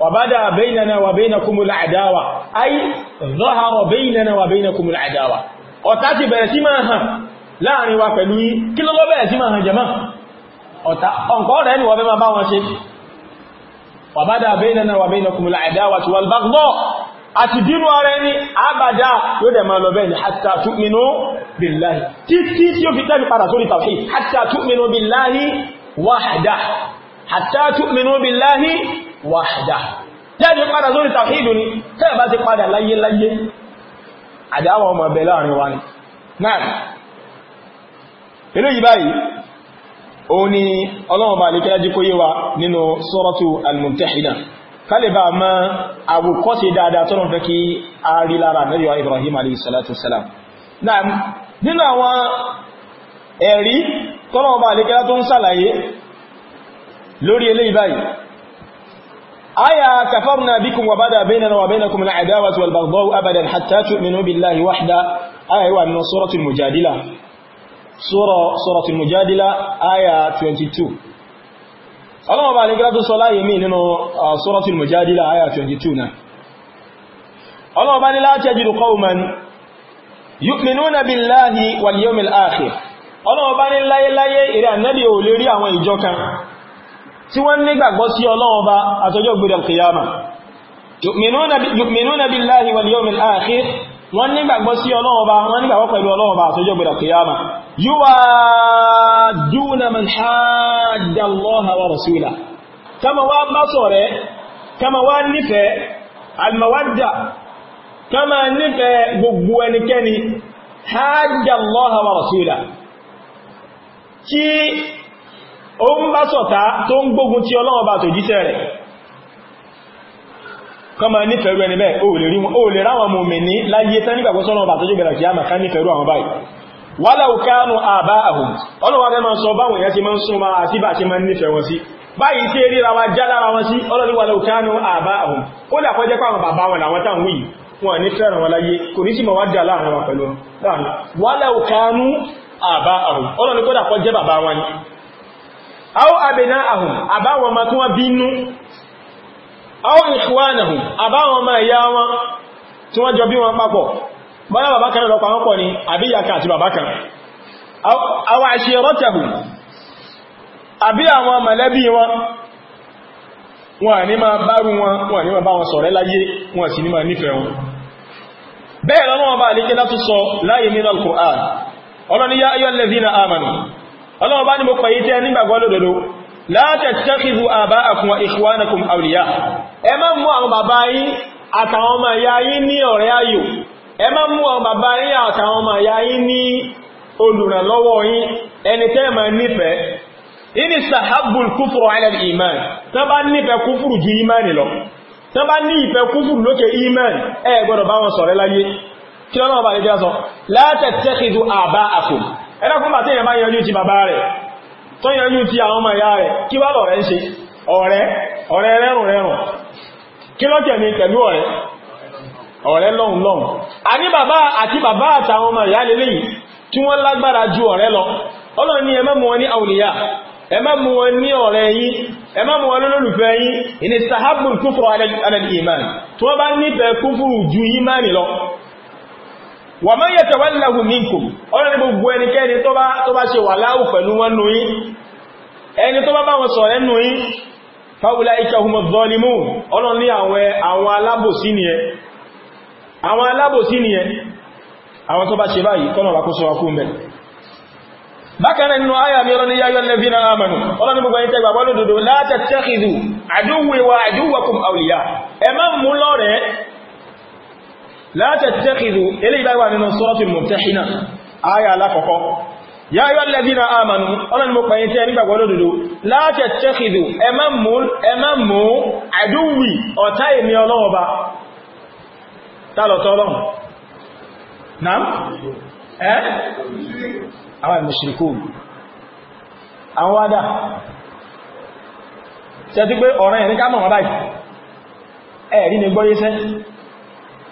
Speaker 1: وبدا بيننا وبينكم العداوة أي ظهر بيننا وبينكم العداوة وتاتي بيسمها لا أني وفلوي كل الله بيسمها جماعة أنقر أني وبما باوشي وبدا بيننا وبينكم العداوة والبغضاء أتدينوا أراني أبدا يودي ما لبين حتى تؤمنوا بالله تيتي يوفي تاني قرصول التوحيد حتى تؤمنوا بالله وحده حتى تؤمنوا بالله wahda jáde padà sórí tàfíìdù ni tẹ́ẹ̀ bá ti padà láyé láyé àdáwọn ọmọ ẹ̀bẹ̀ láàrin wa ni náà eléyìí báyìí ó ní ọlọ́run bá lékẹ́lá jí kó yé wa nínú suratu al-Mumtahina kálẹ̀bà mọ́ àwòkọ́sí dáadáa tọ́rọ fẹ́ kí a rí lára mẹ́rìwá Ibrahim alayhi salatu wassalam náà nínú àwọn ẹ̀rí tọ́rọ bá lékẹ́lá tó ń sàlàyé lórí eléyìí آية كفرنا بكم وبدا بيننا وبينكم العداوة والبغضاء أبدا حتى تؤمنوا بالله وحده آية هو من سورة المجادلة سورة, سورة المجادلة آية 22 الله بعد قرأت صلاة يمين إنه سورة المجادلة آية 22 الله بعد لا تجد قوما يؤمنون بالله واليوم الآخر الله بعد لا يلاي إلى النبي وليري عن وإجوكا tí wọ́n nígbàgbọ́ sí Ọlọ́run Ọba àtọjọ́ gbẹ̀dẹ̀ kìyàmà yu'minuna billahi wal yawmil akhir wọ́n nígbàgbọ́ sí Ọlọ́run Ọba wọ́n nígbàgbọ́ pẹ̀lú Ọlọ́run Ọba àtọjọ́ gbẹ̀dẹ̀ kìyàmà yuwadduna man hadda Allaha wa rasulahu kama wá bá ṣọ̀rẹ́ kama wá nífẹ̀ẹ́ almawadda kama nífẹ̀ẹ́ gbogbo ẹnikẹ́ni hadda ó ń bá ṣọ̀tá tó ń gbógun ti Ọlọ́run bá tó jíṣẹ́ rẹ̀ kọmọ nífẹ̀ẹ́rú ẹni bẹ́ẹ̀ ó lè ráwọn mùmínì láyé tán nígbàgbọ́ sọ́nà bá tó jẹ́ kí á wala ukanu aba'ahum Ọlọ́run fẹ́ máa sọ báwọn èèyàn ti máa ń sún ma àti bá ti báyìí sí eré rawa já lára wala ukanu aba'ahum ó dà kọjẹ́ pàwọn bàbá kó dà kọjẹ́ bàbá wọn ni aw abina'ahum abawọn ma tún wọ́n bínú aw ikhwanahum abawọn ma ya wọn tí wọ́n jọ bí wọn papọ̀ bọ́lá bàbá kan lọ pàwọn pọ̀ ni àbí yàkà àti bàbá kan aw ashiratahum àbí àwọn mọ̀lẹ́bí wọn wọn ní ma bárú wọn wọn ní ma bá wọn láyé wọn sì ní ma wọn bẹ́ẹ̀ lọ́wọ́ bá sọ láyé nínú al ọlọ́run bá ní mo pẹ̀yí tẹ́ nígbàgbọ́ lódodo látẹ̀tẹ́kìzù àbá àkùn ìṣúwánakùn àwòrìyà ẹ má mú àwọn bàbá yín àtàwọn ọmọ ìyá yín ní ọ̀rẹ́ ayò ẹ má mú àwọn bàbá yín àtàwọn ọmọ ìyá yín ní olùrànlọ́wọ́ yín ẹni tẹ́ ma nífẹ̀ẹ́ ini sahabul kúfùrù ala al-iman tán bá nífẹ̀ẹ́ kúfùrù ju imani lọ tán bá ní ìfẹ́ kúfùrù lókè imani ẹ gbọ́dọ̀ bá wọn ṣọ̀rẹ́ láyé kí lọ́nà ọba àdíjá sọ látẹ̀tẹ́kìzù àbá àkùn ẹlẹ́kùn bá tí èyàn bá yanjú ti bàbá rẹ̀ tó yanjú ti àwọn ọmọ ìyá rẹ̀ kí wá lọ̀rẹ́ ń ṣe ọ̀rẹ́ ọ̀rẹ́ rẹ̀rùn rẹ̀rùn kí lọ́kẹ̀ ní pẹ̀lú ọ̀rẹ́ ọ̀rẹ́ lọ́hùn lọ́hùn àní bàbá àti bàbá àtàwọn ọmọ ìyá lélẹ́ yìí tí wọ́n lágbára ju ọ̀rẹ́ lọ ọlọ́run ni ẹ má mú wọn ní àwòlíyà ẹ má mú wọn ní ọ̀rẹ́ yín ẹ má mú wọn lólùfẹ́ yín ìní sahabul kúfùrù alẹ́ ìmán tí wọ́n bá nífẹ̀ẹ́ kúfùrù ju wa man yatawallahu minkum ọ̀rọ̀ ní gbogbo ẹnikẹ́ni tó bá ṣe wà láhù pẹ̀lú wọn nù yí ẹni tó bá bá wọn sọ̀rẹ́ nù yí fa ulaika humu zalimun ni ẹ àwọn alábòsí ni ẹ àwọn tó bá ṣe báyìí kọ́nà bá kó sọ wakú mẹ́ bákanáà nínú ayà mi ọlọ́ni yáyọ́ lẹ́fínà àmànù ọlọ́ni gbogbo ẹni tẹgbàgbọ́ la tattakhidhu aduwwi wa aduwwakum awliya ẹ má mú lọ́rẹ̀ẹ́ látẹ̀tẹ́kìdù ilé ìbáwà nínú sọ́rọ̀tù mọ̀tẹ́hìnà ayà alákọ̀ọ́kọ́ ya yọ lẹ́bínà àmànù ọlọ́ni mo pẹ̀yìn tí a nígbàgbọ́ lódòdó látẹ̀tẹ́kìdù ẹmà mú àdúwì ọ̀tá èmì ọlọ́ọba tálọ̀tọ́ ọlọ́run
Speaker 2: náà ẹ́
Speaker 1: àwọn ìmùsìnkú àwọn wádà ṣe ti pé ọ̀rẹ́ ẹ̀rí ká mọ̀ wọ́n báyìí ẹ̀rí ni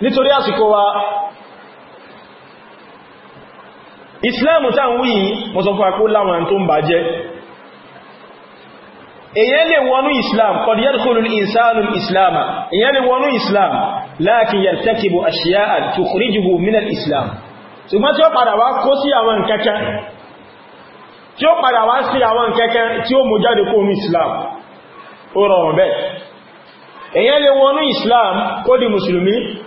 Speaker 1: nítorí àsìkò wa ìsìláàmù tá ń wí yìí mo sọ fún àpó láwọn tó ń bà jẹ́ èyàn lè wọnú islam qad yadkhulu al-insanu al-islama èyàn lè wọnú islam lakin yartakibu ashya'a tukhrijuhu min al-islam ṣùgbọ́n tí ó padà wá kó sí àwọn islam ó lè wọnú islam kó di musulmi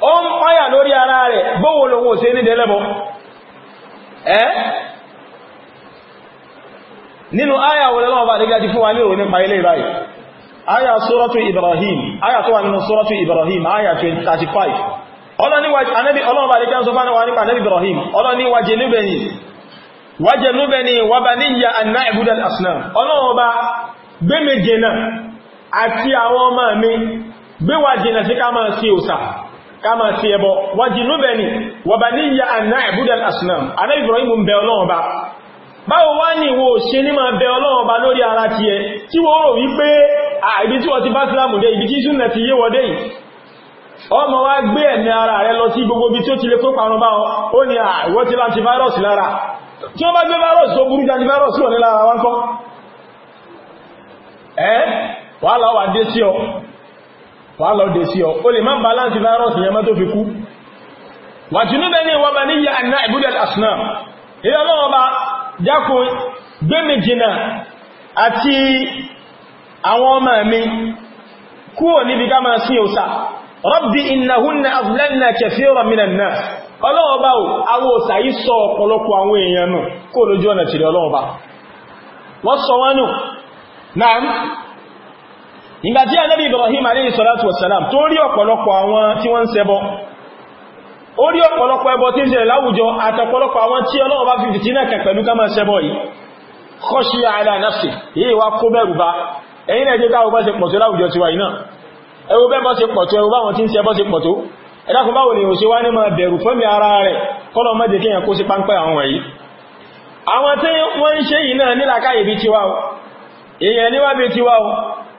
Speaker 1: ó ń pọ́yà lórí ara rẹ̀ bóòwò lòun ò ní dẹ́lẹ́bọ ẹ́ nínú àyà wọlọ́wọ́ bá dẹ́gbẹ́ fún wa ní òní pa ilé ìbáyìí Ibrahim àyà tó wà nínú Ibrahim àyà 35 ọlọ́wọ́ Ibrahim ọlọ́ni wàjẹ̀ wà bá níyà àná ìbúdàl asnam kama sí ẹbọ wàjìnúbẹ̀ni wàbàníyà àná ẹ̀bùdàn asnam ará Ibrahim bẹ ọlọ́run ba báwo wá ní ìwò ṣe ní máa bẹ ọlọ́run ba lórí ara ti ẹ tí wọ́n rò wípé ibi tí wọ́n ti bá sílámù dé ibi tí súnà ti yé wọ́dé yìí ọmọ wá gbé ara rẹ lọ sí gbogbo ibi tí ó ti lè parun bá wọn ó ní ti láti fáírọ̀sì lára tí wọ́n bá gbé fáírọ̀sì tó burú jáde wà lọ sí o lè má balance virus yẹn mọ́ tó fi kú wà jùlọ bẹ́ni wà bá níyà àná ìbúdẹ̀ ilẹ̀ bá gbẹ́mì jìnà àti àwọn ọmọ mi kúrò níbi ká máa sí òsà rabbi innahunna adlalna kathiran minan nas ọlọ́wọ́ bá o àwọn òsà sọ ọ̀pọ̀lọpọ̀ àwọn èèyàn nígbàtí ànábì Ibrahim alayhi salatu wassalam tó rí ọ̀pọ̀lọpọ̀ àwọn tí wọ́n ń ṣẹbọ ó rí ọ̀pọ̀lọpọ̀ ẹbọ tí ń ṣẹlẹ̀ láwùjọ àtọ̀pọ̀lọpọ̀ àwọn tí Ọlọ́run bá fi fìtínà kẹ pẹ̀lú ká máa ṣẹbọ yìí khashiya ala nafsi yìí wá kó bẹ̀rù bá ẹ̀yìn ẹjẹ́ káwọ́ bá ṣe pọ̀tó láwùjọ tiwa iná ẹwọ bẹ́ bọ́ ṣe pọ̀tó ẹwọ báwọn tí ń ṣẹbọ ṣe pọ̀tó ẹ̀dàkùn báwọn ni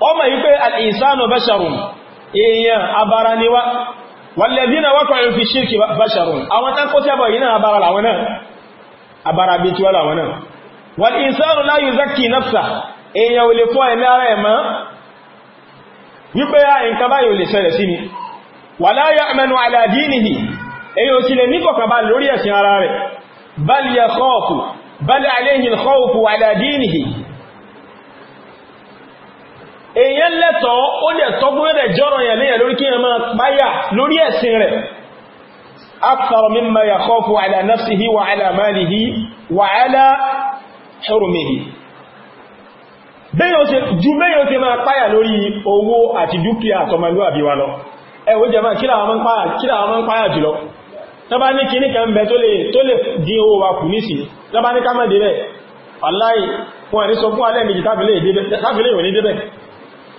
Speaker 1: ọmọ yìí pé al'insanu basharun èèyàn abara ni wá wàlẹ̀bí na wákọ̀ ìrìn fi ṣírkì basharun àwọn tán kó sẹ́bọ̀ yìí náà abara làwọn náà abara bí tí wá làwọn náà wàl'insanu la yuzakki nafsa èèyàn ò lè fọ́ ẹ̀mí ara ẹ̀ mọ́ wípé ya nǹkan báyìí ò èèyàn lẹ́tọ̀ọ́ ó dẹ̀ tọ́gbọ́n rẹ̀ jọ́rọ̀ yẹ̀ léyàn lórí kí ẹ máa páyà lórí ẹ̀sìn rẹ̀ akthar mimma yakhafu ala nafsihi wa ala malihi wa ala hurmihi ju bẹ́yàn ti máa páyà lórí owó àti fún ẹni fún alẹ́ méjì tábílẹ̀ ìwò ní débẹ̀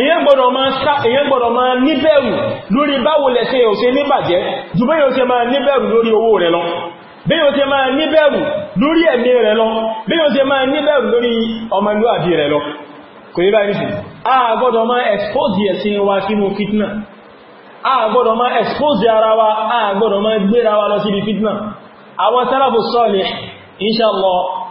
Speaker 1: èyàn gbọ́dọ̀ máa sá èyàn gbọ́dọ̀ máa níbẹ̀rù lórí báwo lẹ́sẹ̀ ò ṣe níbàjẹ́ jù bẹ́ yóò ṣe máa níbẹ̀rù lórí owó rẹ̀ lọ bẹ́ yóò ṣe máa níbẹ̀rù lórí ẹ̀mí rẹ̀ lọ bẹ́ yóò ṣe máa níbẹ̀rù lórí ọmọlúàbí rẹ̀ lọ kò yí báyìí sí a gbọ́dọ̀ máa expose ẹ̀sìn wa sínú fitna a gbọ́dọ̀ máa expose ara wa a gbọ́dọ̀ máa gbéra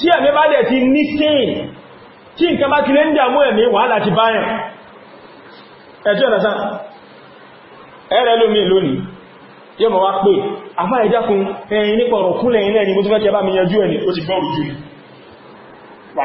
Speaker 1: tí ẹ̀mí bá dẹ̀ ti ní sẹ́yìn tí nǹkan bá kílé ń dàmú ẹ̀mí wàhálà ti báyàn ẹ̀tí ọ̀nà sáà ẹ̀rẹ́ lómi lónìí yóò mọ̀ wá pé àfá ẹ̀yìn nípa ọ̀rọ̀ kúnlẹ̀ ilẹ̀ ni mo tó fẹ́ kẹ bá mi yanjú ẹni ó ti gbọ́ òjú ni wà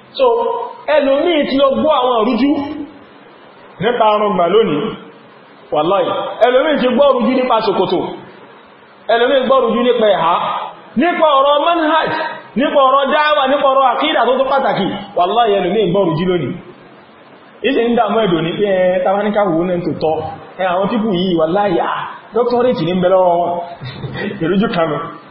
Speaker 1: so ẹlòmíì tí lọ gbọ́ àwọn òrújú nípa arọgbà lónìí wàláì ẹlòmíì tí gbọ́ òrújú nípa ṣòkòtò ẹlòmíì gbọ́ òrújú nípa ẹ̀há nípa ọ̀rọ̀ manhaj nípa ọ̀rọ̀ dáwà nípa ọ̀rọ̀ àkídà tó tó pàtàkì wàláì ẹlòmíì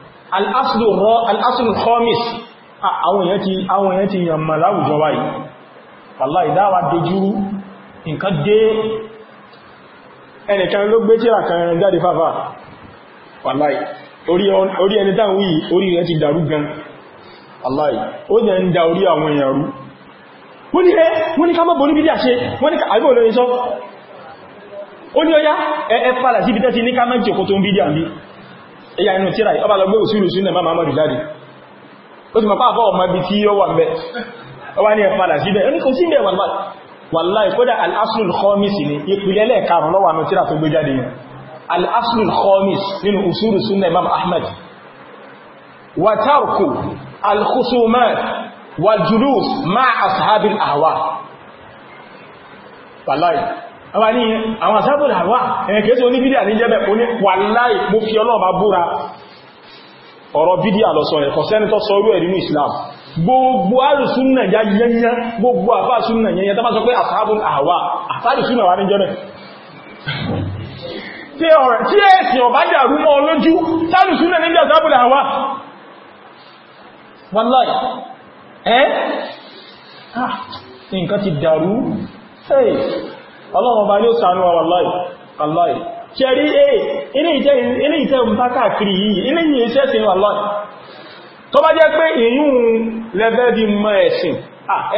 Speaker 1: al'asùlù khamis àwọn èèyàn ti yàmà láwùjọ wáyìí wallahi ìdáwà dojúrú nǹkan dé ẹnìkan ló gbé tíra kan jáde fáfá wallahi orí ẹni tán wí orí rẹ̀ ti dàrú gan wallahi ó jẹ́ ń da orí àwọn èèyàn rú wọ́n ni ẹ́ wọ́n ni ká mọ́ borí bí díà ṣe wọ́n ni àgbẹ́ olórin sọ ó ní ọya ẹ pàlà sí ibi tẹ́ ti ní ká mọ́ jẹ́ kò tó ń bí díà bí ẹ̀yà inú tíra ọba lọ gbé òsìrù sí ilẹ̀ máa mọ̀rù jáde ó ti mọ̀pá àbọ̀ ọmọ ibi tí ó wà mẹ́ ọwá ní ẹ̀fàdà síbẹ̀ ẹni kò sí ilẹ̀ wàláì kódà al-aslul khamis ni ìpìlẹ̀ lẹ́ẹ̀karùn lọ́wọ́ àwọn tíra tó gbé jáde yẹn al-aslul khamis nínú usulu sunna imam ahmad àwa ní àwọn àsábòdà wà ẹ̀kẹ́sí oníbídíà ní jẹ́bẹ̀ oní wàláì mú fi ọlọ́ọ̀bá búra ọ̀rọ̀ bídíà lọ sọ ẹ̀kọ́ sẹ́ni tó sọ orú ẹ̀ nínú Islam gbogbo alùsúnnà ya yẹnyẹ gbogbo àfáàsúnnà yẹnyẹ tó bá sọ pé àsábùn àwà àfáàlùsúnnà wà ní jẹ́bẹ̀ tí ẹ̀sìn ọ̀bá jà rúmọ́ olójú tálùsúnnà ní jẹ́ àsábùn àwà wàláì ẹ́ ah, nǹkan ti dàrú ọlọ́run ọba yóò sànú ọwà lọ́ì ṣẹ̀rí èé ilé ìtẹ́ òmùta káàkiri yìí ilé yìí iṣẹ́ sí wà lọ́ì tó bá jẹ́ pé èyún lẹ́fẹ́ mọ́ ẹ̀sìn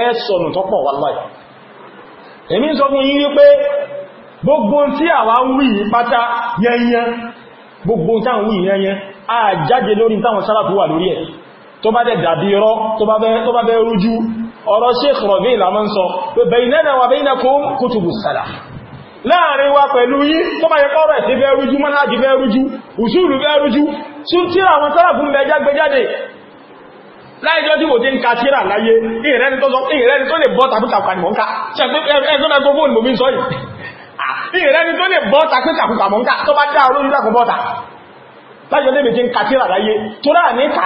Speaker 1: ẹ tó pọ̀ wà lọ́ì èmi sọ fún gbogbo tí àwa ń wí pátá yẹnyẹn gbogbo táwọn wí yẹnyẹn a jáde lórí táwọn wà lórí ẹ̀ tó bá dàbí tó bá fẹ́ rújú ọ̀rọ̀ Sheikh Rabi' la máa ń sọ pé baynana wa baynakum kutubu salaf láàrin wa pẹ̀lú yí tó bá yẹ kọ́rọ̀ ẹ̀sí fẹ́ rújú manhaji fẹ́ rújú usulu fẹ́ rújú tún tíra àwọn sálàfún bẹ jágbéjáde láìjọ́ tí mo ti ń ka tíra láyé ìrẹni tó lè bọ́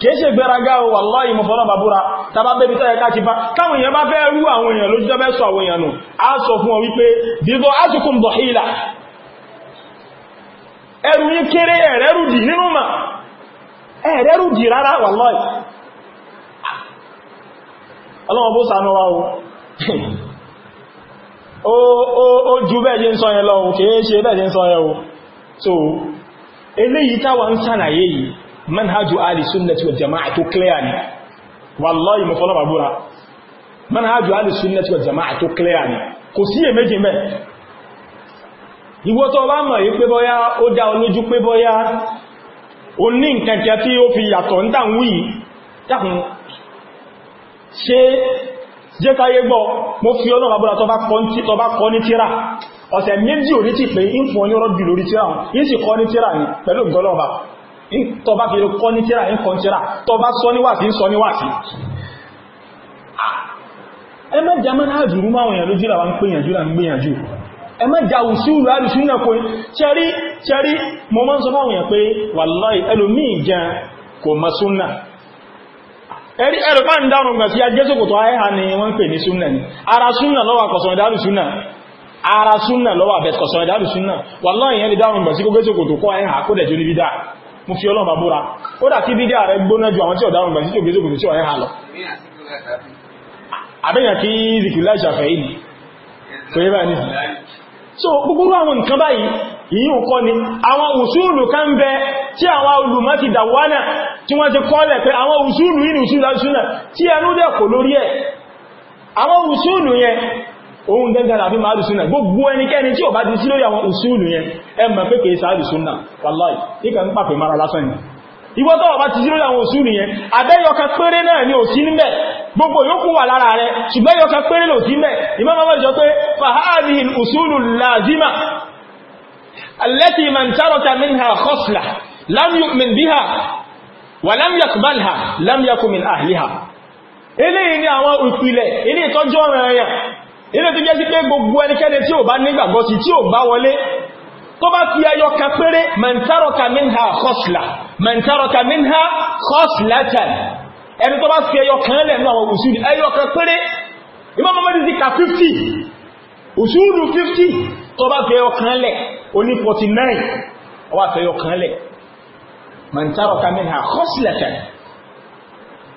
Speaker 1: ka ṣe gbéraga o wallahi ìmọ̀fọ́lá bàbúra tàbá bẹ́bí tẹ́ ẹ̀ká bá káwọn èèyàn bá fẹ́ rú àwọn èèyàn lójú sọ àwọn èèyàn nù a sọ fún ọ wípé dìbò ásùkùn dọ̀hílà ẹrù yí kéré ẹ̀rẹ́rùdì nínú mà ẹ̀rẹ́rùdì rárá wallahi ọlọ́wọ́ bó o lọ manhaju ali sunnati jama'a to clear wallahi mo fọlọ́ bàbúra manhaju ali sunnati wal jama'a to clear ni kò sí èméjì mẹ́ ìwọ tó bá mọ̀ yí pé nke ó dá fi yato ń tàn wí se ṣe jẹ́ mo fi ọlọ́run àbúrà to ba kọ́ ní tíra ọ̀sẹ̀ méjì ò ti pé ń fọ́ tọba fi ló kọ́ ní tíra ń kọ́ tíra tọba sọ níwàtí ń sọ níwàtí ẹ má jà mọ́nà àjùrú máa wọ̀nyàn lójú làwọn gbìyànjú là ń gbìyànjú ẹ má jà òsúrù àrùsù náà kò ṣẹ́rí ṣẹ́rí mo máa ń sọ fáwọn èèyàn pé wàláì ẹlòmíì jẹ kò mọ súnnà ẹ̀rí ẹ̀rọ pàá ń dárùn gbà sí ajẹ́sòkòtò ayéha ni wọ́n ń pè ní súnnà ni ara súnnà lọ́wà kọ̀sọ̀ ìdárù súnnà ara súnnà lọ́wà bẹ̀kọ̀sọ̀ ìdárù súnnà wàláì ẹni dárùn gbà sí kó gẹ́sòkòtò kọ́ ayéha kó dẹ̀ jórí bídá mo fi ọlọ́run bàbúra ó dà kí bídíà rẹ gbóná ju àwọn tí ọ̀daràn gbà sí tí ògbésògbè tí ọ̀rẹ́ hà lọ àbẹ́yàn kí zikula ìṣàfẹ́ ìní tó yẹ báyìí so gbogbo àwọn nǹkan báyìí yìí ò kọ́ ni àwọn òṣùlù kan ń bẹ tí àwọn olùmọ́ ti dàwánà tí wọ́n ti kọ́lẹ̀ pé àwọn òṣùlù yìí ní òṣùlù àṣùnà tí ẹnú dẹ̀ kò lórí ẹ̀ àwọn òṣùlù yẹn ohun gẹ́gẹ́rẹ́ àfi máa dùsúnà gbogbo ẹnikẹ́ni tí ó bá ti sí lórí àwọn òṣùlù yẹn ẹ mọ̀ pé kèé sáà dùsúnà wàláì níkà ń pàpè mara lásán ni ìwọ tó bá ti sí lórí àwọn òṣùlù yẹn abẹ́yọkà péré náà ni ò sí níbẹ̀ gbogbo yòókù wà lára rẹ̀ ṣùgbọ́n yọkà péré lò sí mẹ́ ìmọ́ mọ́ jọ àwọn ìpìlẹ̀ ilé ìtọ́jọ́ ọ̀rọ̀ ẹ̀yàn ilé tó jẹ́ sí pé gbogbo ẹnikẹ́ni tí ò bá nígbàgbọ́ sí tí ò bá wọlé tó bá fi ẹyọ kan péré mẹ́ntárọ̀ka minha khosla mẹ́ntárọ̀ka minha khoslatan ẹni tó bá fi ẹyọ kan lẹ̀ náà òṣù ní ẹyọ kan péré Imam Ahmad ti ka 50 òṣù ní 50 tó bá fi ẹyọ kan lẹ̀ oní 49 ó wá fi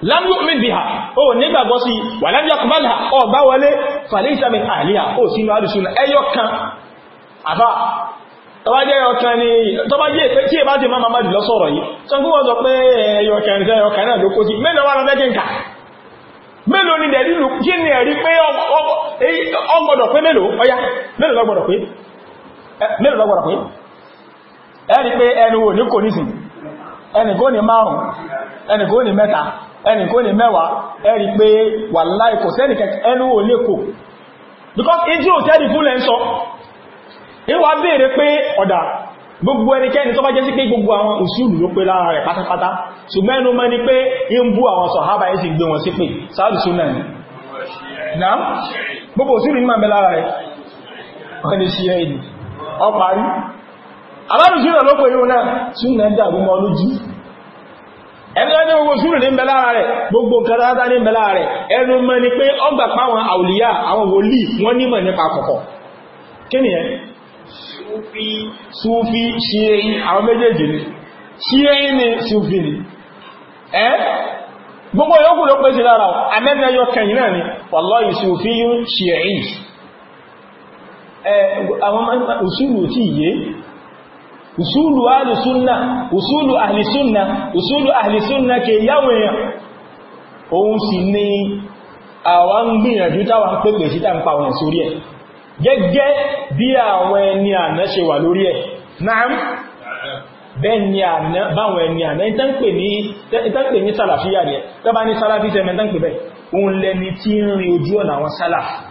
Speaker 1: lam yu'min biha ó nígbàgbọ́ sí wà lam yaqbalha ọ bá wọlé falaysa min ahliha ó sínú àdìsúnà ẹyọ kan àbá tọ́bájẹ́ ọkàn ni tọ́bájẹ́ ìpé tí è bá ti máa máa jùlọ sọ̀rọ̀ yìí tó ń kúwọ́n sọ pé eh, ẹyọ kẹrin tẹ́ ọkàn náà ló kó sí mélòó wà lọ́dẹ́ kíǹkà mélòó ni dẹ̀lú kí ni ẹ̀rí pé ọgbọ̀dọ̀ pé mélòó ọya mélòó lọ́gbọ̀dọ̀ pé mélòó lọ́gbọ̀dọ̀ pé ẹ̀rí pé ẹnu wò ní márùn-ún ẹnìkó ni mẹ́ta ẹnì kó ní mẹ́wàá ẹ̀rí pé wà láì kò sẹ́nì ẹnu ò lè kò because in tí ò tẹ́rì fún lẹ́ ń sọ ìwà béèrè pé ọ̀dà gbogbo ẹnikẹ́ni tó bá jẹ́ sí pé gbogbo àwọn òṣìlú ló pé lára rẹ̀ pátápátá ṣùgbọ́n ẹnu mọ́ ni pé ń bú àwọn sọ̀hábà ẹ̀ sì gbé wọn sí pé sáàdù súnà ní náà gbogbo òṣìlú ní màmẹ́ lára rẹ̀ wọ́n lè ṣe ẹ̀yìn ọparí ẹgbẹ́gbẹ́ gbogbo sùúrù ní bẹ lára rẹ̀ gbogbo nǹkan dáadáa ní bẹ rẹ̀ ẹnu mọ́ ni pé ọ páwọn àwòlíyà àwọn wòlíì wọ́n nímọ̀ nípa kọ̀kọ̀ kí ni ẹ súfí ṣíẹ́yìn àwọn méjèèjì ni ṣíẹ́yìn ni ni gbogbo yóò pèsè lára kẹyìn náà ni usulu ahli sunna usulu ahli sunna usulu ahli sunna ke yawon èèyàn òun sì ni àwọn ń gbìyànjú táwọn pèpè sí tàbí pa wọn sórí ẹ̀ gẹ́gẹ́ bí àwọn ẹni àná ṣe wà lórí ẹ̀ náà báwọn ẹni àná ìtànpè ní sàlàfíà ni, tọ́bá ní sàlàfí sẹ́mẹ̀ ìtànpè bẹ́ òun lẹni tí ń rin ojú ọ̀nà àwọn sàlàfí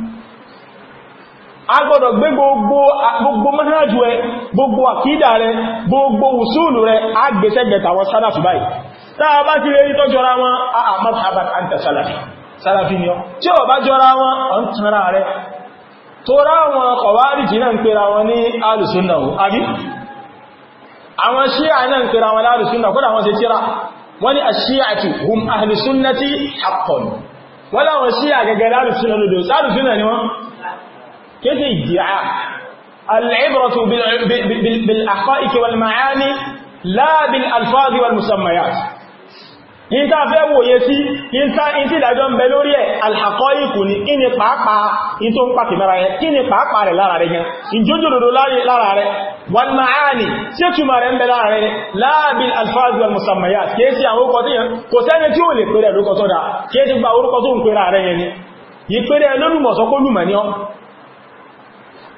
Speaker 1: a gbọ́dọ̀ gbé gbogbo manhajù ẹ gbogbo àkídà rẹ gbogbo wùsùlù rẹ a gbẹ̀ṣẹ́gbẹ̀ báyìí táà bá ti rí tó jọra wọn a àmàr habat anta sálàfì sálàfì ni ọ tí ó bá jọra wọn ọ̀n tara rẹ tó ráwọn kọ̀wárìjì náà ń pera wọn ní alùsùnà àbí àwọn ṣíà náà ń pera wọn lálùsùnà kódà wọn ṣe ni wọ́n kéèsì ìdíà al'ibratu bil haqa'iqi wal ma'ani la bil alfáàdì wal musammayat in ta fẹ́ wòye sí in ta in ti dájọ́ ń bẹ lórí ẹ̀ alhaqa'iqu ni kí ni pàápàá in tó ń pàtì mẹ́ra rẹ̀ kí ni pàápàá rẹ̀ lára rẹ̀ gan in jójòdòdó lára rẹ̀ wal ma'ani tí túnmà rẹ̀ ń bẹ lára rẹ̀ la bil alfáàdì wal musammayat kéèsì àwọn orúkọ tí yẹn kò sẹ́ni tí ó lè pẹ̀rẹ̀ orúkọ tó dáa kéèsì gba orúkọ tó ń pẹ̀rẹ̀ rẹ̀ yẹn ni ìpẹ̀rẹ̀ lórúmọ̀sọ́kólùmọ̀ ni ọ́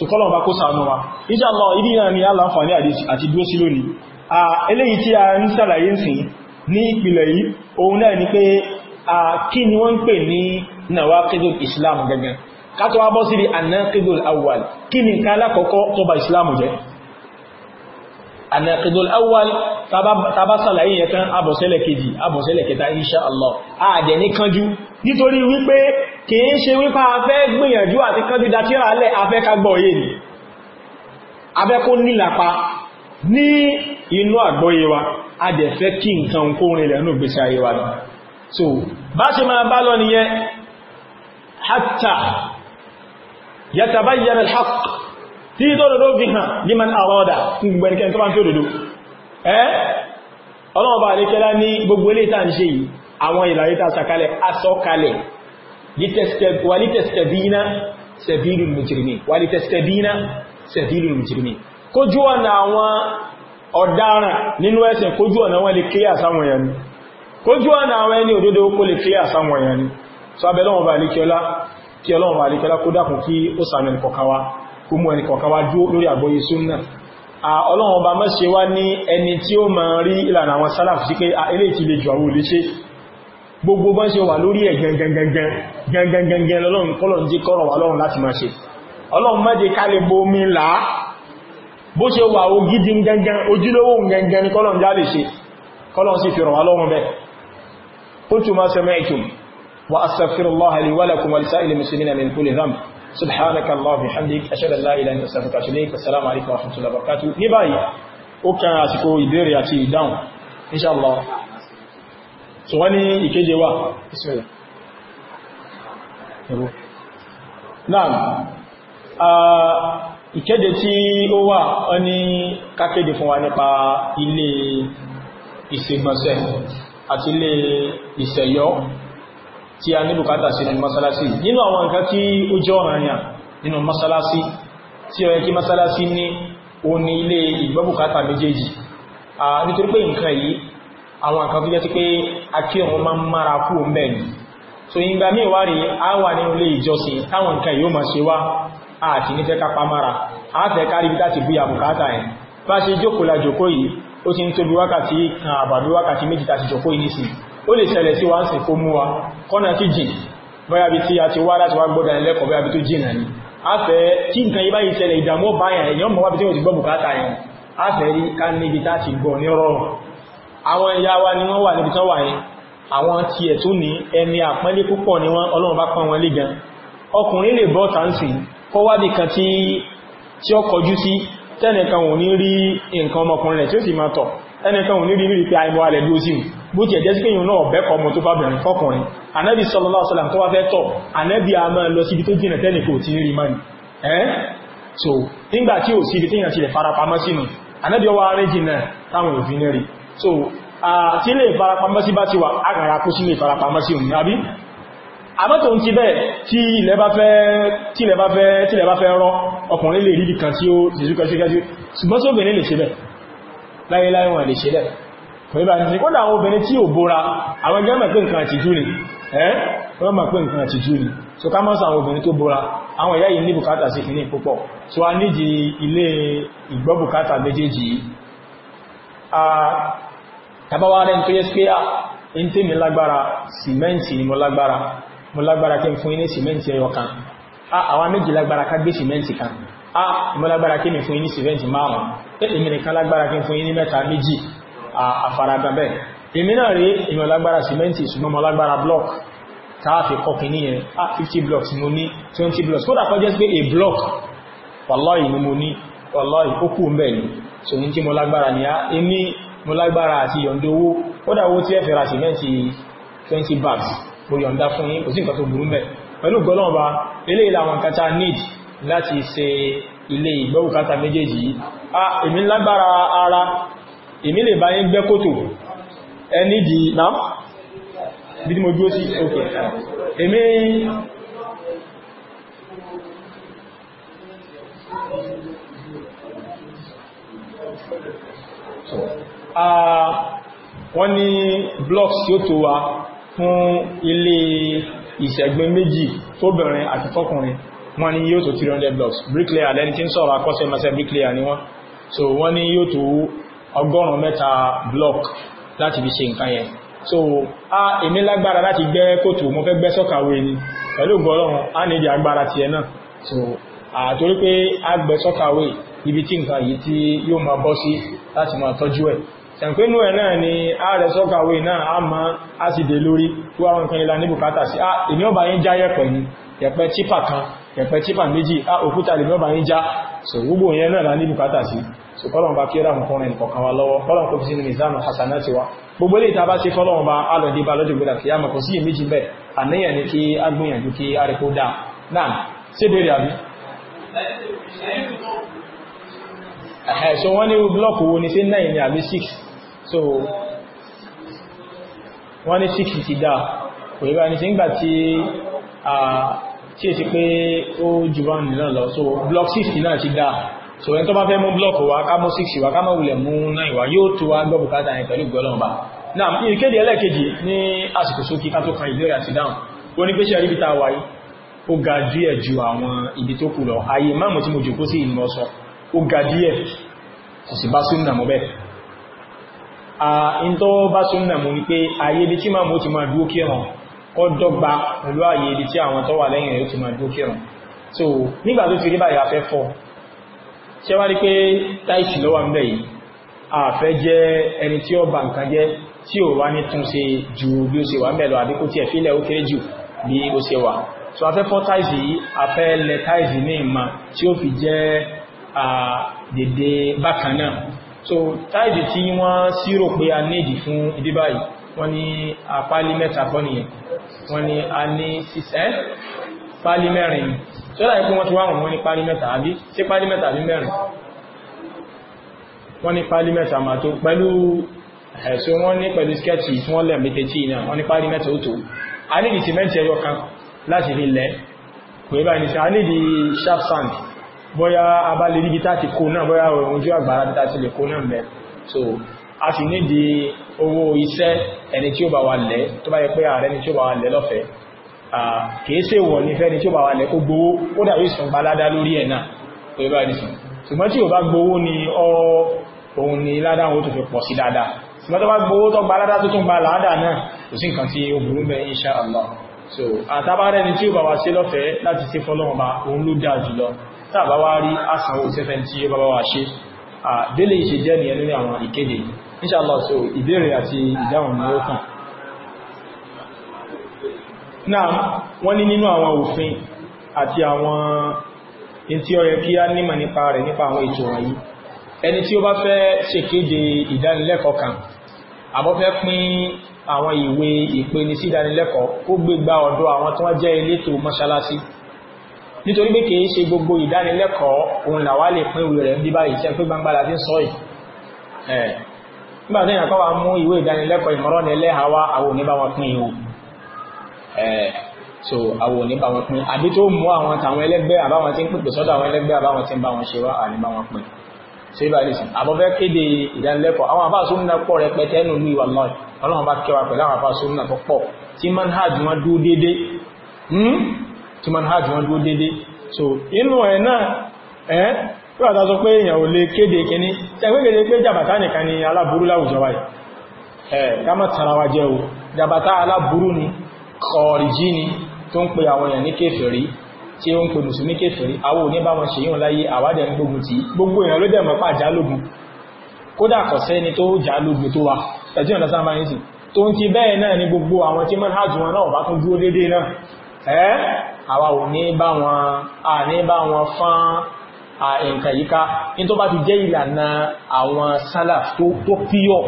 Speaker 1: so kọ́lọ̀ bá kó sànú wa insha Allah ìdí náà ni aláǹfààní àti dúró sí lónìí à eléyìí tí a ń sàlàyé ń sìn ní ìpìlẹ̀ yìí òun náà ni pé à kí ni wọ́n ń pè ní nawaqidul islam gangan kátọ́wà bọ́ sí di anaqidul awwal kí ba islam jẹ́ anaqidul awwal tàbá sàlàyé yẹn tán abọ̀sẹ́lẹ̀ kejì abọ̀sẹ́lẹ̀ kẹta insha Allah ààdẹ̀ ní kánjú nítorí wípé kìí ṣe wípé a fẹ́ gbìyànjú àti kánjú dákírà alẹ́ afẹ́ kagbọ́yé ni afẹ́ kó nílapa ní inú àgbọ́yé wa a dẹ̀ fẹ́ kí nǹkan kó rinlẹ̀ ní ògbésí ayé wa tí tó dòdó fi hàn ní man àwọ́dà gbẹ̀rẹ̀kẹ́ tó bá ń tó dòdó ẹ́ ọlọ́ọ̀bà àríkẹ́lá ní gbogbo ilé tàà ń ṣe yìí àwọn ìlàríta sàkalẹ̀ asọ́kalẹ̀ walitẹ̀stẹ̀bíná sẹ̀bílù mùjìrìmí walitẹ̀stẹ̀bíná sẹ̀bílù mùjìrìmí kójú ọ̀nà àwọn ọ̀daràn nínú ẹ̀sìn kójú ọ̀nà wọn lè kíyà sáwọn yẹn kójú ọ̀nà àwọn ẹni òdodo kó lè kíyà sáwọn kó mú ẹnìkan ká wá dúró lórí àgbọ́yé súnnà ọlọ́run ọba má ṣe wá ní ẹni tí ó máa rí ìlànà àwọn sálàf sí pé ilé ti lè jù àwọn olèṣe gbogbo bá ṣe wà lórí ẹ̀ gangan lọ́lọ́run kọ́lọ̀n jí kọ́rọ̀ wà lọ́run láti máa ṣe ọlọ́run má jẹ́ ká lè bomi là á bó ṣe wà ògidì gangan ojúlówó gangan ni kọ́lọ̀n já subhanaka allah bihamdik ashhadu an la ilaha illa anta astaghfiruka wa atubu ilaik assalamu alaikum wa rahmatullahi wa barakatuh ní báyìí ó kàn àsìkò ìbéèrè àti ìdáhùn inshallah so wani ìkeje wa bismillah naam ìkéde tí ó wà ọ ní kákéde fún wa nípa ilé ìṣègbọ̀nsẹ̀ àti ilé ìṣẹ̀yọ́ tí a ní bùkátà sí nínú masalasi nínú àwọn nǹkan tí ó jẹ́ ọ̀ranyàn nínú masalasi tí ó kí masalasi ní o ní ilé ìgbọ́bùkátà méjèèjì nítorí pé nǹkan yìí àwọn nǹkan tó jẹ́ sí pé akírun máa ń kú ń so ìgbà míì wá rí a wà nínú ilé ìjọsìn táwọn nǹkan yìí ó máa ṣe wá àti ní fẹ́ kápá mára a fẹ́ kárí bí láti bí àbùkátà yẹn bá ṣe jókòó la jókòó yìí ó ti ń tóbi wákàtí kan àbàbí wákàtí méjì tàti jókòó yìí nísìnyí ó lè ṣẹlẹ̀ sí wá sí kó mú wa kọ́nà kí jìn bóyá bí tí a ti wá láti wá gbọ́dọ̀ ẹlẹ́kọ̀ọ́ bóyá bí tó jìn náà ni a fẹ́ kí nǹkan yí báyìí ṣẹlẹ̀ ìdàmú báyàn èèyàn mọ̀ wá bí tí wọ́n ti gbọ́ bùkátà yẹn a fẹ́ rí ká níbi ni wọ́n ni wọ́n ọlọ́run bá pọ́n wọn lé gan ọkùnrin lè bọ́ tàǹsì kó wá bí kan tí ó kọjú sí tẹ́nìkan ò ní rí nǹkan ọmọkùnrin tí ó sì máa tọ̀ ẹnìkan ò ní rí rí pé àìmọ́ alẹ̀ bí ó sí bó ti ẹ̀jẹ́ sí pé yìí náà bẹ́kọ̀ ọmọ tó bá bẹ̀rẹ̀ fọ́kùnrin anẹ́bí sallallahu so nígbà tí ò sí ibi tí yàn ti lè farapamọ́ sínú anẹ́bí so àti lè farapamọ́ sí bá ti wà agàrà kó sí lè farapamọ́ sí òun àbí àmọ́ tó ń ti bẹ́ẹ̀ tí ilẹ̀ bá fẹ́ rọ ọkùnrin lè rí ibi kan tí ó jẹ́súkẹ́súkẹ́sú ṣùgbọ́n láyéláyé wọn lè ṣe lẹ́ pẹ̀lú bá ti ṣe kódà àwọn obìnrin tí ò bóra àwọn ẹgbẹ́ mọ̀ so ká mọ́sàn àwọn obìnrin tó bóra àwọn ìyá so a nídi ilé ìgbọ́ a tabawa rẹ̀ tó yẹ pé a ń tí mi lágbára sìmẹ́ǹtì ni mo lágbára mo lágbára kí n fún ní sìmẹ́ǹtì ẹyọ kan a àwọn méjì lágbára ká gbé sìmẹ́ǹtì kan a mo lágbára kí mi fún ní sìmẹ́ǹtì márùn-ún pé èmi nìkan lágbára kí n fún yín ní mẹ́ta méjì àfaragbàbẹ̀ èmi náà rí èmi lágbára simenti ṣùgbọ́n mo lágbára block tààfi kọkì ní yẹn 50 blocks mo ní 20 blocks kódà kọjẹ́ pé a block wàláì ni mo ní wàláì ó kú mẹ́ ni so ní tí mo lágbára ní a ní mo lágbára àti yọ̀ndó owó kódà owó tí ẹ fẹ́ ra simenti 20 bags mo yọ̀ndá fún yín kò sí nǹkan tó burú mẹ́ pẹ̀lú gọ́lọ́ọ̀bá eléyìí làwọn kata need láti ṣe ilé ìgbọ́bùkátà méjèèjì yìí a èmi lágbára ara èmi lè bá yín gbẹ́ kòtò ẹni dì náà
Speaker 2: bí mo dúró sí òkè èmi
Speaker 1: wọ́n ní blocks tí ó tó wa fún ilé ìṣẹ̀gbẹ́ méjì tóbìnrin àti fọ́kùnrin wọ́n ní yóò tó 300 blocks bricklayer lẹ́ni tí ń sọ̀rọ̀ akọ́ṣẹ́ mẹ́sẹ̀ bricklayer ni wọ́n so wọ́n ní yóò tó ọgọ́rùn-ún mẹ́ta block láti fi ṣe nǹkan yẹn so a èmi lágbára láti gbẹ́ kòtò mo fẹ́ gbẹ́ sọ́kàwé ni pẹ̀lú gbọ́lọ́run a ní ìdí agbára tiẹ̀ náà so àtorí pé a gbẹ́ sọ́kàwé ibi tí nǹkan yìí tí yóò máa bọ́ sí láti máa tọ́jú ẹ̀ sẹ̀ǹpínú ẹ̀ náà ni a rẹ̀ sọ́kàwé náà a máa a sì dé lórí tó àwọn nǹkan ìlànà ní bùkátà sí èmi ọba yín jáyẹ̀ pẹ̀lú yẹ̀pẹ̀ típà kan ẹ̀fẹ́ chípa méjì á òkúta lè mọ́bà ń já so gbogbo yẹn náà ní bùkátà sí so kọ́lọ̀n bá kí ó dáhùn kọrin kọ̀kan wa lọ́wọ́ kọ́lọ̀n kò fi sínú ìzánù hasana ti wa gbogbo ilé ìta bá ṣe fọ́lọ̀n bá alọ̀dé bá lọ́jọ́ gbọ́dà kí á mọ̀ kò sí méjì bẹ́ẹ̀ àníyàn so wọ́n ní blọ́ọ̀kù ni sí 9 ni so wọ́n ní 6 ti dáa kò yíba ní sí ń gbà tí tí è sí pé ó jù bá nìlá lọ so block 6 náà ti dáa so ẹni tó bá fẹ́ mú block wa ká mú 6 wa ká mọ́ wulẹ̀ mú 9 wa yóò tó wá gbọ́ bùkátà yẹn pẹ̀lú gbọ́lọ́n ba náà ìkéde ẹlẹ́ẹ̀kejì ní àsìkò sókí ká tó kan ìbéèrè àti dáhùn ó ní pé ṣe rí bíta wáyé ó ga díẹ̀ ju àwọn ibi tó kù lọ ayé máàmù tí mo jòkó sí ìlú ọsọ ó ga díẹ̀ kò sì bá súnnà kọ́ dọ́gba pẹ̀lú ààyè ibi tí àwọn tó wà lẹ́yìn rẹ̀ ti máa dúró kírun so nígbà tó fi rí báyìí afẹ́ fọ́ ṣe wá rí pé táìsì lọ́wọ́ ń bẹ̀ yìí àfẹ́ jẹ́ ẹni tí ó bà nǹkan jẹ́ tí ò wá ní tún ṣe ju bí ó ṣe wà mẹ́lọ àbí kó tiẹ̀ ó kéré jù bí ó ṣe wà so afẹ́ fọ́ táìsì yìí afẹ́ lẹ táìsì ní ìmọ̀ tí ó fi jẹ́ dédé bákan náà so táìsì tí wọ́n sírò pé a nídìí fún ibi báyìí wọ́n ní apálí mẹ́ta kọ́ wọ́n ní a ní ìṣẹ́ pálí mẹ́rin ni tí ó láìpé wọ́n ti wáhùn wọ́n ní pálí mẹ́ta àbí sí pálí mẹ́ta àbí mẹ́rin wọ́n ní pálí mẹ́ta máa tó pẹ̀lú ẹ̀sùn wọ́n ní pẹ̀lú skẹ́ẹ̀tì tí wọ́n lẹ̀ méjèèjì náà wọ́n ní pálí mẹ́ta ó tó a nídi sìmẹ́ntì ẹyọ ní sí so a sì nídi owó iṣẹ́ ẹni tí ó bá wà lẹ́ tó bá yẹ pé ààrẹ ni tí ó bá wà lẹ́ lọ́fẹ́ kìí ṣe wọ̀ ní fẹ́ni tí ó bá wà lẹ́ kó gbowó ó dàbí ìsùn balada lórí ẹ̀ náà tó yẹ bá rí sùn ṣùgbọ́n tí ò bá gbowó ni ọrọ̀ òun ni ládá wọn tó fi pọ̀ sí dáadáa ṣùgbọ́n tó bá gbowó tó gba ládá tó tún so àtàbárẹ́ ni tí ó bá wà ṣe lọ́fẹ̀ẹ́ láti ṣe fọ́lọ́run bá òun ló dáa jùlọ tá a bá wá rí àsanwó sẹ́fẹ́ àwọn ìkéde yìí inshallah so ìbéèrè àti ìdáhùn ni ó kàn náà wọ́n ní nínú àwọn òfin àti àwọn in tí ó yẹ kí a nímọ̀ nípa rẹ̀ nípa àwọn ètò wọ̀nyí ẹni tí ó bá fẹ́ ṣèkéde ìdánilẹ́kọ̀ọ́ kan àbọ́fẹ́ pín àwọn ìwé ìpeni sí ìdánilẹ́kọ̀ọ́ kó gbégbá ọ̀dọ̀ àwọn tí wọ́n jẹ́ nítorí pé kìí ṣe gbogbo ìdánilẹ́kọ̀ọ́ òun làwá lè pín ìwé rẹ̀ ń bí báyìí ṣe pé gbangba la fi ń sọ yìí nígbà tí èèyàn kọ́ wa mú ìwé ìdánilẹ́kọ̀ọ́ ìmọ̀ràn ní ẹlẹ́ha wa àwọn òní bá wọn pín ihò so àwọn òní bá wọn pín àbí tó mú àwọn tàwọn ẹlẹ́gbẹ́ àbáwọn tí ń pèpè sọ́dọ̀ àwọn ẹlẹ́gbẹ́ àbáwọn tí ń bá wọn ṣe wá àní bá wọn pín ṣe bá nìsín àbọ̀fẹ́ kéde ìdánilẹ́kọ̀ọ́ àwọn àbá súnmọ́ pọ̀ rẹpẹtẹ nù ní ìwà lọ́ọ̀ ọlọ́run bá kẹwàá pẹ̀lú àwọn àbá súnmọ́ tó pọ̀ tí manhaj wọn dúró hmm? so inú ẹ̀ náà tó àtà sọ pé èèyàn ò lè kéde kìíní tẹ́gbẹ́gbẹ́ pé jàbàtà nìkan ni aláburú láwùjọ wáyé ẹ̀ kámọ̀ tarawa jẹ́ o jàbàtà aláburú ni ọ̀rìjí ni tó ń pe àwọn èèyàn ní kéfèrí tí ó ń pe mùsùlùmí kéfèrí àwọn òní bá wọn ṣèyàn láyé àwádẹ̀ ń gbógun tí gbogbo èèyàn ló dẹ̀mọ̀ pà jálógun kódà kò sẹ́ni tó jálógun tó wa ẹ̀tí ọ̀nà sáà máa ń sìn tó ni gbogbo àwọn tí manhajù wọn náà bá tún dúró déédéé náà ẹ́ àwa ò ní bá wọn fán nǹkan yíká in tó bá ti jẹ́ ìlànà àwọn salaf tó píyọ̀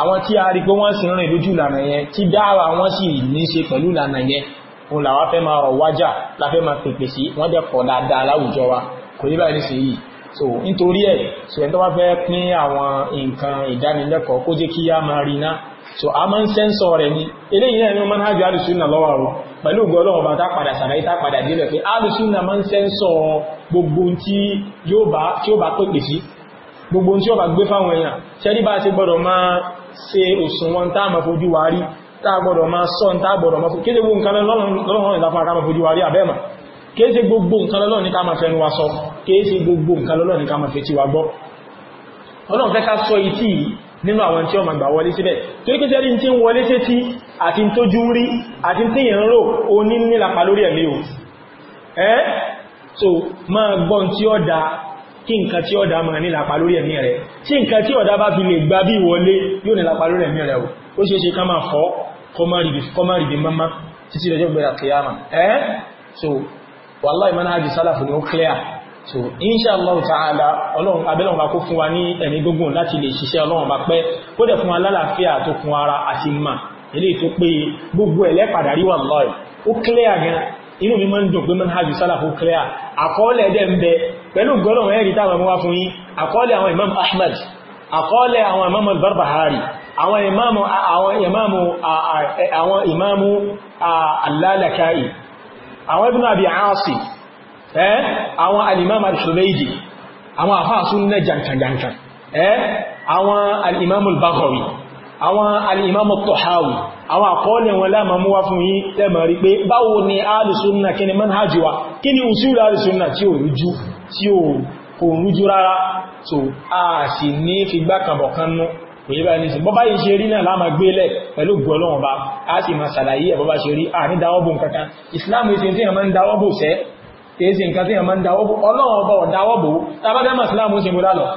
Speaker 1: àwọn tí a rí pé wọ́n sì rìn lójú ìlànà yẹn tí dára wọ́n sì ní ṣe pẹ̀lú ìlànà yẹn òun làwá fẹ́ máa rọ̀ wájà láfẹ́ máa pèpè sí wọ́n jẹ́ pọ̀ dáadáa láwùjọ wa kò ní báyìí sí yìí so nítorí ẹ̀ so ẹni tó bá fẹ́ pín àwọn nǹkan ìdánilẹ́kọ̀ọ́ kó jẹ́ kí yá máa rí náà so a máa ń sẹ́ńsọ̀ rẹ̀ ni eléyìí náà ni wọ́n máa ń hájú alùsùnà lọ́wọ́ o pẹ̀lú ògbọ́lọ́wọ́ bá tá padà sàlàyé tá padà délẹ̀ pé alùsùnà máa ń sẹ́ńsọ̀ gbogbo tí yóò bá tí ó bá pèpè sí gbogbo tí ó bá gbé fáwọn èèyàn ṣẹ́rí bá ṣe gbọ́dọ̀ máa ṣe òṣùwọ̀n tá máa fojú wa rí tá gbọ́dọ̀ máa sọ tá gbọ́dọ̀ máa fojú kéde gbogbo nǹkan lọ́lọ́run ìlàfà ká máa fojú wa rí àbẹ́mà kéèṣe gbogbo nǹkan lọ́lọ́run ní ká máa fẹnu wa sọ kéèṣe gbogbo nǹkan lọ́lọ́run ní ká máa fetí wa gbọ́ ọlọ́run fẹ́ ká sọ ìtì nínú àwọn tí ó ma gbà wọlé síbẹ̀ tó ní kéjẹ́ rí tí ń wọlé sí tí àti tó jú rí àti tí ìyẹn rò ó ní nílapa lórí ẹ̀mí o ẹ́ so máa gbọ́n tí ó dá kí nǹkan tí ó dá máa nílapa lórí ẹ̀mí rẹ̀ tí nǹkan tí ó dá bá fi lè gbá bí wọlé yóò nílapa lórí ẹ̀mí rẹ̀ ó ṣeéṣe ká máa fọ́ kọmárìbì mọ́má títí lọ́jọ́ gbẹ̀rẹ̀ so wallahi manhaj sálàfù ni ó clear so inshallah ta'ala ọlọ́run abẹ́lọ́run bá kó fún wa ní ẹ̀mí gbogbo láti lè ṣiṣẹ́ ọlọ́run bá pẹ́ kó dẹ̀ fún wa clear gan inú mi máa ń dùn pé manhajù sálàfù clear àkọọ́lẹ̀ ẹ̀dẹ̀ ń bẹ pẹ̀lú gọ́lọ̀ ẹ̀rí táwọn ọmọ wá fún yín àkọọ́lẹ̀ àwọn imam ahmad àkọọ́lẹ̀ àwọn imam al-barbahari àwọn imamu àwọn imamu al-lalakai àwọn ibn abi aasi eh àwọn al-imam al-shubaydi àwọn afa sunna jankan jankan àwọn al al-baghawi àwọn alìmọ́mù tọ̀háwì àwọn àkọọ́lẹ̀ wọn lámàmú wá fún yí tẹ́mọ̀ rí pé báwo ni alìsúnnà kí ni manhajì wa kí ni usúlù alìsúnnà tí ò rújú tí ò kò rújú rárá tó a sì ní fi gbákanbọ̀kanú òyí bá ní sí bọ́bá yìí ṣe rí náà láàmà gbélẹ̀ pẹ̀lú gbọ́lọ́wọ́n bá a sì máa ṣàlàyé ẹ̀ bọ́bá ṣe rí à ní dáwọ́bù kankan Islam èsì tí a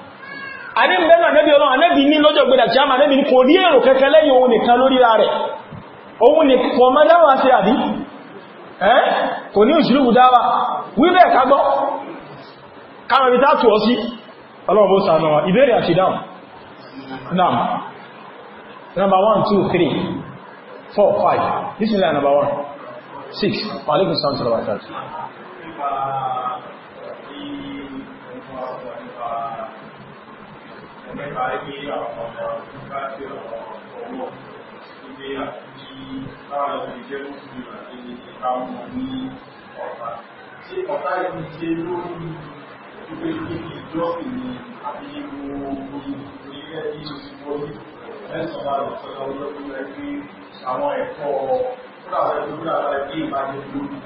Speaker 1: àní ń bẹ́nu ànẹ́bí ọlọ́run ànẹ́bí ní lọ́jọ́ gbẹ́dà tí a máa nẹ́bí ní kò rí èrò kẹ́kẹ́ lẹ́yìn òun nìkan lórí rẹ̀ òun ni kò mọ́ dáwà sí àbí kò ní òṣìlúkù dáwà wíbẹ̀ kagbọ́ kàmàbí tààtù ọ sí ọlọ́run bó sànà ìbéèrè àti dáhùn nam number one two three four five this is number one six malikun santo lọ́wọ́
Speaker 2: nípa ibi àwọn ọmọ bá tí ọwọ́ ibi àti báwọn ọmọ ìjẹ́ mùsùlùmí àti ìpa ọmọ ní ọ̀pá tí ọ̀pá ìlú jẹ́ lórí ìgbé ìgbé ìjọ́sìn ni àbí gbogbo orílẹ̀ ní oṣùgbọ́ mẹ́sàn-án bá lọ sọ́dọ̀ ọjọ́ tó rẹ̀ pé àwọn ẹ̀kọ́ fúlàwẹ̀ tó fúlàwẹ̀ bí ìbájẹ́ lórí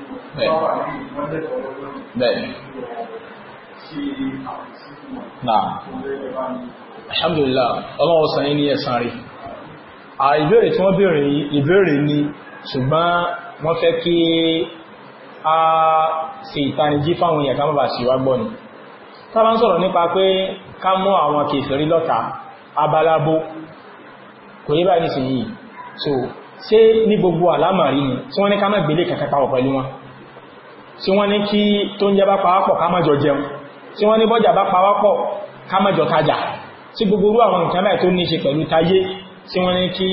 Speaker 2: wọ́n wà ní ìmọ́lẹ̀kọ̀ọ́ lórí ṣe àkùsí fún wọn
Speaker 1: alhamdulillah ọlọ́wọ́ sàn ní ẹ̀sàn rí à ìbéèrè tí wọ́n béèrè ìbéèrè ni ṣùgbọ́n wọ́n fẹ́ kí a ṣe ìtanijí fáwọn èèyàn kámọ́ bà sí wá gbọ́ ni tá bá ń sọ̀rọ̀ nípa pé ká mú àwọn kèfèrí lọ́ta abalábó kò yí báyìí sí yìí so ṣé ní gbogbo àlámàrí ni tí wọ́n ní ká má gbélé kankan papọ̀ pẹ̀lú wọn tí wọ́n ní kí tó ń jẹ bá pawápọ̀ ká má jẹun tí wọ́n ní bọ́jà bá pawápọ̀ ká má tajà sí gbogbo orú àwọn nǹkan báyìí tó ní ṣe pẹ̀lú tayé tí wọ́n ní kí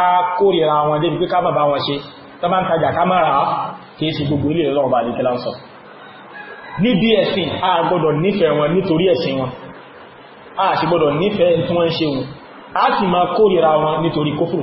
Speaker 1: a kórìíra wọn débi pé ká má bá wọn ṣe tó bá ń tajà ká má ra kì gbogbo ilé lọ́wọ́ bá lè níbi ẹ̀sìn a gbọ́dọ̀ nífẹ̀ẹ́ wọn nítorí ẹ̀sìn wọn a sì gbọ́dọ̀ nífẹ̀ẹ́ tí wọ́n ń ṣe wọn a sì máa kórìíra wọn nítorí kófùrù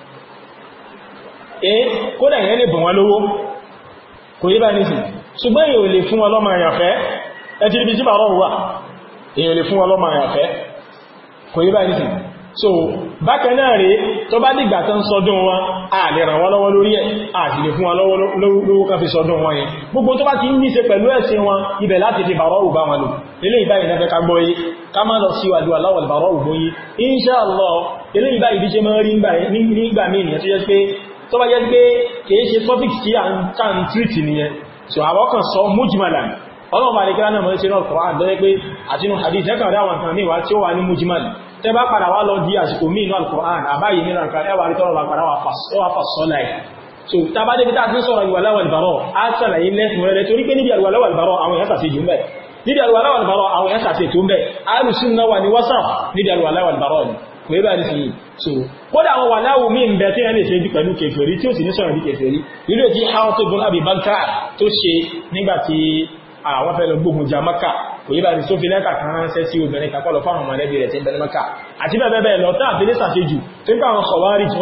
Speaker 1: eh kódà yẹn lè bùn wọn lówó kò yí bá ní sí ṣùgbọ́n èyàn lè fún ọlọ́mọ àyànfẹ́ ẹtí ibi tí bàrọ̀ wà èyàn lè fún ọlọ́mọ àyànfẹ́ kò yí bá ní sí so bákan náà rèé tó bá dìgbà tán sọdún wọn a lè ràn wọ́n lọ́wọ́ lórí ẹ̀ a sì lè fún wọn lọ́wọ́ lówó kan fi sọdún wọn yẹn gbogbo tó bá ti ń ní ṣe pẹ̀lú ẹ̀sìn wọn ibẹ̀ láti fi bàrọ̀ òbá wọn lò ilé ìbáyìí náà fẹ́ ká gbọ́ yìí ká má lọ sí wàdú aláwọ̀ bàrọ̀ òbó yìí tó bá jẹ́ pé kìí ṣe topic tí a ń tàn treat nìyẹn so àwọn kan sọ mujmalan ọlọ́run bá lè kíra náà mọ́ sí náà kọ̀wàá àdọ́jẹ́ pé àtinú hadith ẹ́kàn rí àwọn kan níwá tí ó wà ní mujmal tẹ́ bá padà wá lọ di àsìkò míì náà Al-Qur'an àbáyé nínú nǹkan ẹwà rí tọ́rọ bá padà wà fàṣọ́lá ẹ̀ so tàbá débi tàbí sọ̀rọ̀ ìwàláwà ìbárọ̀ á sàlàyé lẹ́sùn rẹ̀ torí pé níbi àwàláwà ìbárọ̀ àwọn èèyàn sàṣe jù ń bẹ̀ níbi àwọn èèyàn sàṣe tó ń bẹ̀ alùsùn náà wà ní wásàn níbi àwàláwà ìbárọ̀ ni kò yẹ bá sí so kódà àwọn wàláwù mí ń bẹ tí ẹni ṣe pẹ̀lú kèfèrí tí ó sì ní sọ̀rọ̀ ní kèfèrí ilé tí àwọn tó gbọ́n àbíbáńkà tó ṣe nígbàtí àwọn fẹ́ lọ gbógun ja maka kò yí bá ti sófin lẹ́kà kan ránṣẹ́ sí obìnrin kakọ́ lọ fáwọn mọ̀lẹ́bí rẹ̀ tí ń bẹ ní maka àti bẹ́ẹ̀ bẹ́ẹ̀ lọ tá àti ní sàṣejù tó ń bá àwọn kọ̀wárì tí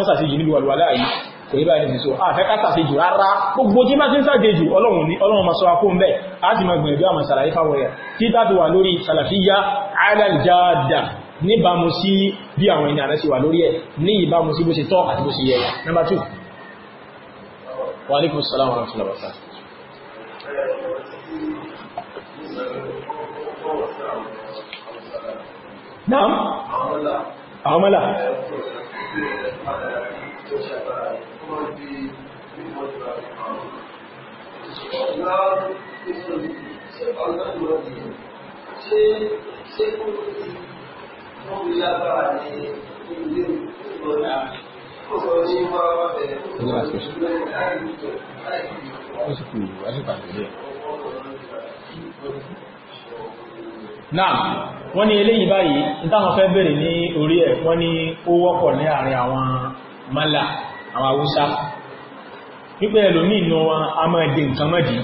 Speaker 1: wọ́n níbàmú sí bí àwọn ẹni àrẹ sí wà lórí ẹ̀ ní ìbámu sí bó ṣe tọ́ àti bó ṣe yẹ number two wa alaikum salam wa rahmatullahi wa barakatuh Naam. Àwọn mọ́lá.
Speaker 2: Ṣé náà wọ́n ni eléyìí báyìí ìtàwọn
Speaker 1: fẹ́ bèèrè ní orí ẹ̀ wọ́n ní ó wọ́pọ̀ ní àárín àwọn mọ́là àwọn awúsá wípé ẹlòmí inú wọn a máa dé nǹkan mọ́dìí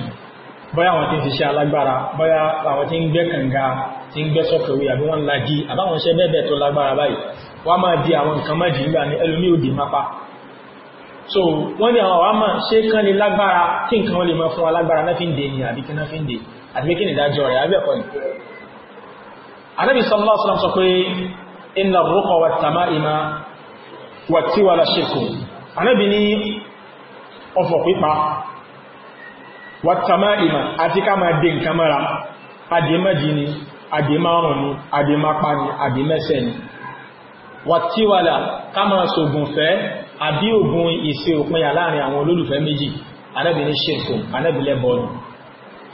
Speaker 1: bóyá àwọn tí ń ṣiṣẹ́ alágbára bóyá àwọn tí ń gbẹ́ kànga tí ń gbẹ́ sọ́kẹ̀wé àbí wọ́n lagi àbáwọn iṣẹ́ bẹ́ẹ̀ tó lágbára báyìí wọ́n máa di àwọn nǹkan mọ́jì nígbà ní ẹlòmí òdì mapa so wọ́n ní àwọn àmà ṣé kán lè lágbára tí nǹkan wọ́n lè máa fún wa lágbára náà fi ń dè ní àbí kí náà fi ń dè àti kí ni ìdájọ́ rẹ̀ àbí ẹ̀kọ́ ni Ànábì sallallahu alaihi wasallam sọ pé inna ar-ruqa wat-tama'ima wat-tiwala shirkun Ànábì ní ọfọ̀ pípa wàtàmá ìmà àti ká máa dé nǹkan mọ́ra adìmẹ́jì ni adìmárùn ni adìmápa ni adìmẹ́sẹ̀ ni wàtíwàlà ká máa sògùn fẹ́ àbí ògùn ìṣe òpinya láàrin àwọn olólùfẹ́ méjì anábìnrin ṣèkùn anábìnrin ẹbọ ni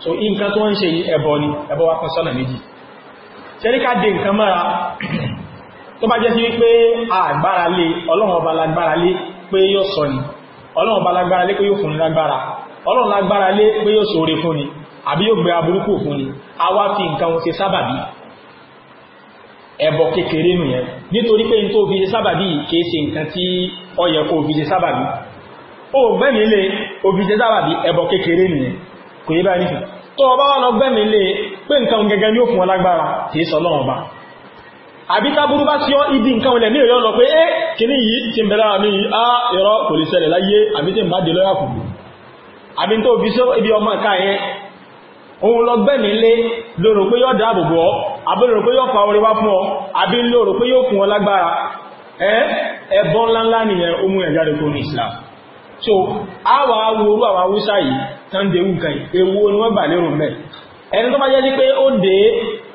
Speaker 1: so nǹkan tó ń ṣe ẹbọ ni ẹbọ wá kan sọ́nà méjì ṣẹ́rí ká dé nǹkan mọ́ra tó bá jẹ́ sí wípé àgbára lé ọlọ́run ọba lágbára lé pé yóò sọ ni ọlọ́run ọba lágbára lé pé yóò fún ní lágbára ọlọ́run lágbára lé pé yóò ṣoore fún ni àbí yóò gbé aburúkú fún ni a wá fi nǹkan wọn se sábàbí ẹbọ kékeré nù yẹn nítorí pé n tó fi ṣe sábàbí kìí ṣe nǹkan tí ó yẹ kó fi ṣe sábàbí ó gbẹ́mìí lé ó fi sábàbí ẹbọ kékeré nù yẹn kò ọba wọn lọ lé ibi nǹkan ní lọ pé kìíní yìí ti bẹ̀rẹ̀ àmì ah, kò lè ṣẹlẹ̀ láyé àbí tí ń àbí tó fi só ibi ọmọ ìka yẹn òun lọ gbẹ̀mí lé lórò pé yóò dáàbòbò ọ àbí lórò pé yóò fa orí wá fún ọ àbí lórò pé yóò fún ọ lágbára ẹbọ ńláńlá nìyẹn ó mú ẹ̀jáde kó ní Islam so àwà awòrú àwà awúsá yìí tán dé wù kan ewu ni wọ́n bà lérò mẹ́ ẹni tó bá jẹ́ sí pé ó dé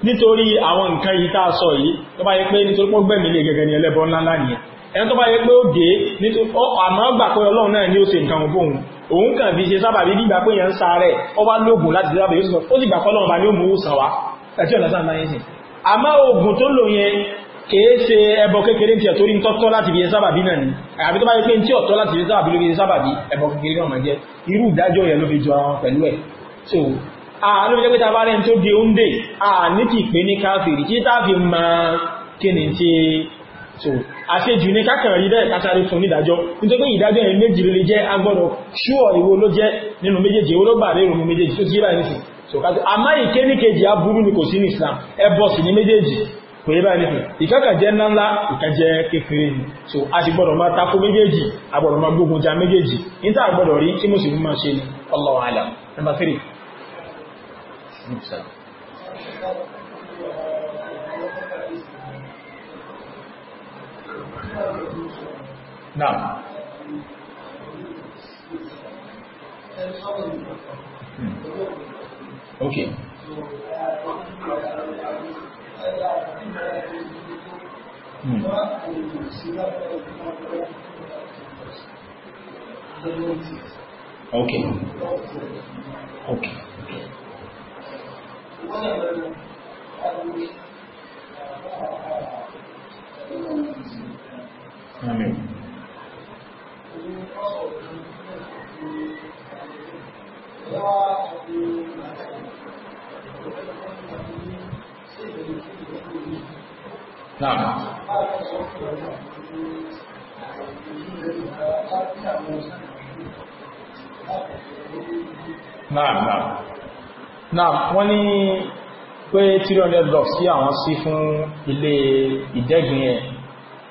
Speaker 1: nítorí àwọn nǹkan yìí tá a sọ yìí tó bá jẹ́ pé nítorí pọ́ gbẹ̀mí lé gẹ́gẹ́ ni ẹlẹ́bọ ńláńlá nìyẹn ẹni tó bá yẹ pé ó gé nítorí àmọ́ gbà pé ọlọ́run náà ni ó ṣe nǹkan fóun òun kàn fi ṣe sábàbí gbígbà pé yẹn ń sa rẹ̀ ó wá lóògùn láti ṣe sábàbí ó sì gbà pọ́lọ́run bá ní ó mú sàn wá ẹ̀tí ọ̀nà sáà máa ń sìn àmọ́ oògùn tó lò yẹn kèé ṣe ẹbọ kékeré tí ọ̀tọ́ ń tọ́tọ́ láti fi ṣe sábàbí náà ni àbí tó bá yẹ pé tí ọ̀tọ́ láti fi ṣe sábàbí ló fi ṣe sábàbí ẹbọ kékeré náà máa jẹ́ irú ìdájọ́ yẹn ló fi jọ àwọn pẹ̀lú ẹ̀ so alóòjẹ́ pé tàbá rẹ̀ tó gé oúnjẹ à ní kìí pé ní káfíìrì kí táàfin máa kí ni ṣe so àṣejù ní kákàrà yìí bẹ́ẹ̀ kátàrí fún nídàjọ́ nítorí ìdájọ́ ẹ̀ méjì lè jẹ́ agbọ́dọ̀ ṣúọ̀ ìwò ló jẹ́ nínú méjèèjì ìwò ló bà lérò nínú méjèèjì tó ti rà nísìn so kájú àmá ìké ní kejì aburú ni kò sí ní Islam ẹbọ sì ní méjèèjì kò yẹ báyìí nísìn ìkẹ́kà jẹ́ ńláńlá ìkẹ́ jẹ́ kékeré ni so a ti gbọ́dọ̀ máa takò méjèèjì a gbọ́dọ̀ máa gbógun ja méjèèjì níta a gbọ́dọ̀ rí tí mo sì fi máa ṣe ni Allahu alam number three
Speaker 2: Now, hmm. okay. Hmm. Okay. Okay. Okay. Amém. Tá.
Speaker 1: Náà náà. Náà wọ́n ní pé 300 blocks tí àwọn sí fún ilé ìdẹ́gbìn ẹ̀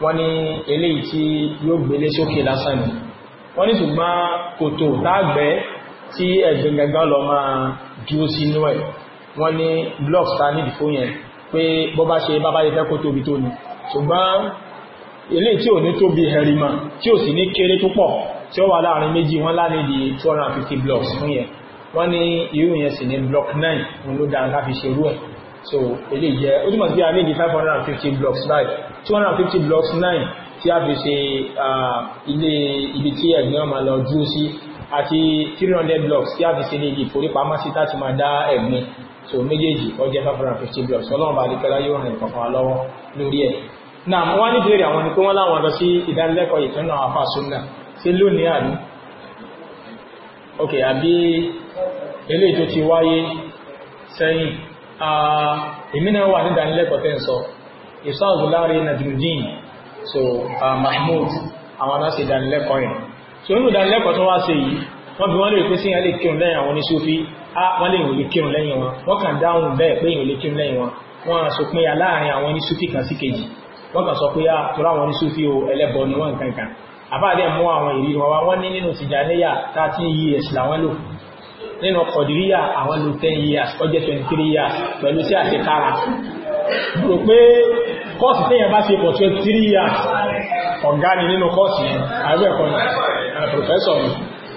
Speaker 1: wọ́n ní eléyìí tí yóò gbélé sókè lásán ni wọ́n ní ṣùgbọ́n kòtò tágbẹ́ tí ẹ̀gbẹ́ gangan lọ máa dúró sínú ẹ̀ wọ́n ní blocks ta nídìí fún yẹn pé bọ́ bá ṣe bá bá yẹ fẹ́ kó tóbi tó ni ṣùgbọ́n eléyìí tí ò ní tóbi hẹrìmọ̀ blocks fún yẹn wọ́n ní irú block 9 òun ló dáa ká fi ṣerú ẹ̀ so eléyìí jẹ́ ó túmọ̀ sí a 550 blocks báyìí 250 blocks nine tí a fi ṣe ilé ibi tí ẹ̀gbìn ọmọ lọ dúró sí àti 300 blocks tí a fi ṣe ilé ibi ìforípamọ́ sí láti máa dá ẹ̀gbìn so méjèèjì ó jẹ́ 550 blocks ọlọ́run bá di kẹlá yóò rìn kankan lọ́wọ́ lórí ẹ̀ náà mo wá níbèrè àwọn ni pé wọ́n láwọn lọ sí ìdánilẹ́kọ̀ọ́ ìtọ́nà àfà sunna ṣe lónìí àní ok àbí eléyìí tó ti wáyé sẹ́yìn èmi náà wà ní ìdánilẹ́kọ̀ọ́ ìsáàzù láàrin Najmuddin so uh, Mahmoud àwọn náà ṣe ìdánilẹ́kọ̀ọ́ so nínú ìdánilẹ́kọ̀ọ́ tó wá ṣe yìí wọ́n bí wọ́n lè pín sí ilé kírun lẹ́yìn àwọn oníṣúfí wọ́n lè ìwòlé kírun lẹ́yìn wọn wọ́n kàn dáhùn bẹ́ẹ̀ pé ìwòlé kírun lẹ́yìn wọn wọ́n sọ pé aláàrin àwọn oníṣúfí kan sí kejì wọ́n kàn sọ pé a tọ́lá àwọn oníṣúfí o ẹlẹ́bọ ni wọ́n nǹkan kan àbáàdẹ́ mú àwọn ìrírí wọn wá wọ́n ní nínú tìjàníyà 13 years làwọn lò nínú kọ̀dìríyà àwọn lò 10 years ọjọ́ 23 years pẹ̀lú sí àṣekára rò pé kọ́ọ̀sì téèyàn bá ṣe for 23 years ọ̀gá ni nínú kọ́ọ̀sì yẹn àbẹ́ ẹ̀kọ́ ni professor ni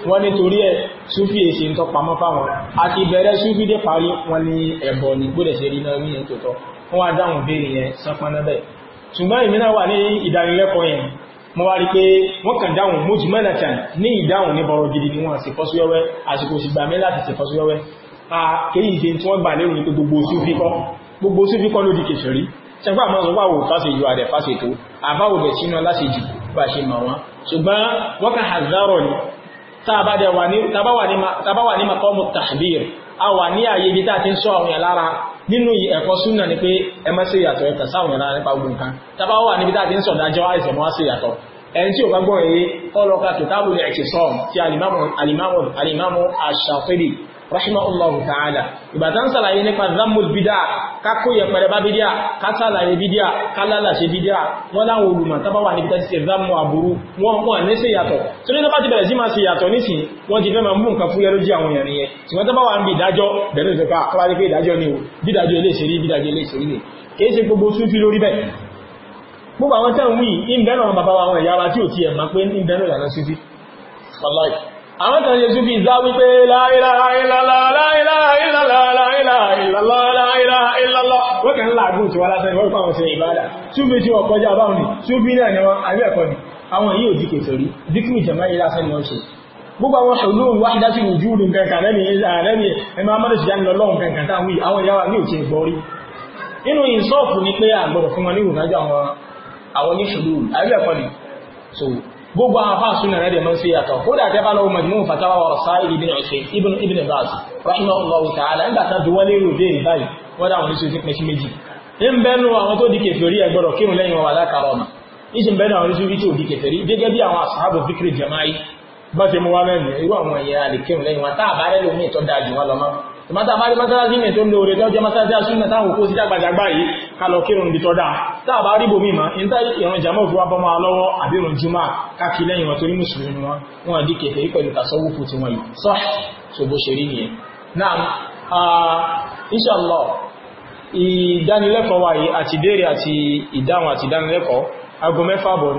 Speaker 1: wọ́n ní torí ẹ̀ súfì èsì e ń tọpamọ́ fáwọn àti bẹ̀rẹ̀ súfì dé parí wọ́n ní ẹ̀bọ ní gbọ́dẹ̀ ṣe rí náà ní ẹ̀ tòótọ́ wọ́n wá dáhùn béèrè yẹn sánpáná bẹ́ẹ̀ ṣùgbọ́n èmi náà wà ní ìdánilẹ́kọ̀ọ́ yẹn mo gidi ni wọ́n sì fọ́ sí wẹ́wẹ́ àsìkò sì gbà mí láti sì fọ́ sí wẹ́wẹ́ àkéyìí ṣe tí wọ́n gbà lérò ní pé gbogbo súfì kọ́ gbogbo súfì kọ́ ló di kèfèrí ṣẹgbà àwọn ọ̀sọ̀gbà wò fásẹ̀ yóò àdẹ̀ fásẹ̀ tó àbáwò bẹ̀ sínú láti jù bá ṣe mọ̀ wọn ṣùgbọ́n wọ́n kà hàzárọ̀ ni tàbá wà ní makọ́mù tàbír a wà ní ààyè ibi tá ti ń sọ àwọn èèyàn lára nínú ẹ̀kọ́ súnà ni pé ẹ má ṣe yàtọ̀ ẹ̀kà sáwọn èèyàn lára nípa gbogbo nǹkan tàbá wà níbi tá ti ń sọ dájọ́ àìsàn mọ́ ṣe rahimahullahu ta'ala ìbàtán sàlàyé nípa zammul bídá kákó yẹpẹrẹ bá bídá ká sàlàyé bídá ká lálàṣe bídá wọ́n láwọn olùmọ̀ tábà wà níbi tẹ́sí zammu àbúrú wọ́n pọ̀ ní sí yàtọ̀ tó ní tọ́bá ti bẹ̀rẹ̀ sí máa sí yàtọ̀ nísìn wọ́n ti fẹ́ máa mú nǹkan fún yẹrú jí àwọn èèyàn yẹn ṣùgbọ́n tọ́bá wà ń bí ìdájọ́ bẹ̀rẹ̀ ìfẹ́ káwá ní pé ìdájọ́ ni o bídájọ́ ilé ìṣèrí bídájọ́ ilé ìṣèrí ni kìí ṣe gbogbo súnfí lórí bẹ́ẹ̀ gbogbo àwọn tẹ́ ń wí ìbẹ̀rẹ̀ àwọn bàbá wa àwọn ìyá wa tí ò ti ẹ̀ máa pé ìbẹ̀rẹ̀ ìlànà súnfí wallahi àwọn kan yẹsù bí ìzá wípé láìláà ìlàlá láìláà ìlàlá láìláà ìlàlá láìláà ìlàlá wọ́n kàn láàgùn tí wá lásán ìwọ́n pàwọn sí ìbádà ṣúbí tí wọ́n kọjá báwọn ni ṣúbí náà ni wọ́n àrí ẹ̀kọ́ ni àwọn yíò díkè torí díkù ìjọba yìí lásán ni wọ́n ṣe gbogbo àwọn ṣòlóòrùn gbogbo àwọn afá súnà rẹ̀ dẹ̀ mọ́ sí yàtọ̀ kó dà tẹ́ fatawa wa rasail ibn ọ̀sẹ̀ ibn ibn baz rahimahullahu ta'ala nígbà tá ju wọlé rò béèrè báyìí wọ́n dà wọn sí pẹ̀sí méjì ń bẹnu àwọn tó di kèfèrí ẹgbọ́dọ̀ kírun lẹ́yìn wọn wà lákàrọ̀ mà ìsìn bẹnu àwọn oníṣẹ́ tí ò di kèfèrí gẹ́gẹ́ bí fikri jama'i bá ti mú wa mẹ́rin irú àwọn ẹ̀yà lè kírun lẹ́yìn wọn tá àbárẹ́ lómi ìtọ́ da jù wọn lọ mọ́ ìmọ́ta bá rí mọ́sálásí mẹ́ tó lóore tó jẹ́ mọ́sálásí asúnnà táwọn òkú síta gbàjàgbà yìí kalọ̀ kírùn tọ́dá táà bá rí bòmí ma ń tá ìrun jàmọ́ òfúwá bọ́ máa lọ́wọ́ àbírùn jùmá káàkiri lẹ́yìn wọn torí mùsùlùmí wọn wọn di kẹfẹ́ pẹ̀lú tasọ́wọ́fù inshallah ìdánilẹ́kọ̀ọ́ wa yìí àti ìbéèrè àti ìdáhùn àti ìdánilẹ́kọ̀ọ́ aago mẹ́fà bọ̀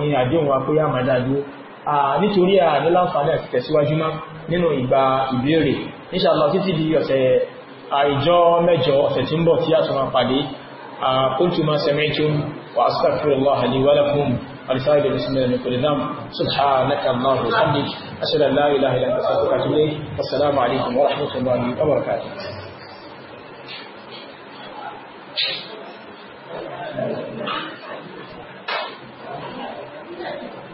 Speaker 1: nítorí à ní láǹfààní àti tẹ̀síwájú má nínú ìgbà ìbéèrè inshallah títí di ọ̀sẹ̀ àìjọ mẹ́jọ ọ̀sẹ̀ tí ń bọ̀ tí a tún máa pàdé kuntum sami'tum wa astaghfirullah li wa lakum alisaidu muslimin min kulli dhanb subhanaka Thank you.